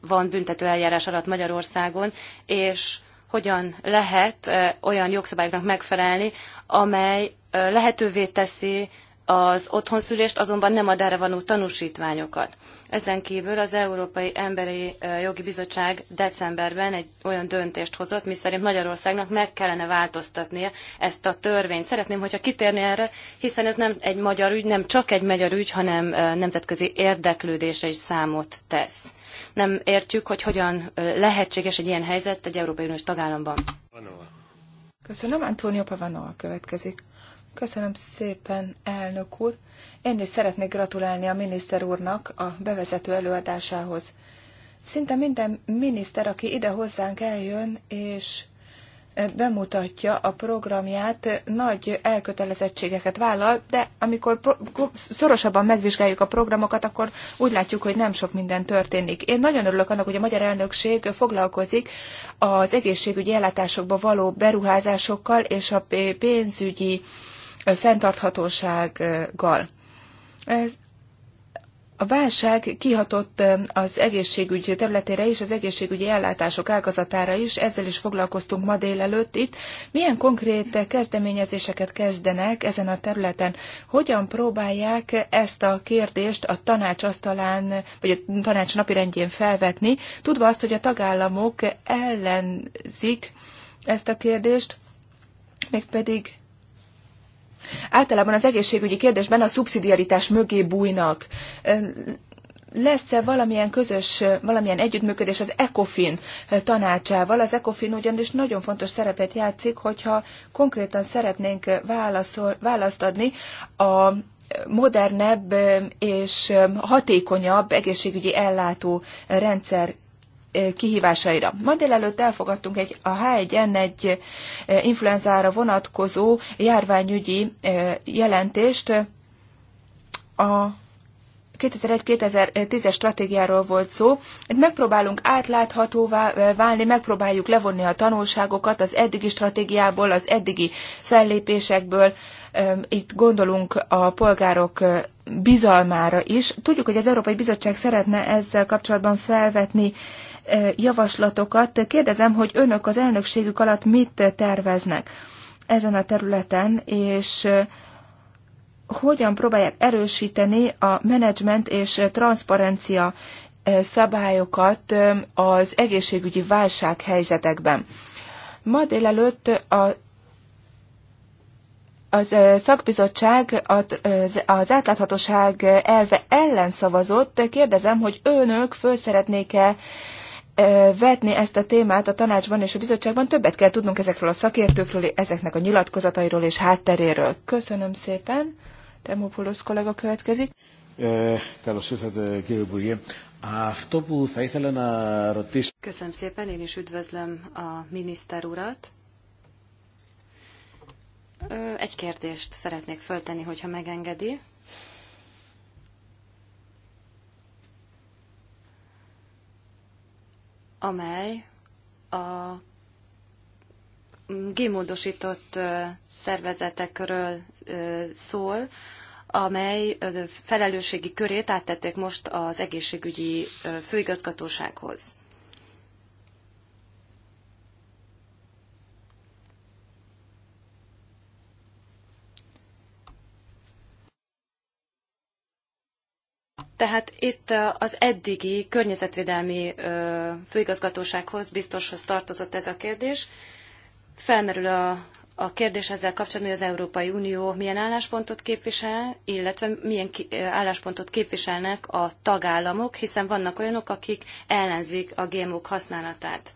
van büntető eljárás alatt Magyarországon, és hogyan lehet olyan jogszabályoknak megfelelni, amely lehetővé teszi az otthonszülést, azonban nem ad erre vanú tanúsítványokat. Ezen kívül az Európai Emberi Jogi Bizottság decemberben egy olyan döntést hozott, miszerint Magyarországnak meg kellene változtatnia ezt a törvényt. Szeretném, hogyha kitérni erre, hiszen ez nem egy magyar ügy, nem csak egy magyar ügy, hanem nemzetközi érdeklődése is számot tesz. Nem értjük, hogy hogyan lehetséges egy ilyen helyzet egy Európai Uniós tagállamban. Köszönöm, Antonio Pavanova következik. Köszönöm szépen, elnök úr. Én is szeretnék gratulálni a miniszter úrnak a bevezető előadásához. Szinte minden miniszter, aki ide hozzánk eljön, és bemutatja a programját, nagy elkötelezettségeket vállal, de amikor szorosabban megvizsgáljuk a programokat, akkor úgy látjuk, hogy nem sok minden történik. Én nagyon örülök annak, hogy a magyar elnökség foglalkozik az egészségügyi ellátásokba való beruházásokkal és a pénzügyi fenntarthatósággal. Ez a válság kihatott az egészségügy területére is, az egészségügyi ellátások ágazatára is, ezzel is foglalkoztunk ma délelőtt itt. Milyen konkrét kezdeményezéseket kezdenek ezen a területen? Hogyan próbálják ezt a kérdést a tanács asztalán, vagy a tanács napirendjén felvetni, tudva azt, hogy a tagállamok ellenzik ezt a kérdést, mégpedig általában az egészségügyi kérdésben a szubszidiaritás mögé bújnak. Lesz-e valamilyen közös, valamilyen együttműködés az ECOFIN tanácsával? Az ECOFIN ugyanis nagyon fontos szerepet játszik, hogyha konkrétan szeretnénk válaszol, választ adni a modernebb és hatékonyabb egészségügyi ellátó rendszer kihívásaira. Ma délelőtt elfogadtunk egy, a H1N1 influenzára vonatkozó járványügyi jelentést. A 2001-2010-es stratégiáról volt szó. Megpróbálunk átláthatóvá válni, megpróbáljuk levonni a tanulságokat az eddigi stratégiából, az eddigi fellépésekből. Itt gondolunk a polgárok bizalmára is. Tudjuk, hogy az Európai Bizottság szeretne ezzel kapcsolatban felvetni javaslatokat. Kérdezem, hogy önök az elnökségük alatt mit terveznek ezen a területen, és hogyan próbálják erősíteni a menedzsment és transzparencia szabályokat az egészségügyi válsághelyzetekben. Ma délelőtt a az szakbizottság az átláthatóság elve ellen szavazott. Kérdezem, hogy önök föl szeretnék-e vetni ezt a témát a tanácsban és a bizottságban. Többet kell tudnunk ezekről a szakértőkről, ezeknek a nyilatkozatairól és hátteréről. Köszönöm szépen. Demopoulos kollega következik. Καλώς ήρθατε κύριε Υπουργέ. Αυτό που θα ήθελα να ρωτήσω... Köszönöm szépen, én is üdvözlöm a miniszter urat. Egy kérdést szeretnék föltenni, hogyha megengedi. amely a gémódosított szervezetekről szól, amely felelősségi körét áttették most az egészségügyi főigazgatósághoz. Tehát itt az eddigi környezetvédelmi főigazgatósághoz, biztoshoz tartozott ez a kérdés. Felmerül a, a kérdés ezzel kapcsolatban, hogy az Európai Unió milyen álláspontot képvisel, illetve milyen ki, álláspontot képviselnek a tagállamok, hiszen vannak olyanok, akik ellenzik a gmo használatát.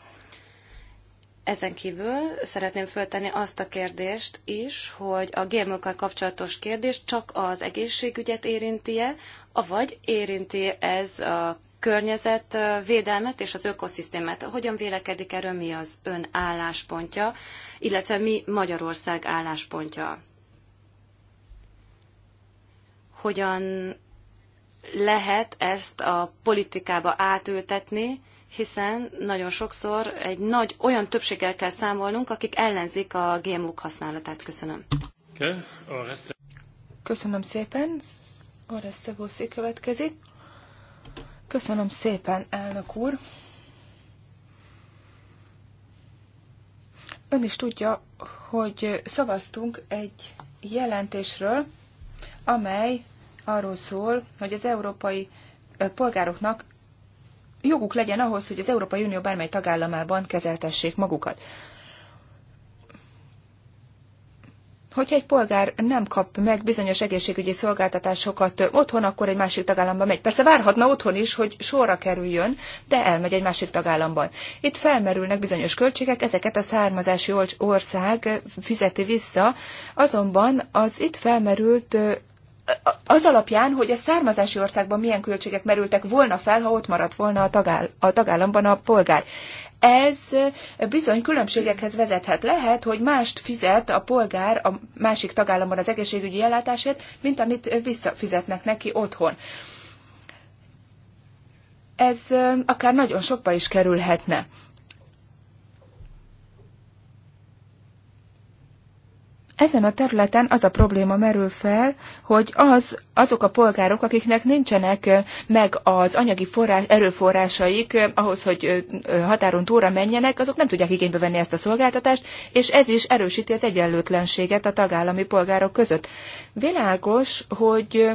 Ezen kívül szeretném föltenni azt a kérdést is, hogy a GMO-kkal kapcsolatos kérdés csak az egészségügyet érinti-e, avagy érinti ez a környezet védelmet és az ökoszisztémát. Hogyan vélekedik erről mi az ön álláspontja, illetve mi Magyarország álláspontja? Hogyan lehet ezt a politikába átültetni, hiszen nagyon sokszor egy nagy olyan többséggel kell számolnunk, akik ellenzik a gmo használatát. Köszönöm. Köszönöm szépen. Oreste Bosszi következik. Köszönöm szépen, elnök úr. Ön is tudja, hogy szavaztunk egy jelentésről, amely arról szól, hogy az európai polgároknak joguk legyen ahhoz, hogy az Európai Unió bármely tagállamában kezeltessék magukat. Hogyha egy polgár nem kap meg bizonyos egészségügyi szolgáltatásokat otthon, akkor egy másik tagállamba megy. Persze várhatna otthon is, hogy sorra kerüljön, de elmegy egy másik tagállamban. Itt felmerülnek bizonyos költségek, ezeket a származási ország fizeti vissza, azonban az itt felmerült az alapján, hogy a származási országban milyen költségek merültek volna fel, ha ott maradt volna a, tagáll- a tagállamban a polgár. Ez bizony különbségekhez vezethet. Lehet, hogy mást fizet a polgár a másik tagállamban az egészségügyi ellátásért, mint amit visszafizetnek neki otthon. Ez akár nagyon sokba is kerülhetne. Ezen a területen az a probléma merül fel, hogy az, azok a polgárok, akiknek nincsenek meg az anyagi forrás, erőforrásaik ahhoz, hogy határon túlra menjenek, azok nem tudják igénybe venni ezt a szolgáltatást, és ez is erősíti az egyenlőtlenséget a tagállami polgárok között. Világos, hogy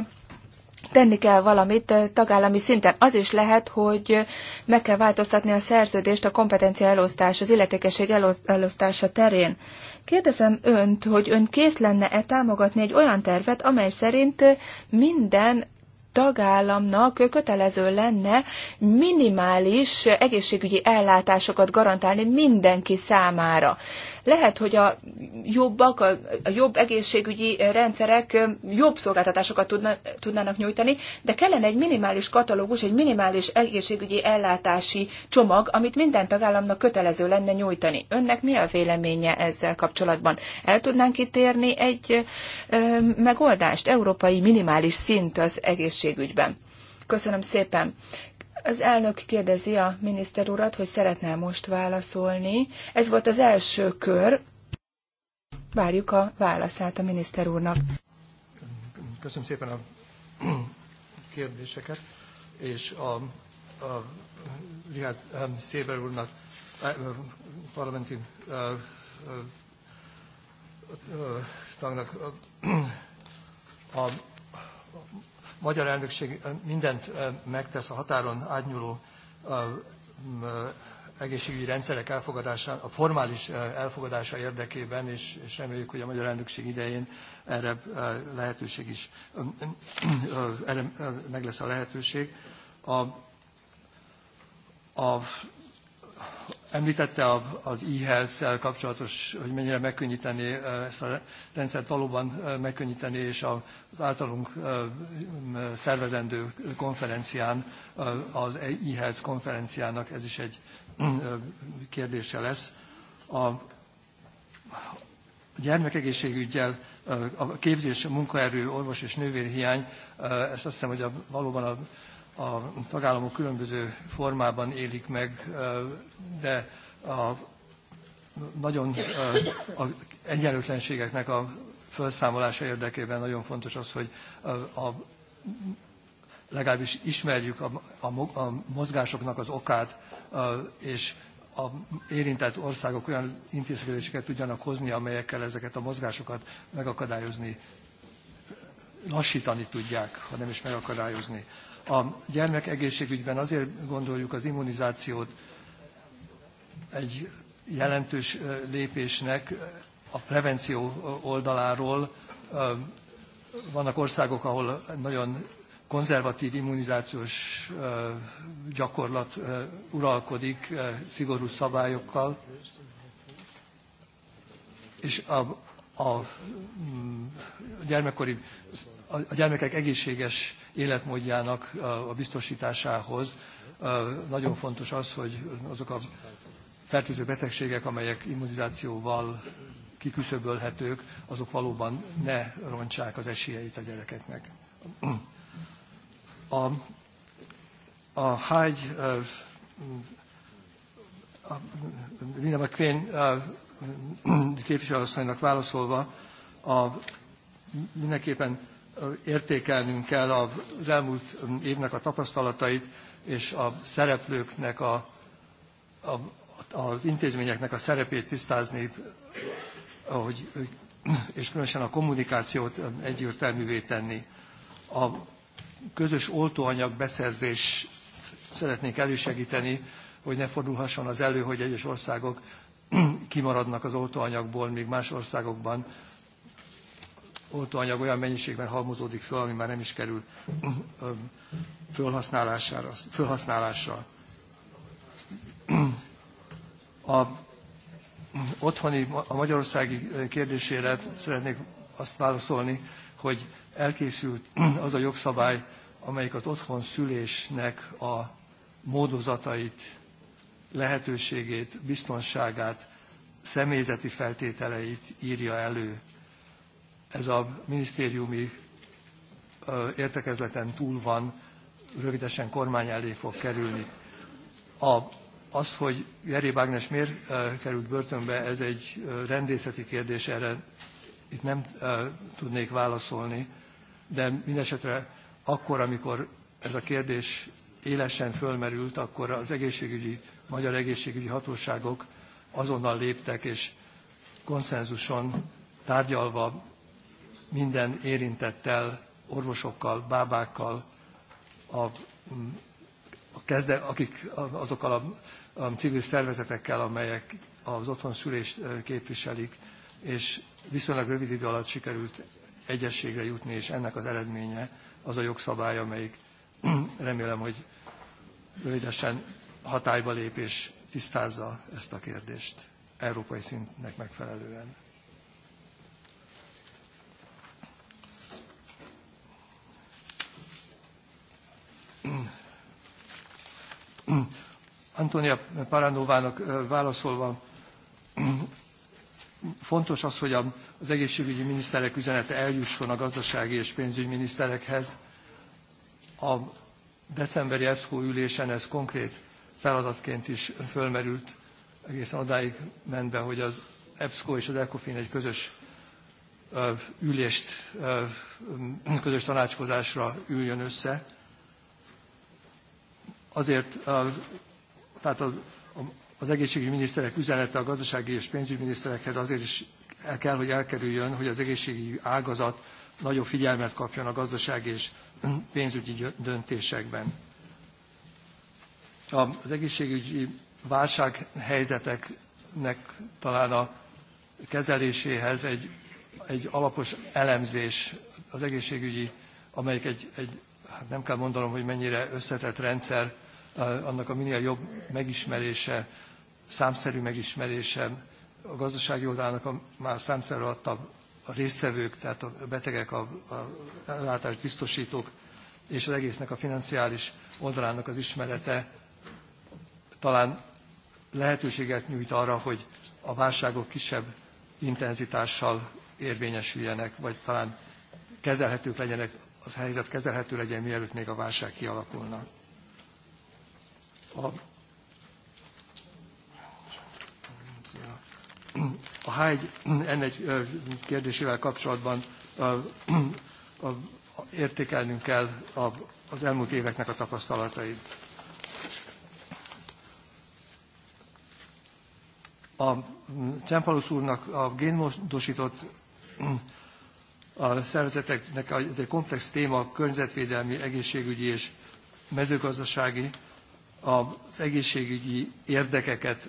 tenni kell valamit tagállami szinten. Az is lehet, hogy meg kell változtatni a szerződést a kompetencia elosztás, az illetékesség elosztása terén. Kérdezem önt, hogy ön kész lenne-e támogatni egy olyan tervet, amely szerint minden tagállamnak kötelező lenne minimális egészségügyi ellátásokat garantálni mindenki számára. Lehet, hogy a jobbak, a, jobb egészségügyi rendszerek jobb szolgáltatásokat tudnának nyújtani, de kellene egy minimális katalógus, egy minimális egészségügyi ellátási csomag, amit minden tagállamnak kötelező lenne nyújtani. Önnek mi a véleménye ezzel kapcsolatban? El tudnánk kitérni egy megoldást, európai minimális szint az egészségügyben? Köszönöm szépen. Az elnök kérdezi a miniszter urat, hogy szeretne most válaszolni. Ez volt az első kör. Várjuk a válaszát a miniszter úrnak. Köszönöm szépen a kérdéseket, és a, a Richard Széber úrnak, parlamenti tagnak a, a, a, a magyar elnökség mindent megtesz a határon átnyúló egészségügyi rendszerek elfogadása, a formális elfogadása érdekében, és, és reméljük, hogy a magyar elnökség idején erre lehetőség is, erre meg lesz a lehetőség. A, a Említette az e-health-szel kapcsolatos, hogy mennyire megkönnyíteni ezt a rendszert, valóban megkönnyíteni, és az általunk szervezendő konferencián, az e-health konferenciának ez is egy kérdése lesz. A gyermekegészségügyel a képzés, a munkaerő, orvos és nővérhiány, ezt azt hiszem, hogy a, valóban a a tagállamok különböző formában élik meg, de a nagyon a egyenlőtlenségeknek a felszámolása érdekében nagyon fontos az, hogy a, legalábbis ismerjük a, a, a mozgásoknak az okát, és a érintett országok olyan intézkedéseket tudjanak hozni, amelyekkel ezeket a mozgásokat megakadályozni, lassítani tudják, ha nem is megakadályozni. A gyermekegészségügyben azért gondoljuk az immunizációt egy jelentős lépésnek a prevenció oldaláról. Vannak országok, ahol nagyon konzervatív immunizációs gyakorlat uralkodik szigorú szabályokkal. És a Mm, a gyermekkori a gyermekek egészséges életmódjának a biztosításához nagyon fontos az, hogy azok a fertőző betegségek, amelyek immunizációval kiküszöbölhetők, azok valóban ne rontsák az esélyeit a gyerekeknek. A, a hágy, a, a, a képviselőasszonynak válaszolva, a, mindenképpen értékelnünk kell az elmúlt évnek a tapasztalatait, és a szereplőknek, a, a, az intézményeknek a szerepét tisztázni, hogy, és különösen a kommunikációt egyértelművé tenni. A közös oltóanyag beszerzés szeretnék elősegíteni, hogy ne fordulhasson az elő, hogy egyes országok kimaradnak az oltóanyagból, még más országokban oltóanyag olyan mennyiségben halmozódik föl, ami már nem is kerül fölhasználására, A otthoni, a magyarországi kérdésére szeretnék azt válaszolni, hogy elkészült az a jogszabály, amelyik az otthon szülésnek a módozatait lehetőségét, biztonságát, személyzeti feltételeit írja elő. Ez a minisztériumi értekezleten túl van, rövidesen kormány elé fog kerülni. A, az, hogy Jeré Bágnes miért került börtönbe, ez egy rendészeti kérdés, erre itt nem tudnék válaszolni, de mindesetre akkor, amikor ez a kérdés élesen fölmerült, akkor az egészségügyi magyar egészségügyi hatóságok azonnal léptek, és konszenzuson tárgyalva minden érintettel, orvosokkal, bábákkal, a, a kezde, akik azokkal a, a civil szervezetekkel, amelyek az otthonszülést képviselik, és viszonylag rövid idő alatt sikerült egyességre jutni, és ennek az eredménye az a jogszabály, amelyik remélem, hogy rövidesen hatályba és tisztázza ezt a kérdést európai szintnek megfelelően. Antonia Paranovának válaszolva, fontos az, hogy az egészségügyi miniszterek üzenete eljusson a gazdasági és miniszterekhez A decemberi EFSZKÓ ülésen ez konkrét feladatként is fölmerült, egészen adáig ment be, hogy az EBSCO és az ECOFIN egy közös ülést, közös tanácskozásra üljön össze. Azért, tehát az egészségügyi miniszterek üzenete a gazdasági és pénzügyminiszterekhez azért is el kell, hogy elkerüljön, hogy az egészségügyi ágazat nagyobb figyelmet kapjon a gazdasági és pénzügyi döntésekben az egészségügyi válsághelyzeteknek talán a kezeléséhez egy, egy alapos elemzés az egészségügyi, amelyik egy, egy, hát nem kell mondanom, hogy mennyire összetett rendszer, annak a minél jobb megismerése, számszerű megismerése, a gazdasági oldalának a már számszerű a résztvevők, tehát a betegek, a, a ellátást biztosítók, és az egésznek a financiális oldalának az ismerete talán lehetőséget nyújt arra, hogy a válságok kisebb intenzitással érvényesüljenek, vagy talán kezelhetők legyenek, az helyzet kezelhető legyen, mielőtt még a válság kialakulna. A, a H1N1 kérdésével kapcsolatban a, a, a, értékelnünk kell az elmúlt éveknek a tapasztalatait. a Csempalusz úrnak a génmódosított a szervezeteknek egy komplex téma környezetvédelmi, egészségügyi és mezőgazdasági, az egészségügyi érdekeket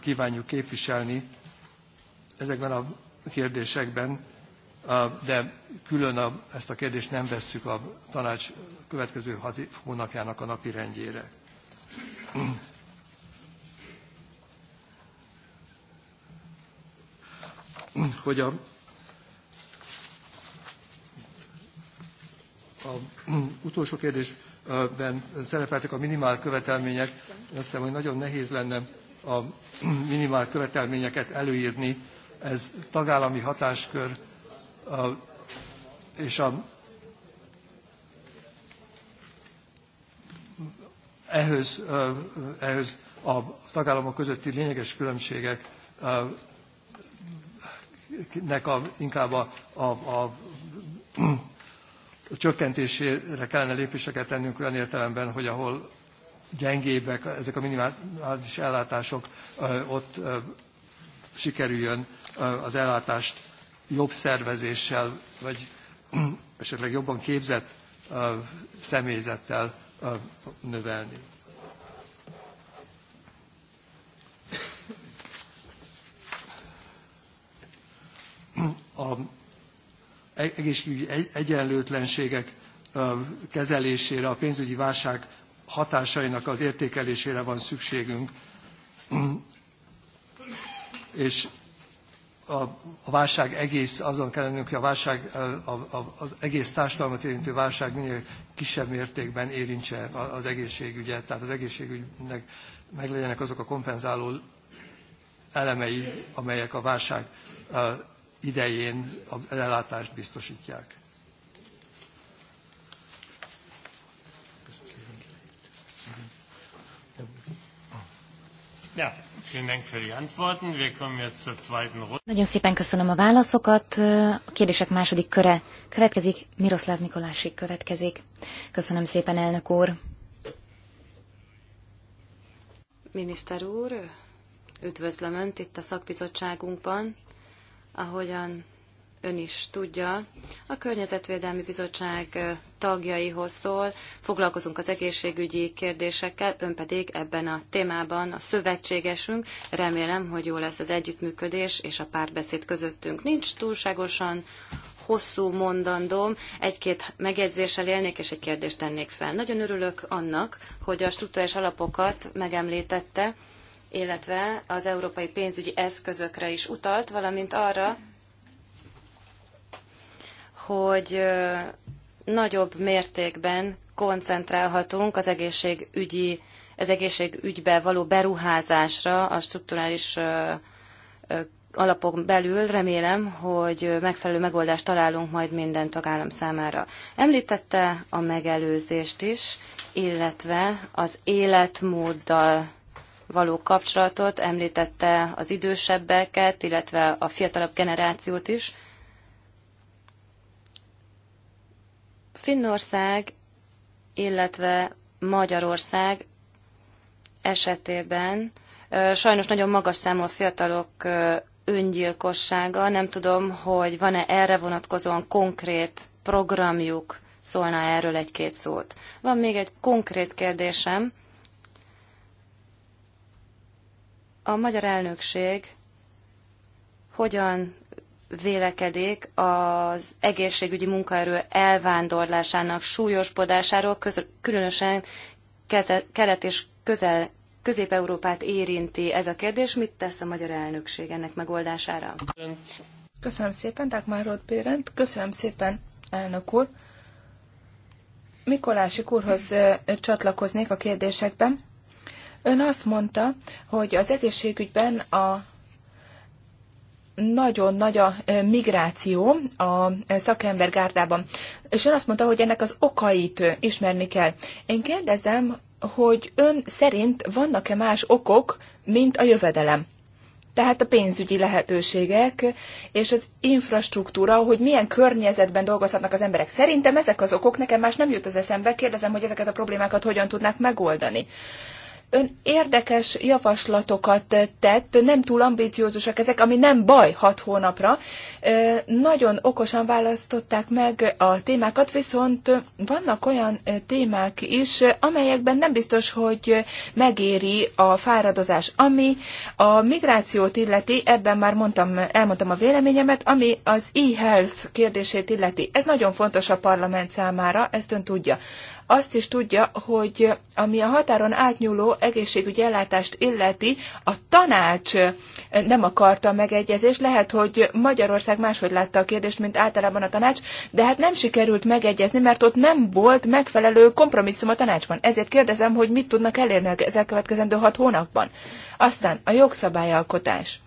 kívánjuk képviselni ezekben a kérdésekben, de külön a, ezt a kérdést nem vesszük a tanács következő hat hónapjának a napi rendjére. hogy a, a utolsó kérdésben szerepeltek a minimál követelmények. Azt hiszem, hogy nagyon nehéz lenne a minimál követelményeket előírni. Ez tagállami hatáskör, és a, ehhez, ehhez a tagállamok közötti lényeges különbségek nek a, inkább a, a, a csökkentésére kellene lépéseket tennünk olyan értelemben, hogy ahol gyengébbek ezek a minimális ellátások, ott sikerüljön az ellátást jobb szervezéssel, vagy esetleg jobban képzett személyzettel növelni. a egészségügyi egyenlőtlenségek kezelésére, a pénzügyi válság hatásainak az értékelésére van szükségünk. És a, válság egész, azon kellene hogy a válság, az egész társadalmat érintő válság minél kisebb mértékben érintse az egészségügyet, tehát az egészségügynek meglegyenek azok a kompenzáló elemei, amelyek a válság idején a ellátást biztosítják. Nagyon szépen köszönöm a válaszokat. A kérdések második köre következik. Miroslav Mikolásik következik. Köszönöm szépen, elnök úr. Miniszter úr, üdvözlöm Önt itt a szakbizottságunkban. Ahogyan ön is tudja, a Környezetvédelmi Bizottság tagjaihoz szól, foglalkozunk az egészségügyi kérdésekkel, ön pedig ebben a témában a szövetségesünk. Remélem, hogy jó lesz az együttműködés és a párbeszéd közöttünk. Nincs túlságosan hosszú mondandóm, egy-két megjegyzéssel élnék, és egy kérdést tennék fel. Nagyon örülök annak, hogy a struktúrás alapokat megemlítette, illetve az európai pénzügyi eszközökre is utalt, valamint arra, hogy nagyobb mértékben koncentrálhatunk az egészségügyi, az egészségügybe való beruházásra a strukturális alapokon belül. Remélem, hogy megfelelő megoldást találunk majd minden tagállam számára. Említette a megelőzést is, illetve az életmóddal való kapcsolatot, említette az idősebbeket, illetve a fiatalabb generációt is. Finnország, illetve Magyarország esetében sajnos nagyon magas számú a fiatalok öngyilkossága. Nem tudom, hogy van-e erre vonatkozóan konkrét programjuk, szólna erről egy-két szót. Van még egy konkrét kérdésem. a magyar elnökség hogyan vélekedik az egészségügyi munkaerő elvándorlásának súlyosbodásáról, különösen kelet és közel Közép-Európát érinti ez a kérdés. Mit tesz a magyar elnökség ennek megoldására? Köszönöm szépen, Dagmar Bérent. Köszönöm szépen, elnök úr. Mikolási úrhoz csatlakoznék a kérdésekben. Ön azt mondta, hogy az egészségügyben a nagyon nagy a e, migráció a e, szakembergárdában. És ön azt mondta, hogy ennek az okait e, ismerni kell. Én kérdezem, hogy ön szerint vannak-e más okok, mint a jövedelem? Tehát a pénzügyi lehetőségek és az infrastruktúra, hogy milyen környezetben dolgozhatnak az emberek. Szerintem ezek az okok, nekem más nem jut az eszembe, kérdezem, hogy ezeket a problémákat hogyan tudnák megoldani ön érdekes javaslatokat tett, nem túl ambiciózusak ezek, ami nem baj hat hónapra. Nagyon okosan választották meg a témákat, viszont vannak olyan témák is, amelyekben nem biztos, hogy megéri a fáradozás. Ami a migrációt illeti, ebben már mondtam, elmondtam a véleményemet, ami az e-health kérdését illeti. Ez nagyon fontos a parlament számára, ezt ön tudja azt is tudja, hogy ami a határon átnyúló egészségügyi ellátást illeti, a tanács nem akarta megegyezést. Lehet, hogy Magyarország máshogy látta a kérdést, mint általában a tanács, de hát nem sikerült megegyezni, mert ott nem volt megfelelő kompromisszum a tanácsban. Ezért kérdezem, hogy mit tudnak elérni az elkövetkezendő hat hónapban. Aztán a jogszabályalkotás.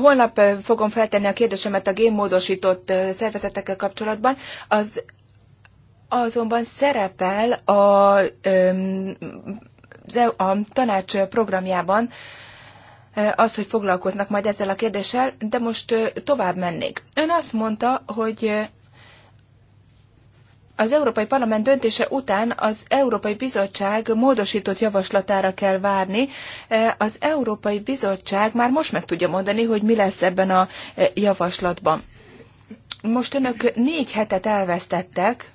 Holnap fogom feltenni a kérdésemet a génmódosított szervezetekkel kapcsolatban. Az azonban szerepel a, e a tanács programjában az, hogy foglalkoznak majd ezzel a kérdéssel, de most tovább mennék. Ön azt mondta, hogy az Európai Parlament döntése után az Európai Bizottság módosított javaslatára kell várni. E, az Európai Bizottság már most meg tudja mondani, hogy mi lesz ebben a e, javaslatban. Most önök négy hetet elvesztettek,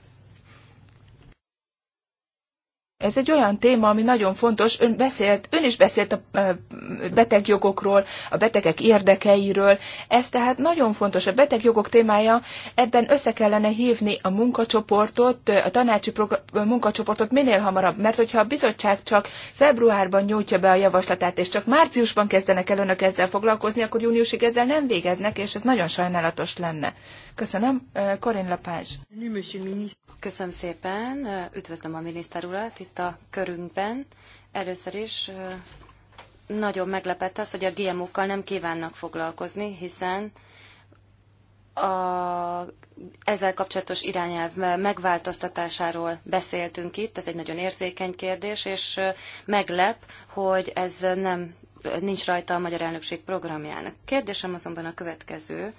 ez egy olyan téma, ami nagyon fontos. Ön, beszélt, ön is beszélt a betegjogokról, a betegek érdekeiről. Ez tehát nagyon fontos. A betegjogok témája, ebben össze kellene hívni a munkacsoportot, a tanácsi munkacsoportot minél hamarabb, mert hogyha a bizottság csak februárban nyújtja be a javaslatát, és csak márciusban kezdenek el önök ezzel foglalkozni, akkor júniusig ezzel nem végeznek, és ez nagyon sajnálatos lenne. Köszönöm. Corinne Lapázs. Köszönöm szépen. Üdvözlöm a miniszter urat itt itt a körünkben. Először is nagyon meglepett az, hogy a GMO-kkal nem kívánnak foglalkozni, hiszen a ezzel kapcsolatos irányelv megváltoztatásáról beszéltünk itt, ez egy nagyon érzékeny kérdés, és meglep, hogy ez nem nincs rajta a Magyar Elnökség programjának. Kérdésem azonban a következő.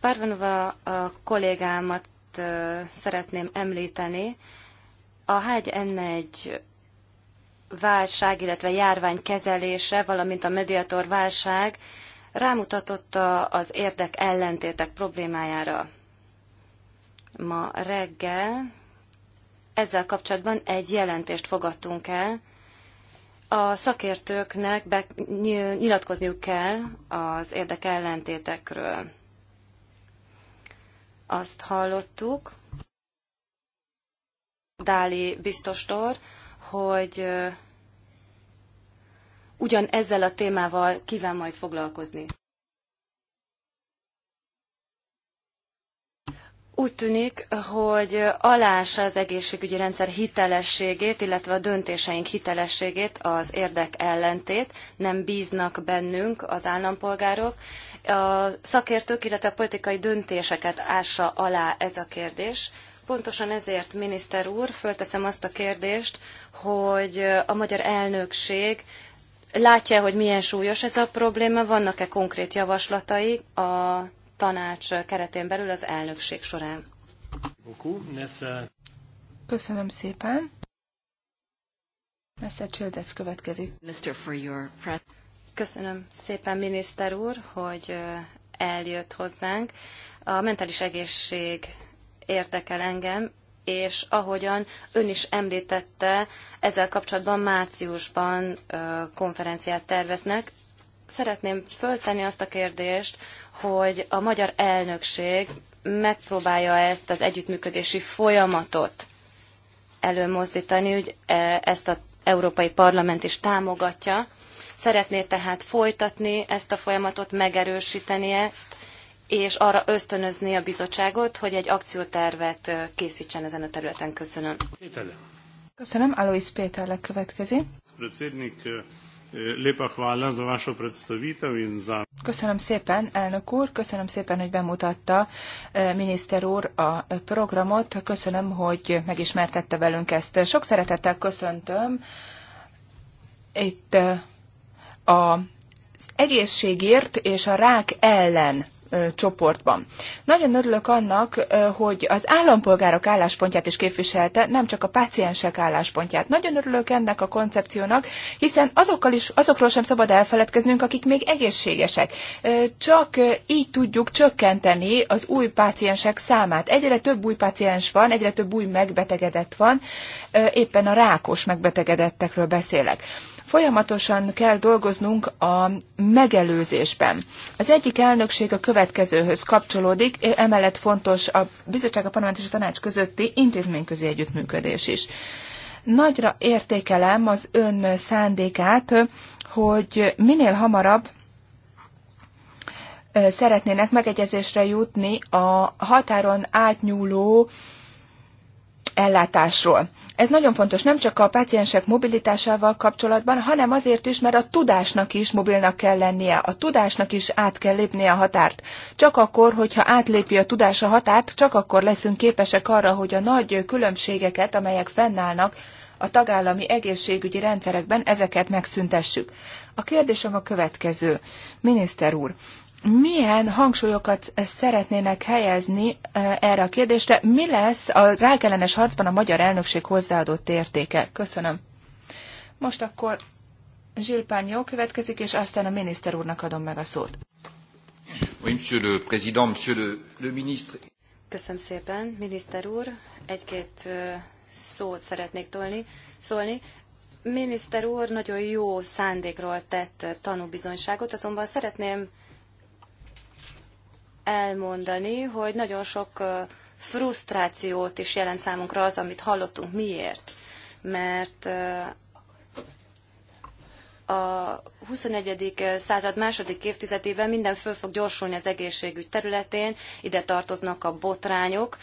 Párvanova a kollégámat szeretném említeni, a H1N1 válság, illetve járvány kezelése, valamint a mediator válság rámutatotta az érdek ellentétek problémájára. Ma reggel ezzel kapcsolatban egy jelentést fogadtunk el. A szakértőknek be, nyilatkozniuk kell az érdek ellentétekről. Azt hallottuk, Dáli biztostól, hogy ugyan ezzel a témával kíván majd foglalkozni. Úgy tűnik, hogy alása az egészségügyi rendszer hitelességét, illetve a döntéseink hitelességét az érdek ellentét, nem bíznak bennünk az állampolgárok. A szakértők, illetve a politikai döntéseket ássa alá ez a kérdés Pontosan ezért, miniszter úr, fölteszem azt a kérdést, hogy a magyar elnökség látja, hogy milyen súlyos ez a probléma, vannak-e konkrét javaslatai a tanács keretén belül az elnökség során? Köszönöm szépen. Massachusetts következik. Köszönöm szépen, miniszter úr, hogy eljött hozzánk. A mentális egészség érdekel engem, és ahogyan ön is említette, ezzel kapcsolatban márciusban konferenciát terveznek. Szeretném föltenni azt a kérdést, hogy a magyar elnökség megpróbálja ezt az együttműködési folyamatot előmozdítani, hogy e, ezt az Európai Parlament is támogatja. Szeretné tehát folytatni ezt a folyamatot, megerősíteni ezt, és arra ösztönözni a bizottságot, hogy egy akciótervet készítsen ezen a területen. Köszönöm. Köszönöm. Alois Péter legkövetkezi. Predsednik, lepa hvala za vašo predstavitev in za... Köszönöm szépen, elnök úr, köszönöm szépen, hogy bemutatta miniszter úr a programot, köszönöm, hogy megismertette velünk ezt. Sok szeretettel köszöntöm itt a az egészségért és a rák ellen csoportban. Nagyon örülök annak, hogy az állampolgárok álláspontját is képviselte, nem csak a páciensek álláspontját. Nagyon örülök ennek a koncepciónak, hiszen azokkal is, azokról sem szabad elfeledkeznünk, akik még egészségesek. Csak így tudjuk csökkenteni az új páciensek számát. Egyre több új páciens van, egyre több új megbetegedett van, éppen a rákos megbetegedettekről beszélek. Folyamatosan kell dolgoznunk a megelőzésben. Az egyik elnökség a következőhöz kapcsolódik, emellett fontos a bizottság, a parlament és a tanács közötti intézményközi együttműködés is. Nagyra értékelem az ön szándékát, hogy minél hamarabb szeretnének megegyezésre jutni a határon átnyúló ellátásról. Ez nagyon fontos nem csak a paciensek mobilitásával kapcsolatban, hanem azért is, mert a tudásnak is mobilnak kell lennie, a tudásnak is át kell lépnie a határt. Csak akkor, hogyha átlépi a tudás a határt, csak akkor leszünk képesek arra, hogy a nagy különbségeket, amelyek fennállnak a tagállami egészségügyi rendszerekben, ezeket megszüntessük. A kérdésem a következő. Miniszter úr, milyen hangsúlyokat szeretnének helyezni e, erre a kérdésre? Mi lesz a rákellenes harcban a magyar elnökség hozzáadott értéke? Köszönöm. Most akkor Zsilpán jó következik, és aztán a miniszter úrnak adom meg a szót. le, ministre. Köszönöm szépen, miniszter úr. Egy-két szót szeretnék tolni, szólni. Miniszter úr nagyon jó szándékról tett tanúbizonyságot, azonban szeretném elmondani, hogy nagyon sok frusztrációt is jelent számunkra az, amit hallottunk. Miért? Mert a 21. század második évtizedében minden föl fog gyorsulni az egészségügy területén, ide tartoznak a botrányok,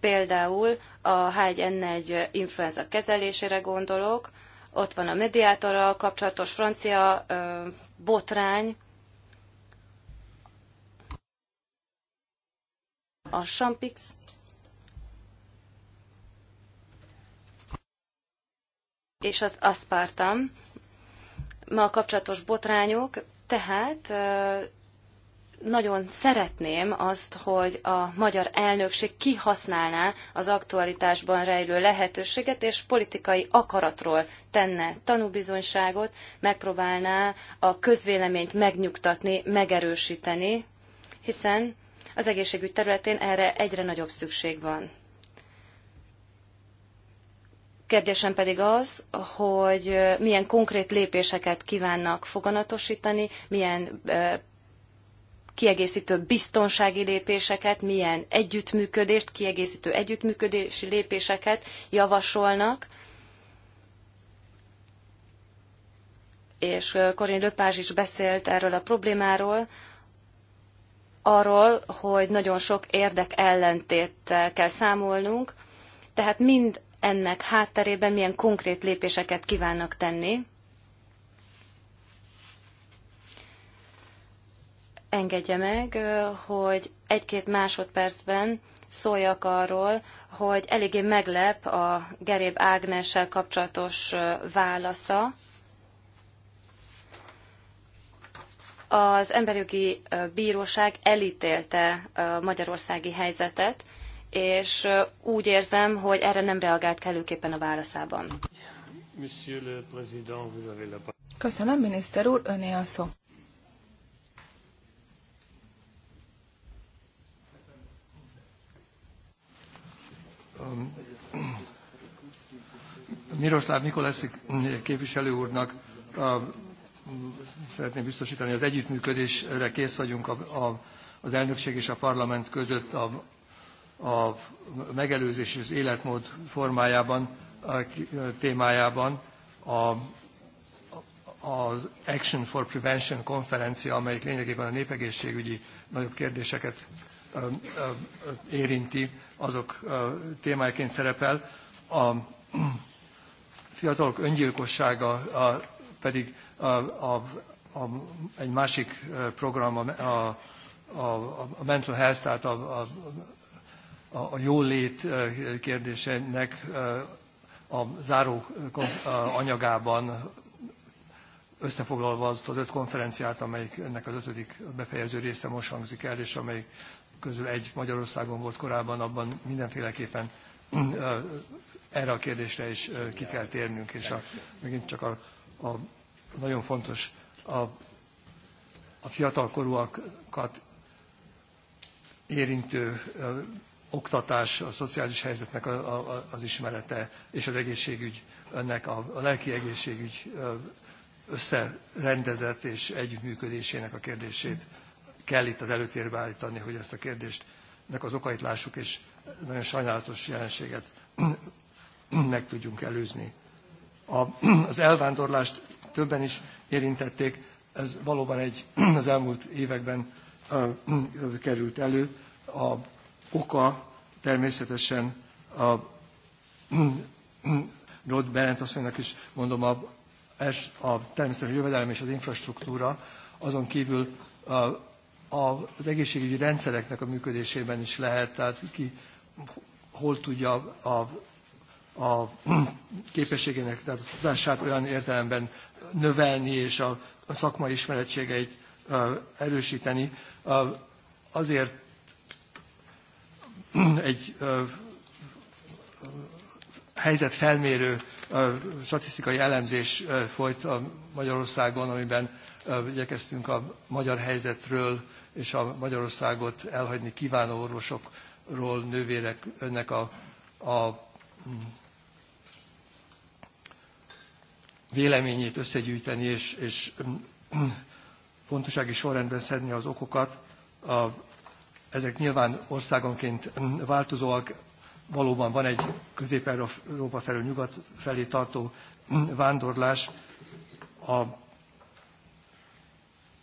például a H1N1 influenza kezelésére gondolok, ott van a mediátorral kapcsolatos francia ö, botrány, a champix és az aspartam ma kapcsolatos botrányok, tehát nagyon szeretném azt, hogy a magyar elnökség kihasználná az aktualitásban rejlő lehetőséget, és politikai akaratról tenne tanúbizonyságot, megpróbálná a közvéleményt megnyugtatni, megerősíteni, hiszen az egészségügy területén erre egyre nagyobb szükség van. Kérdésem pedig az, hogy milyen konkrét lépéseket kívánnak foganatosítani, milyen kiegészítő biztonsági lépéseket, milyen együttműködést, kiegészítő együttműködési lépéseket javasolnak. És Corinne Lepage is beszélt erről a problémáról, arról, hogy nagyon sok érdek ellentéttel kell számolnunk, tehát mind ennek hátterében milyen konkrét lépéseket kívánnak tenni. Engedje meg, hogy egy-két másodpercben szóljak arról, hogy eléggé meglep a Geréb Ágnessel kapcsolatos válasza, az emberjogi bíróság elítélte a magyarországi helyzetet, és úgy érzem, hogy erre nem reagált kellőképpen a válaszában. Köszönöm, miniszter úr, öné a szó. Um, Miroslav Mikoleszik képviselő úrnak szeretném biztosítani, hogy az együttműködésre kész vagyunk a, a, az elnökség és a parlament között a, a megelőzés és életmód formájában, a, témájában a, az Action for Prevention konferencia, amelyik lényegében a népegészségügyi nagyobb kérdéseket érinti, azok témájaként szerepel. A fiatalok öngyilkossága pedig a, a, a, egy másik program, a, a, a, a mental health, tehát a, a, a, a jólét kérdésének a záró anyagában összefoglalva azt az öt konferenciát, ennek az ötödik befejező része most hangzik el, és amelyik közül egy Magyarországon volt korábban, abban mindenféleképpen erre a kérdésre is ki kell térnünk, és a, megint csak a, a nagyon fontos a, a fiatalkorúakat érintő ö, oktatás, a szociális helyzetnek a, a, az ismerete és az egészségügy, ennek a, a lelki egészségügy ö, összerendezett és együttműködésének a kérdését kell itt az előtérbe állítani, hogy ezt a kérdést, ennek az okait lássuk, és nagyon sajnálatos jelenséget meg tudjunk előzni. A, az elvándorlást többen is érintették, ez valóban egy az elmúlt években ö, ö, került elő. A oka természetesen a Rod Berent asszonynak is mondom, a, a természetesen jövedelem és az infrastruktúra, azon kívül a, a, az egészségügyi rendszereknek a működésében is lehet, tehát ki hol tudja a a képességének, tehát a tudását olyan értelemben növelni és a szakmai ismeretségeit erősíteni. Azért egy helyzetfelmérő statisztikai elemzés folyt a Magyarországon, amiben igyekeztünk a magyar helyzetről és a Magyarországot elhagyni kívánó orvosokról, nővéreknek a, a véleményét összegyűjteni és, és mm, mm, fontossági sorrendben szedni az okokat. A, ezek nyilván országonként mm, változóak, valóban van egy közép-európa felől nyugat felé tartó vándorlás. A,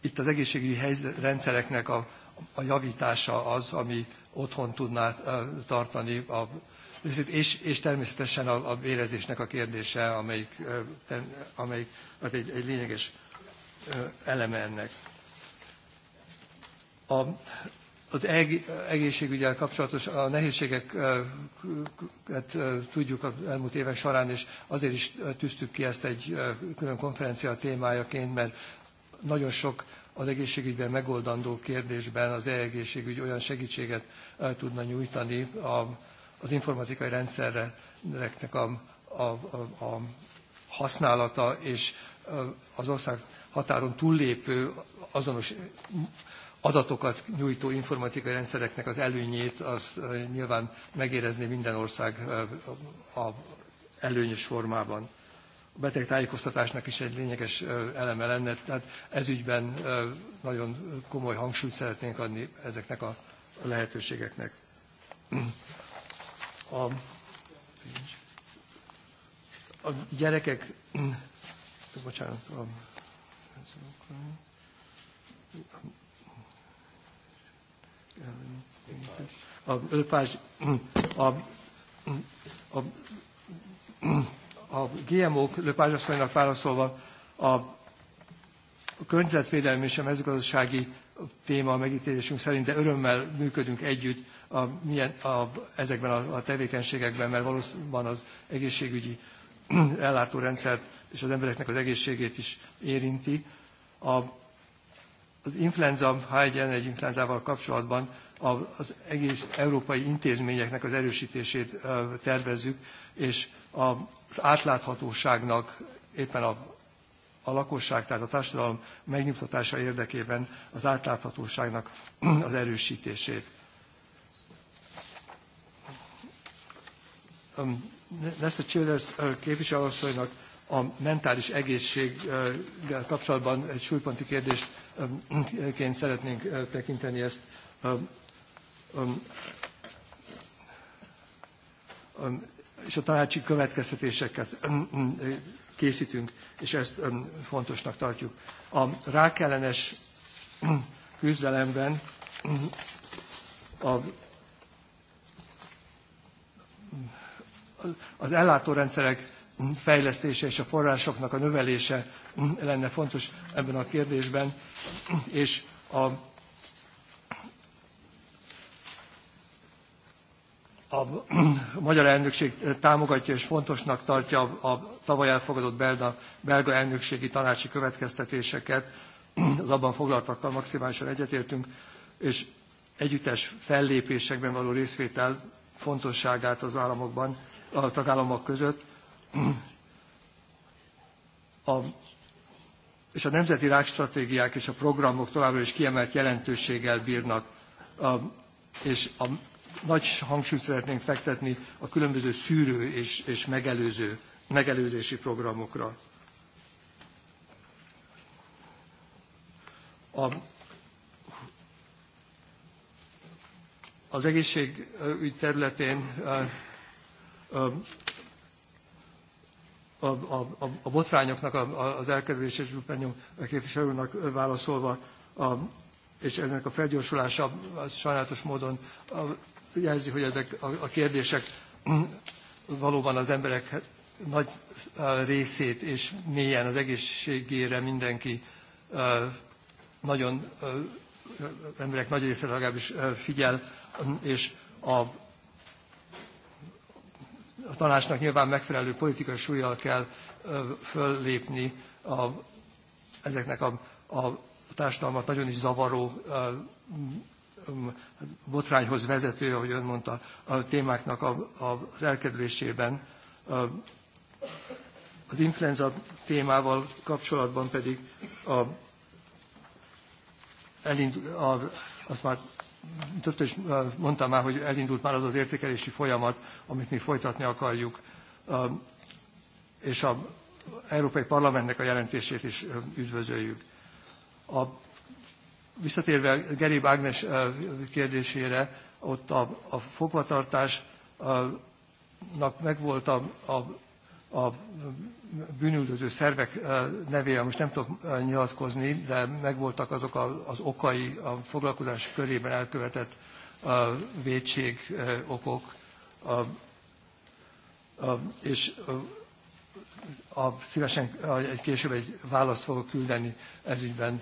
itt az egészségügyi rendszereknek a, a javítása az, ami otthon tudná tartani a és, és természetesen a, a vérezésnek a kérdése, amelyik, amelyik az egy, egy lényeges eleme ennek. A, az egészségügyel kapcsolatos a nehézségeket hát, tudjuk az elmúlt évek során, és azért is tűztük ki ezt egy külön konferencia témájaként, mert nagyon sok az egészségügyben megoldandó kérdésben az e-egészségügy olyan segítséget tudna nyújtani a az informatikai rendszereknek a, a, a, a használata és az ország határon túllépő azonos adatokat nyújtó informatikai rendszereknek az előnyét, az nyilván megérezni minden ország a előnyös formában. A betegtájékoztatásnak is egy lényeges eleme lenne, tehát ez ügyben nagyon komoly hangsúlyt szeretnénk adni ezeknek a lehetőségeknek a, a gyerekek, bocsánat, a, a, a, a, a, a GMO-k löpázsasszonynak válaszolva a környezetvédelmi és a mezőgazdasági téma a megítélésünk szerint, de örömmel működünk együtt a, milyen, a, ezekben a, a tevékenységekben, mert valószínűleg az egészségügyi ellátórendszert és az embereknek az egészségét is érinti. A, az influenza, H1N1 influenzával kapcsolatban az egész európai intézményeknek az erősítését tervezzük, és az átláthatóságnak éppen a a lakosság, tehát a társadalom megnyugtatása érdekében az átláthatóságnak az erősítését. Nessa um, Childers uh, képviselőasszonynak a mentális egészséggel kapcsolatban egy súlyponti kérdésként um, szeretnénk uh, tekinteni ezt. Um, és a tanácsi következtetéseket készítünk, és ezt fontosnak tartjuk. A rákellenes küzdelemben a, az ellátórendszerek fejlesztése és a forrásoknak a növelése lenne fontos ebben a kérdésben, és a a magyar elnökség támogatja és fontosnak tartja a tavaly elfogadott belga, belga elnökségi tanácsi következtetéseket, az abban foglaltakkal maximálisan egyetértünk, és együttes fellépésekben való részvétel fontosságát az államokban, a tagállamok között. A, és a nemzeti rákstratégiák és a programok továbbra is kiemelt jelentőséggel bírnak, a, és a nagy hangsúlyt szeretnénk fektetni a különböző szűrő és, és megelőző, megelőzési programokra. A, az egészségügy területén a, a, a, a botrányoknak a, az a képviselőnek válaszolva, a, és ennek a felgyorsulása sajnálatos módon jelzi, hogy ezek a kérdések valóban az emberek nagy részét és mélyen az egészségére mindenki nagyon, az emberek nagy része legalábbis figyel, és a, a tanácsnak nyilván megfelelő politikai súlyjal kell föllépni a, ezeknek a, a társadalmat nagyon is zavaró botrányhoz vezető, ahogy ön mondta, a témáknak a, az elkerülésében. Az influenza témával kapcsolatban pedig a, a, azt már többször is mondtam már, hogy elindult már az az értékelési folyamat, amit mi folytatni akarjuk, és az Európai Parlamentnek a jelentését is üdvözöljük. A visszatérve Gerib Ágnes eh, kérdésére, ott a, a fogvatartásnak eh, megvolt a, a, a bűnüldöző szervek eh, nevére, most nem tudok nyilatkozni, de megvoltak azok a, az okai, a foglalkozás körében elkövetett vétség okok. A, a, és a, a, szívesen egy később egy választ fogok küldeni ezügyben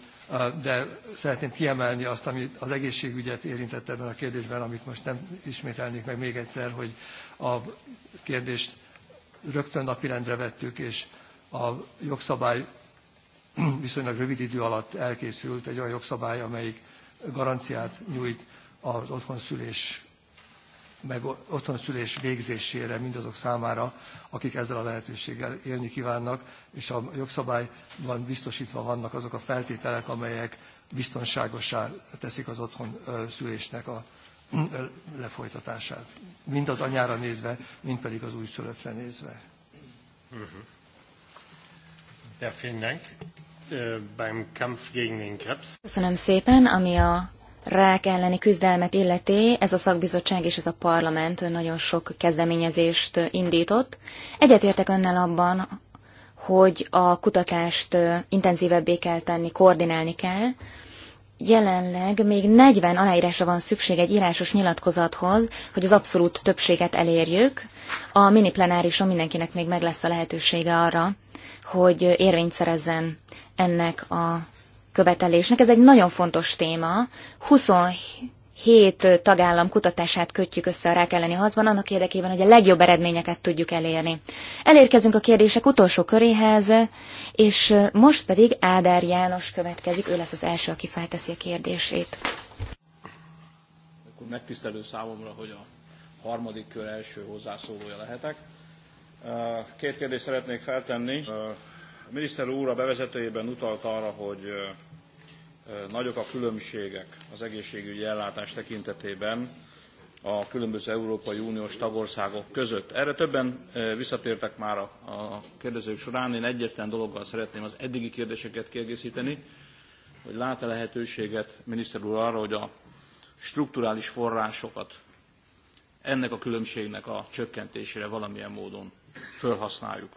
de szeretném kiemelni azt, ami az egészségügyet érintett ebben a kérdésben, amit most nem ismételnék meg még egyszer, hogy a kérdést rögtön napirendre vettük, és a jogszabály viszonylag rövid idő alatt elkészült egy olyan jogszabály, amelyik garanciát nyújt az otthonszülés meg otthonszülés végzésére mindazok számára, akik ezzel a lehetőséggel élni kívánnak, és a jogszabályban biztosítva vannak azok a feltételek, amelyek biztonságosá teszik az otthon szülésnek a lefolytatását. Mind az anyára nézve, mind pedig az újszülöttre nézve. De mhm. vielen äh, Beim Kampf gegen den Krebs. Köszönöm szépen, ami a rák elleni küzdelmet illeti, ez a szakbizottság és ez a parlament nagyon sok kezdeményezést indított. Egyetértek önnel abban, hogy a kutatást intenzívebbé kell tenni, koordinálni kell. Jelenleg még 40 aláírásra van szükség egy írásos nyilatkozathoz, hogy az abszolút többséget elérjük. A mini plenárison mindenkinek még meg lesz a lehetősége arra, hogy érvényt szerezzen ennek a követelésnek. Ez egy nagyon fontos téma. 27 tagállam kutatását kötjük össze a rák elleni harcban, annak érdekében, hogy a legjobb eredményeket tudjuk elérni. Elérkezünk a kérdések utolsó köréhez, és most pedig Ádár János következik, ő lesz az első, aki felteszi a kérdését. Akkor megtisztelő számomra, hogy a harmadik kör első hozzászólója lehetek. Két kérdést szeretnék feltenni. A miniszter úr a bevezetőjében utalt arra, hogy nagyok a különbségek az egészségügyi ellátás tekintetében a különböző Európai Uniós tagországok között. Erre többen visszatértek már a, kérdezők során. Én egyetlen dologgal szeretném az eddigi kérdéseket kiegészíteni, hogy lát-e lehetőséget miniszter úr arra, hogy a strukturális forrásokat ennek a különbségnek a csökkentésére valamilyen módon felhasználjuk.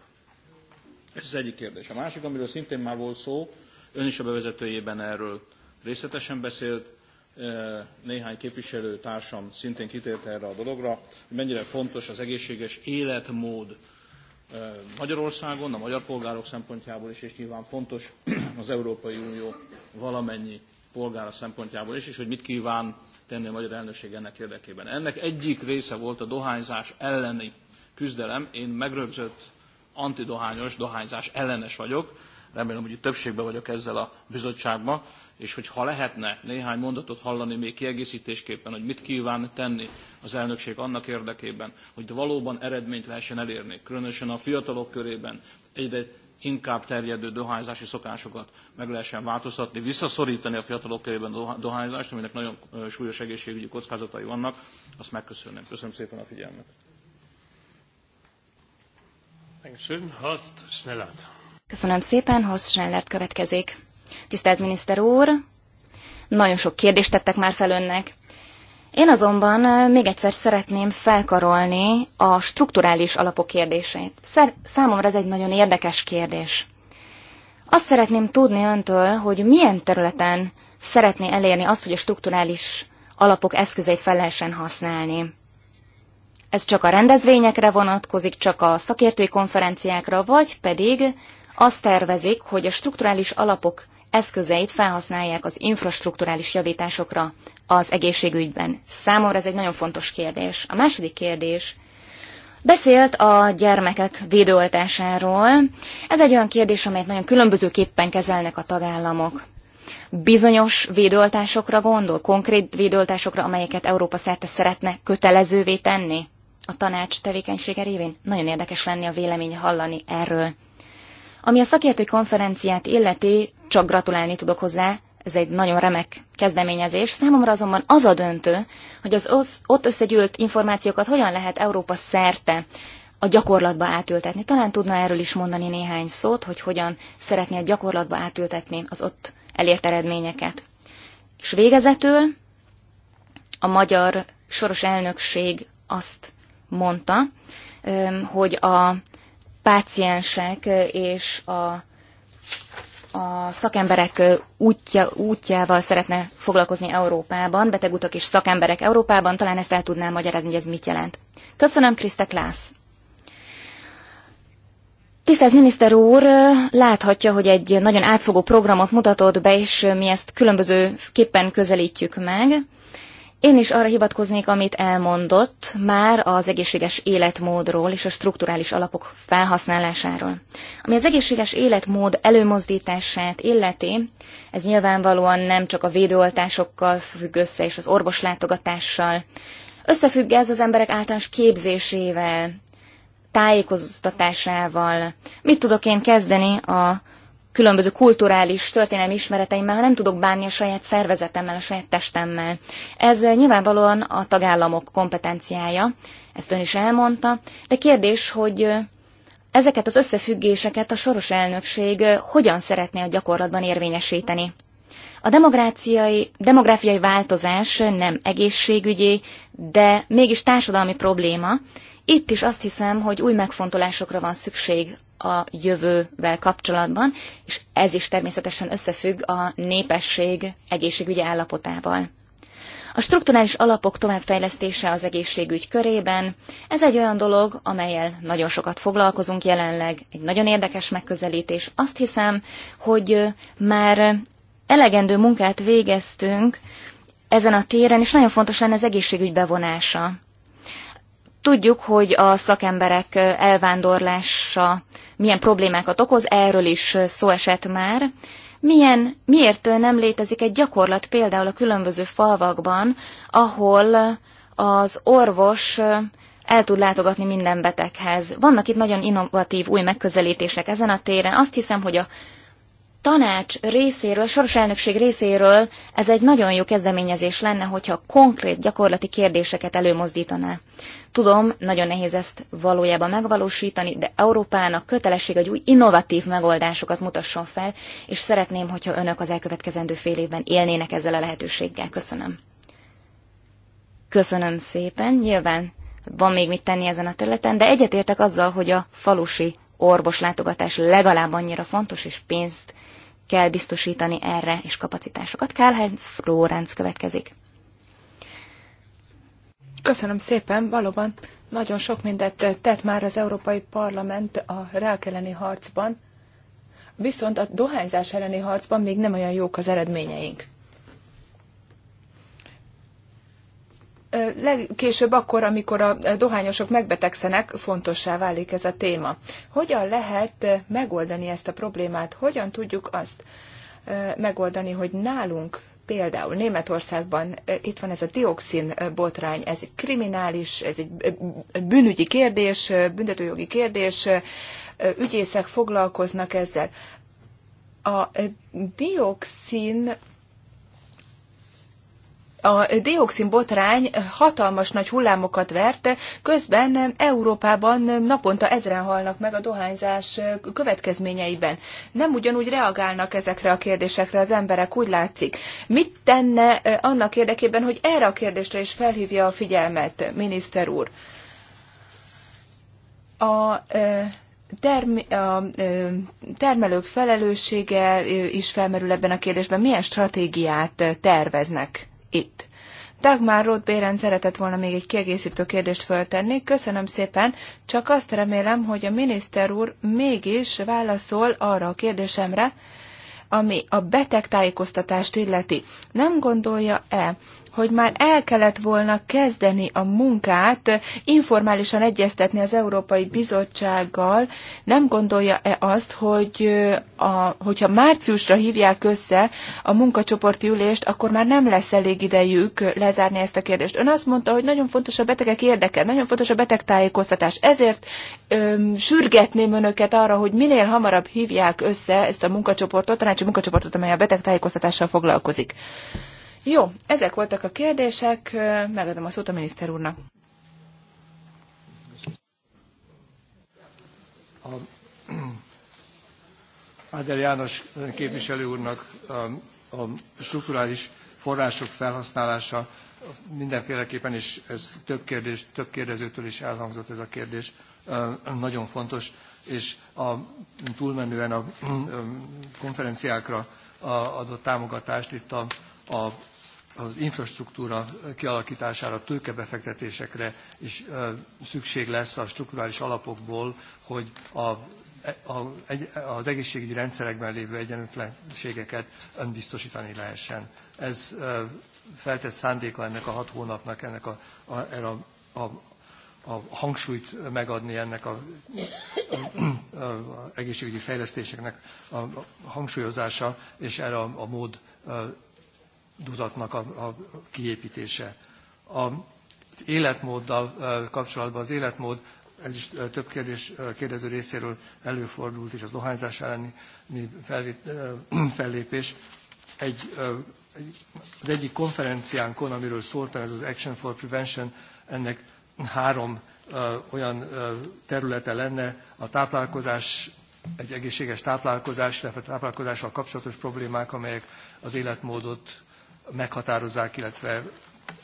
Ez az egyik kérdés. A másik, amiről szintén már volt szó, ön is a bevezetőjében erről részletesen beszélt, e, néhány képviselő társam szintén kitért erre a dologra, hogy mennyire fontos az egészséges életmód e, Magyarországon, a magyar polgárok szempontjából is, és nyilván fontos az Európai Unió valamennyi polgára szempontjából is, és hogy mit kíván tenni a magyar elnökség ennek érdekében. Ennek egyik része volt a dohányzás elleni küzdelem. Én megrögzött antidohányos, dohányzás ellenes vagyok. Remélem, hogy többségben vagyok ezzel a bizottságban, és hogy lehetne néhány mondatot hallani még kiegészítésképpen, hogy mit kíván tenni az elnökség annak érdekében, hogy valóban eredményt lehessen elérni, különösen a fiatalok körében egyre inkább terjedő dohányzási szokásokat meg lehessen változtatni, visszaszorítani a fiatalok körében a dohányzást, aminek nagyon súlyos egészségügyi kockázatai vannak, azt megköszönném. Köszönöm szépen a figyelmet. Köszönöm szépen, Horst Schnellert következik. Tisztelt miniszter úr, nagyon sok kérdést tettek már fel önnek. Én azonban még egyszer szeretném felkarolni a strukturális alapok kérdését. Számomra ez egy nagyon érdekes kérdés. Azt szeretném tudni öntől, hogy milyen területen szeretné elérni azt, hogy a strukturális alapok eszközeit fel lehessen használni ez csak a rendezvényekre vonatkozik, csak a szakértői konferenciákra, vagy pedig azt tervezik, hogy a strukturális alapok eszközeit felhasználják az infrastrukturális javításokra az egészségügyben. Számomra ez egy nagyon fontos kérdés. A második kérdés. Beszélt a gyermekek védőoltásáról. Ez egy olyan kérdés, amelyet nagyon különbözőképpen kezelnek a tagállamok. Bizonyos védőoltásokra gondol, konkrét védőoltásokra, amelyeket Európa szerte szeretne kötelezővé tenni? a tanács tevékenysége révén? Nagyon érdekes lenni a vélemény hallani erről. Ami a szakértői konferenciát illeti, csak gratulálni tudok hozzá, ez egy nagyon remek kezdeményezés. Számomra azonban az a döntő, hogy az ott összegyűlt információkat hogyan lehet Európa szerte a gyakorlatba átültetni. Talán tudna erről is mondani néhány szót, hogy hogyan szeretné a gyakorlatba átültetni az ott elért eredményeket. És végezetül a magyar soros elnökség azt mondta, hogy a páciensek és a a szakemberek útja, útjával szeretne foglalkozni Európában, betegutak és szakemberek Európában, talán ezt el tudnám magyarázni, hogy ez mit jelent. Köszönöm, Krista Klász. Tisztelt miniszter úr, láthatja, hogy egy nagyon átfogó programot mutatott be, és mi ezt különbözőképpen közelítjük meg. Én is arra hivatkoznék, amit elmondott már az egészséges életmódról és a strukturális alapok felhasználásáról. Ami az egészséges életmód előmozdítását illeti, ez nyilvánvalóan nem csak a védőoltásokkal függ össze és az orvoslátogatással. Összefügg ez az emberek általános képzésével, tájékoztatásával. Mit tudok én kezdeni a különböző kulturális történelmi ismereteimmel, nem tudok bánni a saját szervezetemmel, a saját testemmel. Ez eh, nyilvánvalóan a tagállamok kompetenciája, ezt ön is elmondta, de kérdés, hogy eh, ezeket az összefüggéseket a soros elnökség eh, hogyan szeretné a gyakorlatban érvényesíteni. A demográfiai, demográfiai változás nem egészségügyi, de mégis társadalmi probléma. Itt is azt hiszem, hogy új megfontolásokra van szükség a jövővel kapcsolatban, és ez is természetesen összefügg a népesség egészségügyi állapotával. A strukturális alapok továbbfejlesztése az egészségügy körében, ez egy olyan dolog, amelyel nagyon sokat foglalkozunk jelenleg, egy nagyon érdekes megközelítés. Azt hiszem, hogy már elegendő munkát végeztünk ezen a téren, és nagyon fontos lenne az egészségügy bevonása. Tudjuk, hogy a szakemberek elvándorlása milyen problémákat okoz, erről is szó esett már. Milyen, miért nem létezik egy gyakorlat például a különböző falvakban, ahol az orvos el tud látogatni minden beteghez. Vannak itt nagyon innovatív új megközelítések ezen a téren. Azt hiszem, hogy a tanács részéről, soros elnökség részéről ez egy nagyon jó kezdeményezés lenne, hogyha konkrét gyakorlati kérdéseket előmozdítaná. Tudom, nagyon nehéz ezt valójában megvalósítani, de Európának kötelesség, hogy új innovatív megoldásokat mutasson fel, és szeretném, hogyha önök az elkövetkezendő fél évben élnének ezzel a lehetőséggel. Köszönöm. Köszönöm szépen. Nyilván van még mit tenni ezen a területen, de egyetértek azzal, hogy a falusi orvoslátogatás legalább annyira fontos, és pénzt kell biztosítani erre, és kapacitásokat. kell Kálhánc Florenc következik. Köszönöm szépen, valóban nagyon sok mindent tett már az Európai Parlament a rák elleni harcban, viszont a dohányzás elleni harcban még nem olyan jók az eredményeink. legkésőbb akkor, amikor a dohányosok megbetegszenek, fontossá válik ez a téma. Hogyan lehet megoldani ezt a problémát? Hogyan tudjuk azt megoldani, hogy nálunk például Németországban itt van ez a dioxin botrány, ez egy kriminális, ez egy bűnügyi kérdés, büntetőjogi kérdés, ügyészek foglalkoznak ezzel. A dioxin a dioxin botrány hatalmas nagy hullámokat verte, közben Európában naponta ezren halnak meg a dohányzás következményeiben. Nem ugyanúgy reagálnak ezekre a kérdésekre az emberek, úgy látszik. Mit tenne annak érdekében, hogy erre a kérdésre is felhívja a figyelmet, miniszter úr? A term- a termelők felelőssége is felmerül ebben a kérdésben. Milyen stratégiát terveznek? itt. Dagmar Roth Béren szeretett volna még egy kiegészítő kérdést föltenni. Köszönöm szépen, csak azt remélem, hogy a miniszter úr mégis válaszol arra a kérdésemre, ami a beteg tájékoztatást illeti. Nem gondolja-e, hogy már el kellett volna kezdeni a munkát, informálisan egyeztetni az Európai Bizottsággal. Nem gondolja-e azt, hogy a, hogyha márciusra hívják össze a munkacsoporti ülést, akkor már nem lesz elég idejük lezárni ezt a kérdést. Ön azt mondta, hogy nagyon fontos a betegek érdeke, nagyon fontos a betegtájékoztatás. Ezért öm, sürgetném önöket arra, hogy minél hamarabb hívják össze ezt a munkacsoportot, a tanácsi munkacsoportot, amely a betegtájékoztatással foglalkozik. Jó, ezek voltak a kérdések, megadom a szót a miniszter úrnak. A Áder János képviselő úrnak a, a strukturális források felhasználása mindenféleképpen, és ez több, kérdés, több kérdezőtől is elhangzott ez a kérdés, nagyon fontos, és a túlmenően a konferenciákra adott támogatást itt a, a az infrastruktúra kialakítására, tőkebefektetésekre is szükség lesz a strukturális alapokból, hogy a, a, az egészségügyi rendszerekben lévő egyenlőtlenségeket önbiztosítani lehessen. Ez feltett szándéka ennek a hat hónapnak, ennek a, a, a, a, a hangsúlyt megadni ennek a, a, a egészségügyi fejlesztéseknek a, a hangsúlyozása, és erre a, a mód dudatnak a, a kiépítése. A, az életmóddal kapcsolatban az életmód, ez is több kérdés kérdező részéről előfordult, és az dohányzás elleni fellépés. Egy, egy, az egyik konferenciánkon, amiről szóltam, ez az Action for Prevention, ennek három ö, olyan ö, területe lenne, a táplálkozás, egy egészséges táplálkozás, illetve táplálkozással kapcsolatos problémák, amelyek az életmódot meghatározzák, illetve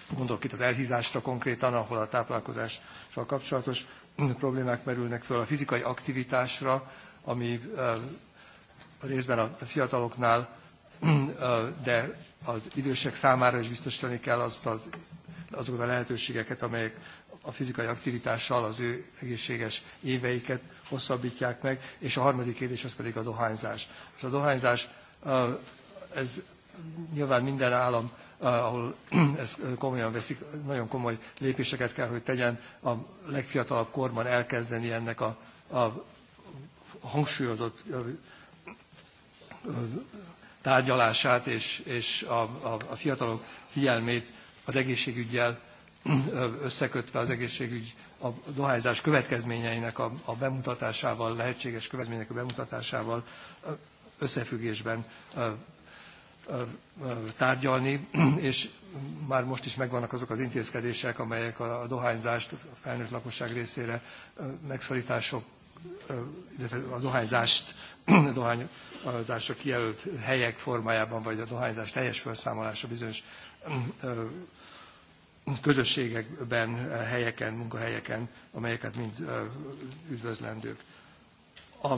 gondolok itt az elhízásra konkrétan, ahol a táplálkozással kapcsolatos problémák merülnek föl, a fizikai aktivitásra, ami részben a fiataloknál, de az idősek számára is biztosítani kell azt az, azokat a lehetőségeket, amelyek a fizikai aktivitással az ő egészséges éveiket hosszabbítják meg, és a harmadik kérdés az pedig a dohányzás. És a dohányzás, ez nyilván minden állam, eh, ahol ezt eh, komolyan veszik, nagyon komoly lépéseket kell, hogy tegyen a legfiatalabb korban elkezdeni ennek a, a hangsúlyozott eh, tárgyalását és, és a, a, a fiatalok figyelmét az egészségügyel összekötve az egészségügy a dohányzás következményeinek a, a bemutatásával, lehetséges következmények a bemutatásával összefüggésben tárgyalni, és már most is megvannak azok az intézkedések, amelyek a dohányzást a felnőtt lakosság részére megszorítások, illetve a dohányzást, a dohányzásra kijelölt helyek formájában, vagy a dohányzás teljes felszámolása bizonyos közösségekben, helyeken, munkahelyeken, amelyeket mind üdvözlendők. A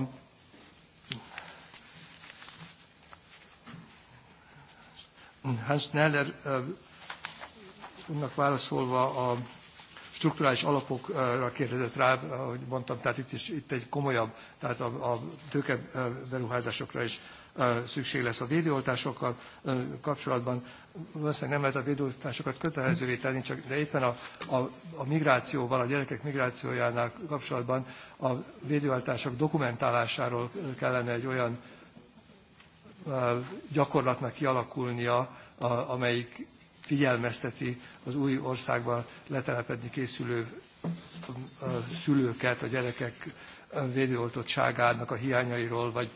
Hans Neller úrnak válaszolva a strukturális alapokra kérdezett rá, ahogy mondtam, tehát itt is itt egy komolyabb, tehát a, a tőkeberuházásokra is szükség lesz a védőoltásokkal kapcsolatban. Valószínűleg nem lehet a védőoltásokat kötelezővé tenni, csak, de éppen a, a, a migrációval, a gyerekek migrációjának kapcsolatban a védőoltások dokumentálásáról kellene egy olyan gyakorlatnak kialakulnia, amelyik figyelmezteti az új országban letelepedni készülő szülőket, a gyerekek védőoltottságának a hiányairól, vagy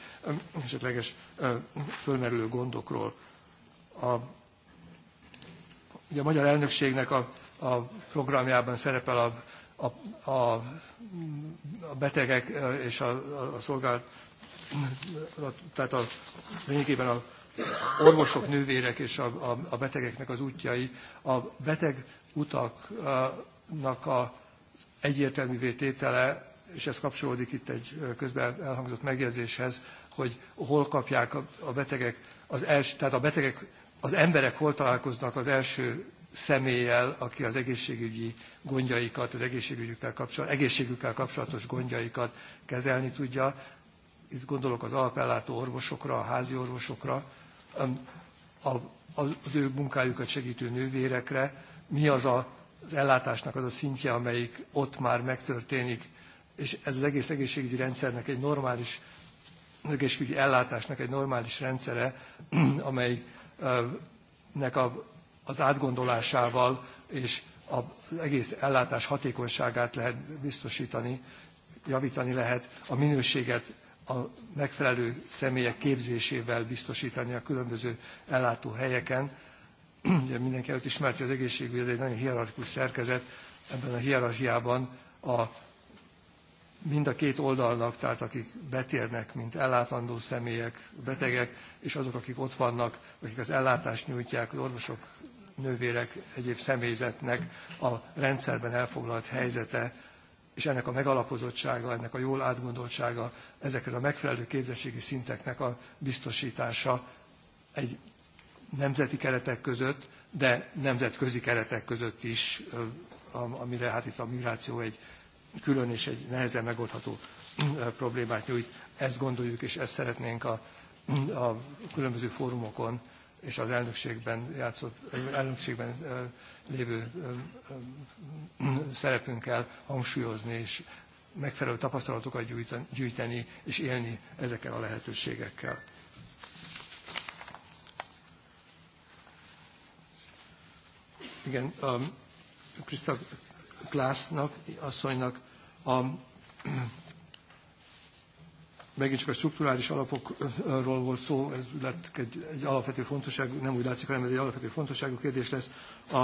esetleges fölmerülő gondokról. A, ugye a magyar elnökségnek a, a programjában szerepel a, a, a, a betegek és a, a szolgált tehát a, lényegében a orvosok, nővérek és a, a, a betegeknek az útjai, a beteg utaknak a egyértelművé tétele, és ez kapcsolódik itt egy közben elhangzott megjegyzéshez, hogy hol kapják a, a betegek, az els, tehát a betegek, az emberek hol találkoznak az első személlyel, aki az egészségügyi gondjaikat, az egészségügyükkel kapcsolatos, egészségükkel kapcsolatos gondjaikat kezelni tudja itt gondolok az alapellátó orvosokra, a házi orvosokra, az ő munkájukat segítő nővérekre, mi az a, az ellátásnak az a szintje, amelyik ott már megtörténik, és ez az egész egészségügyi rendszernek egy normális, az egészségügyi ellátásnak egy normális rendszere, amelynek a, az átgondolásával és az egész ellátás hatékonyságát lehet biztosítani, javítani lehet, a minőséget a megfelelő személyek képzésével biztosítani a különböző ellátóhelyeken. Ugye mindenki előtt ismerti az egészségügy, ez egy nagyon hierarchikus szerkezet, ebben a hierarchiában a, mind a két oldalnak, tehát akik betérnek, mint ellátandó személyek, betegek, és azok, akik ott vannak, akik az ellátást nyújtják, az orvosok, nővérek, egyéb személyzetnek a rendszerben elfoglalt helyzete és ennek a megalapozottsága, ennek a jól átgondoltsága, ezekhez a megfelelő képzettségi szinteknek a biztosítása egy nemzeti keretek között, de nemzetközi keretek között is, amire hát itt a migráció egy külön és egy nehezen megoldható problémát nyújt. Ezt gondoljuk, és ezt szeretnénk a, a különböző fórumokon és az elnökségben, játszott, elnökségben lévő szerepünkkel hangsúlyozni, és megfelelő tapasztalatokat gyűjteni, és élni ezekkel a lehetőségekkel. Igen, Krista Klásznak, asszonynak a megint csak a strukturális alapokról volt szó, ez lett egy, egy alapvető fontosság, nem úgy látszik, hanem ez egy alapvető fontosságú kérdés lesz. A,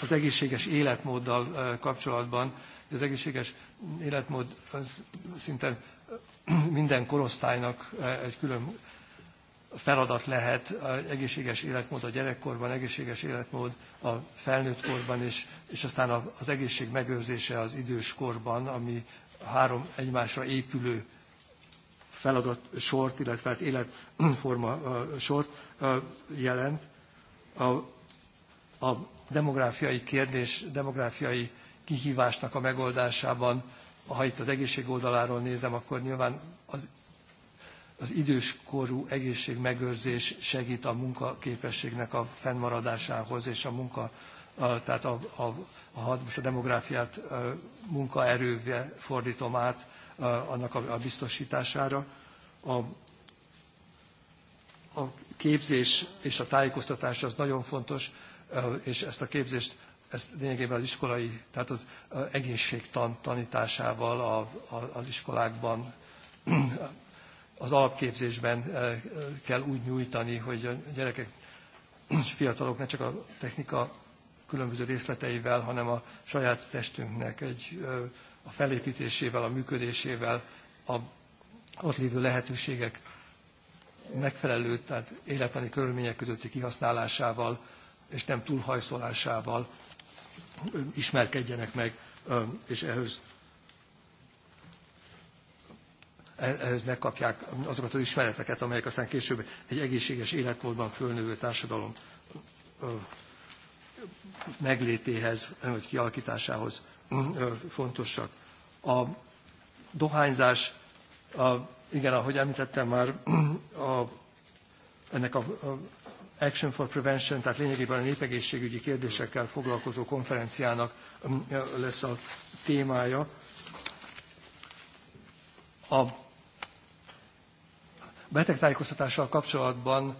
az egészséges életmóddal eh, kapcsolatban, az egészséges életmód szinte minden korosztálynak eh, egy külön feladat lehet egészséges életmód a gyerekkorban, egészséges életmód a felnőttkorban és, és aztán az egészség megőrzése az időskorban, ami három egymásra épülő feladat sort, illetve hát életforma sort jelent. A, a demográfiai kérdés, demográfiai kihívásnak a megoldásában, ha itt az egészség oldaláról nézem, akkor nyilván az, az időskorú egészségmegőrzés segít a munkaképességnek a fennmaradásához, és a munka, tehát a, a, a most a demográfiát munkaerővé fordítom át annak a biztosítására. A, a képzés és a tájékoztatás az nagyon fontos, és ezt a képzést ezt lényegében az iskolai, tehát az egészségtan tanításával a, a, az iskolákban, az alapképzésben kell úgy nyújtani, hogy a gyerekek és fiatalok ne csak a technika különböző részleteivel, hanem a saját testünknek egy, a felépítésével, a működésével, a ott lévő lehetőségek megfelelő, tehát életani körülmények közötti kihasználásával és nem túlhajszolásával ismerkedjenek meg, és ehhez, eh, ehhez megkapják azokat az ismereteket, amelyek aztán később egy egészséges életmódban fölnövő társadalom meglétéhez, vagy kialakításához mm, fontosak. A dohányzás, a, igen, ahogy említettem már, mm, a, ennek a, a Action for Prevention, tehát lényegében a népegészségügyi kérdésekkel foglalkozó konferenciának mm, lesz a témája. A betegtájékoztatással kapcsolatban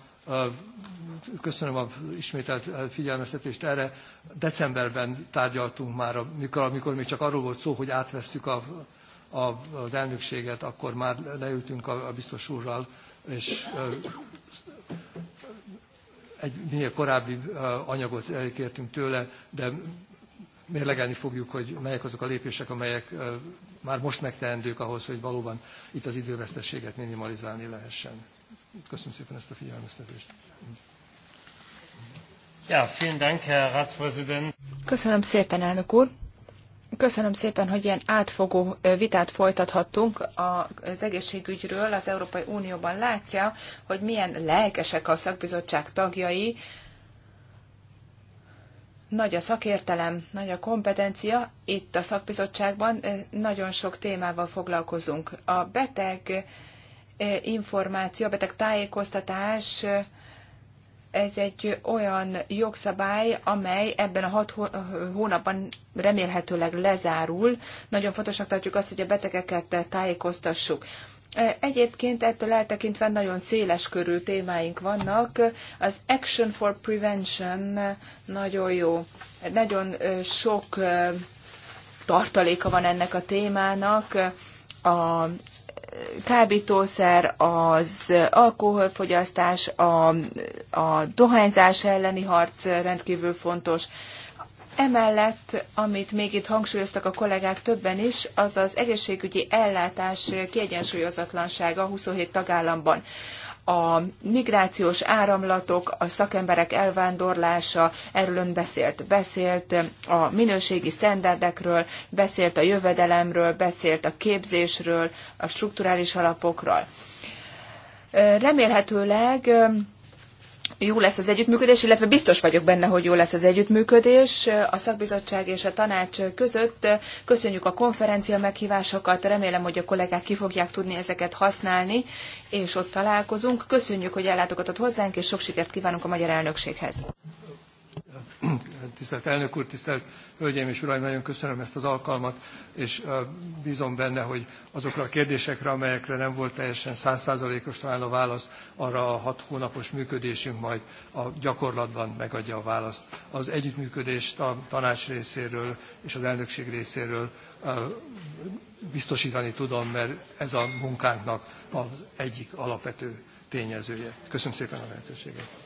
Köszönöm a ismételt figyelmeztetést erre. Decemberben tárgyaltunk már, amikor, amikor még csak arról volt szó, hogy átvesszük a, a, az elnökséget, akkor már leültünk a, a biztos úrral, és egy minél korábbi anyagot kértünk tőle, de mérlegelni fogjuk, hogy melyek azok a lépések, amelyek már most megteendők ahhoz, hogy valóban itt az idővesztességet minimalizálni lehessen. Köszönöm szépen ezt a figyelmeztetést. Ja, vielen Dank, Herr Ratspräsident. Köszönöm szépen, elnök úr. Köszönöm szépen, hogy ilyen átfogó vitát folytathattunk az egészségügyről. Az Európai Unióban látja, hogy milyen lelkesek a szakbizottság tagjai. Nagy a szakértelem, nagy a kompetencia. Itt a szakbizottságban nagyon sok témával foglalkozunk. A beteg információ, a beteg tájékoztatás, ez egy olyan jogszabály, amely ebben a hat hónapban remélhetőleg lezárul. Nagyon fontosnak tartjuk azt, hogy a betegeket tájékoztassuk. Egyébként ettől eltekintve nagyon széles körű témáink vannak. Az Action for Prevention nagyon jó. Nagyon sok tartaléka van ennek a témának. A kábítószer, az alkoholfogyasztás, a, a dohányzás elleni harc rendkívül fontos. Emellett, amit még itt hangsúlyoztak a kollégák többen is, az az egészségügyi ellátás kiegyensúlyozatlansága 27 tagállamban a migrációs áramlatok, a szakemberek elvándorlása, erről ön beszélt. Beszélt a minőségi sztenderdekről, beszélt a jövedelemről, beszélt a képzésről, a strukturális alapokról. Remélhetőleg jó lesz az együttműködés, illetve biztos vagyok benne, hogy jó lesz az együttműködés a szakbizottság és a tanács között. Köszönjük a konferencia meghívásokat, remélem, hogy a kollégák ki fogják tudni ezeket használni, és ott találkozunk. Köszönjük, hogy ellátogatott hozzánk, és sok sikert kívánunk a magyar elnökséghez. Tisztelt elnök úr, tisztelt hölgyeim és uraim, nagyon köszönöm ezt az alkalmat, és bízom benne, hogy azokra a kérdésekre, amelyekre nem volt teljesen százszázalékos talán a válasz, arra a hat hónapos működésünk majd a gyakorlatban megadja a választ. Az együttműködést a tanács részéről és az elnökség részéről biztosítani tudom, mert ez a munkánknak az egyik alapvető tényezője. Köszönöm szépen a lehetőséget.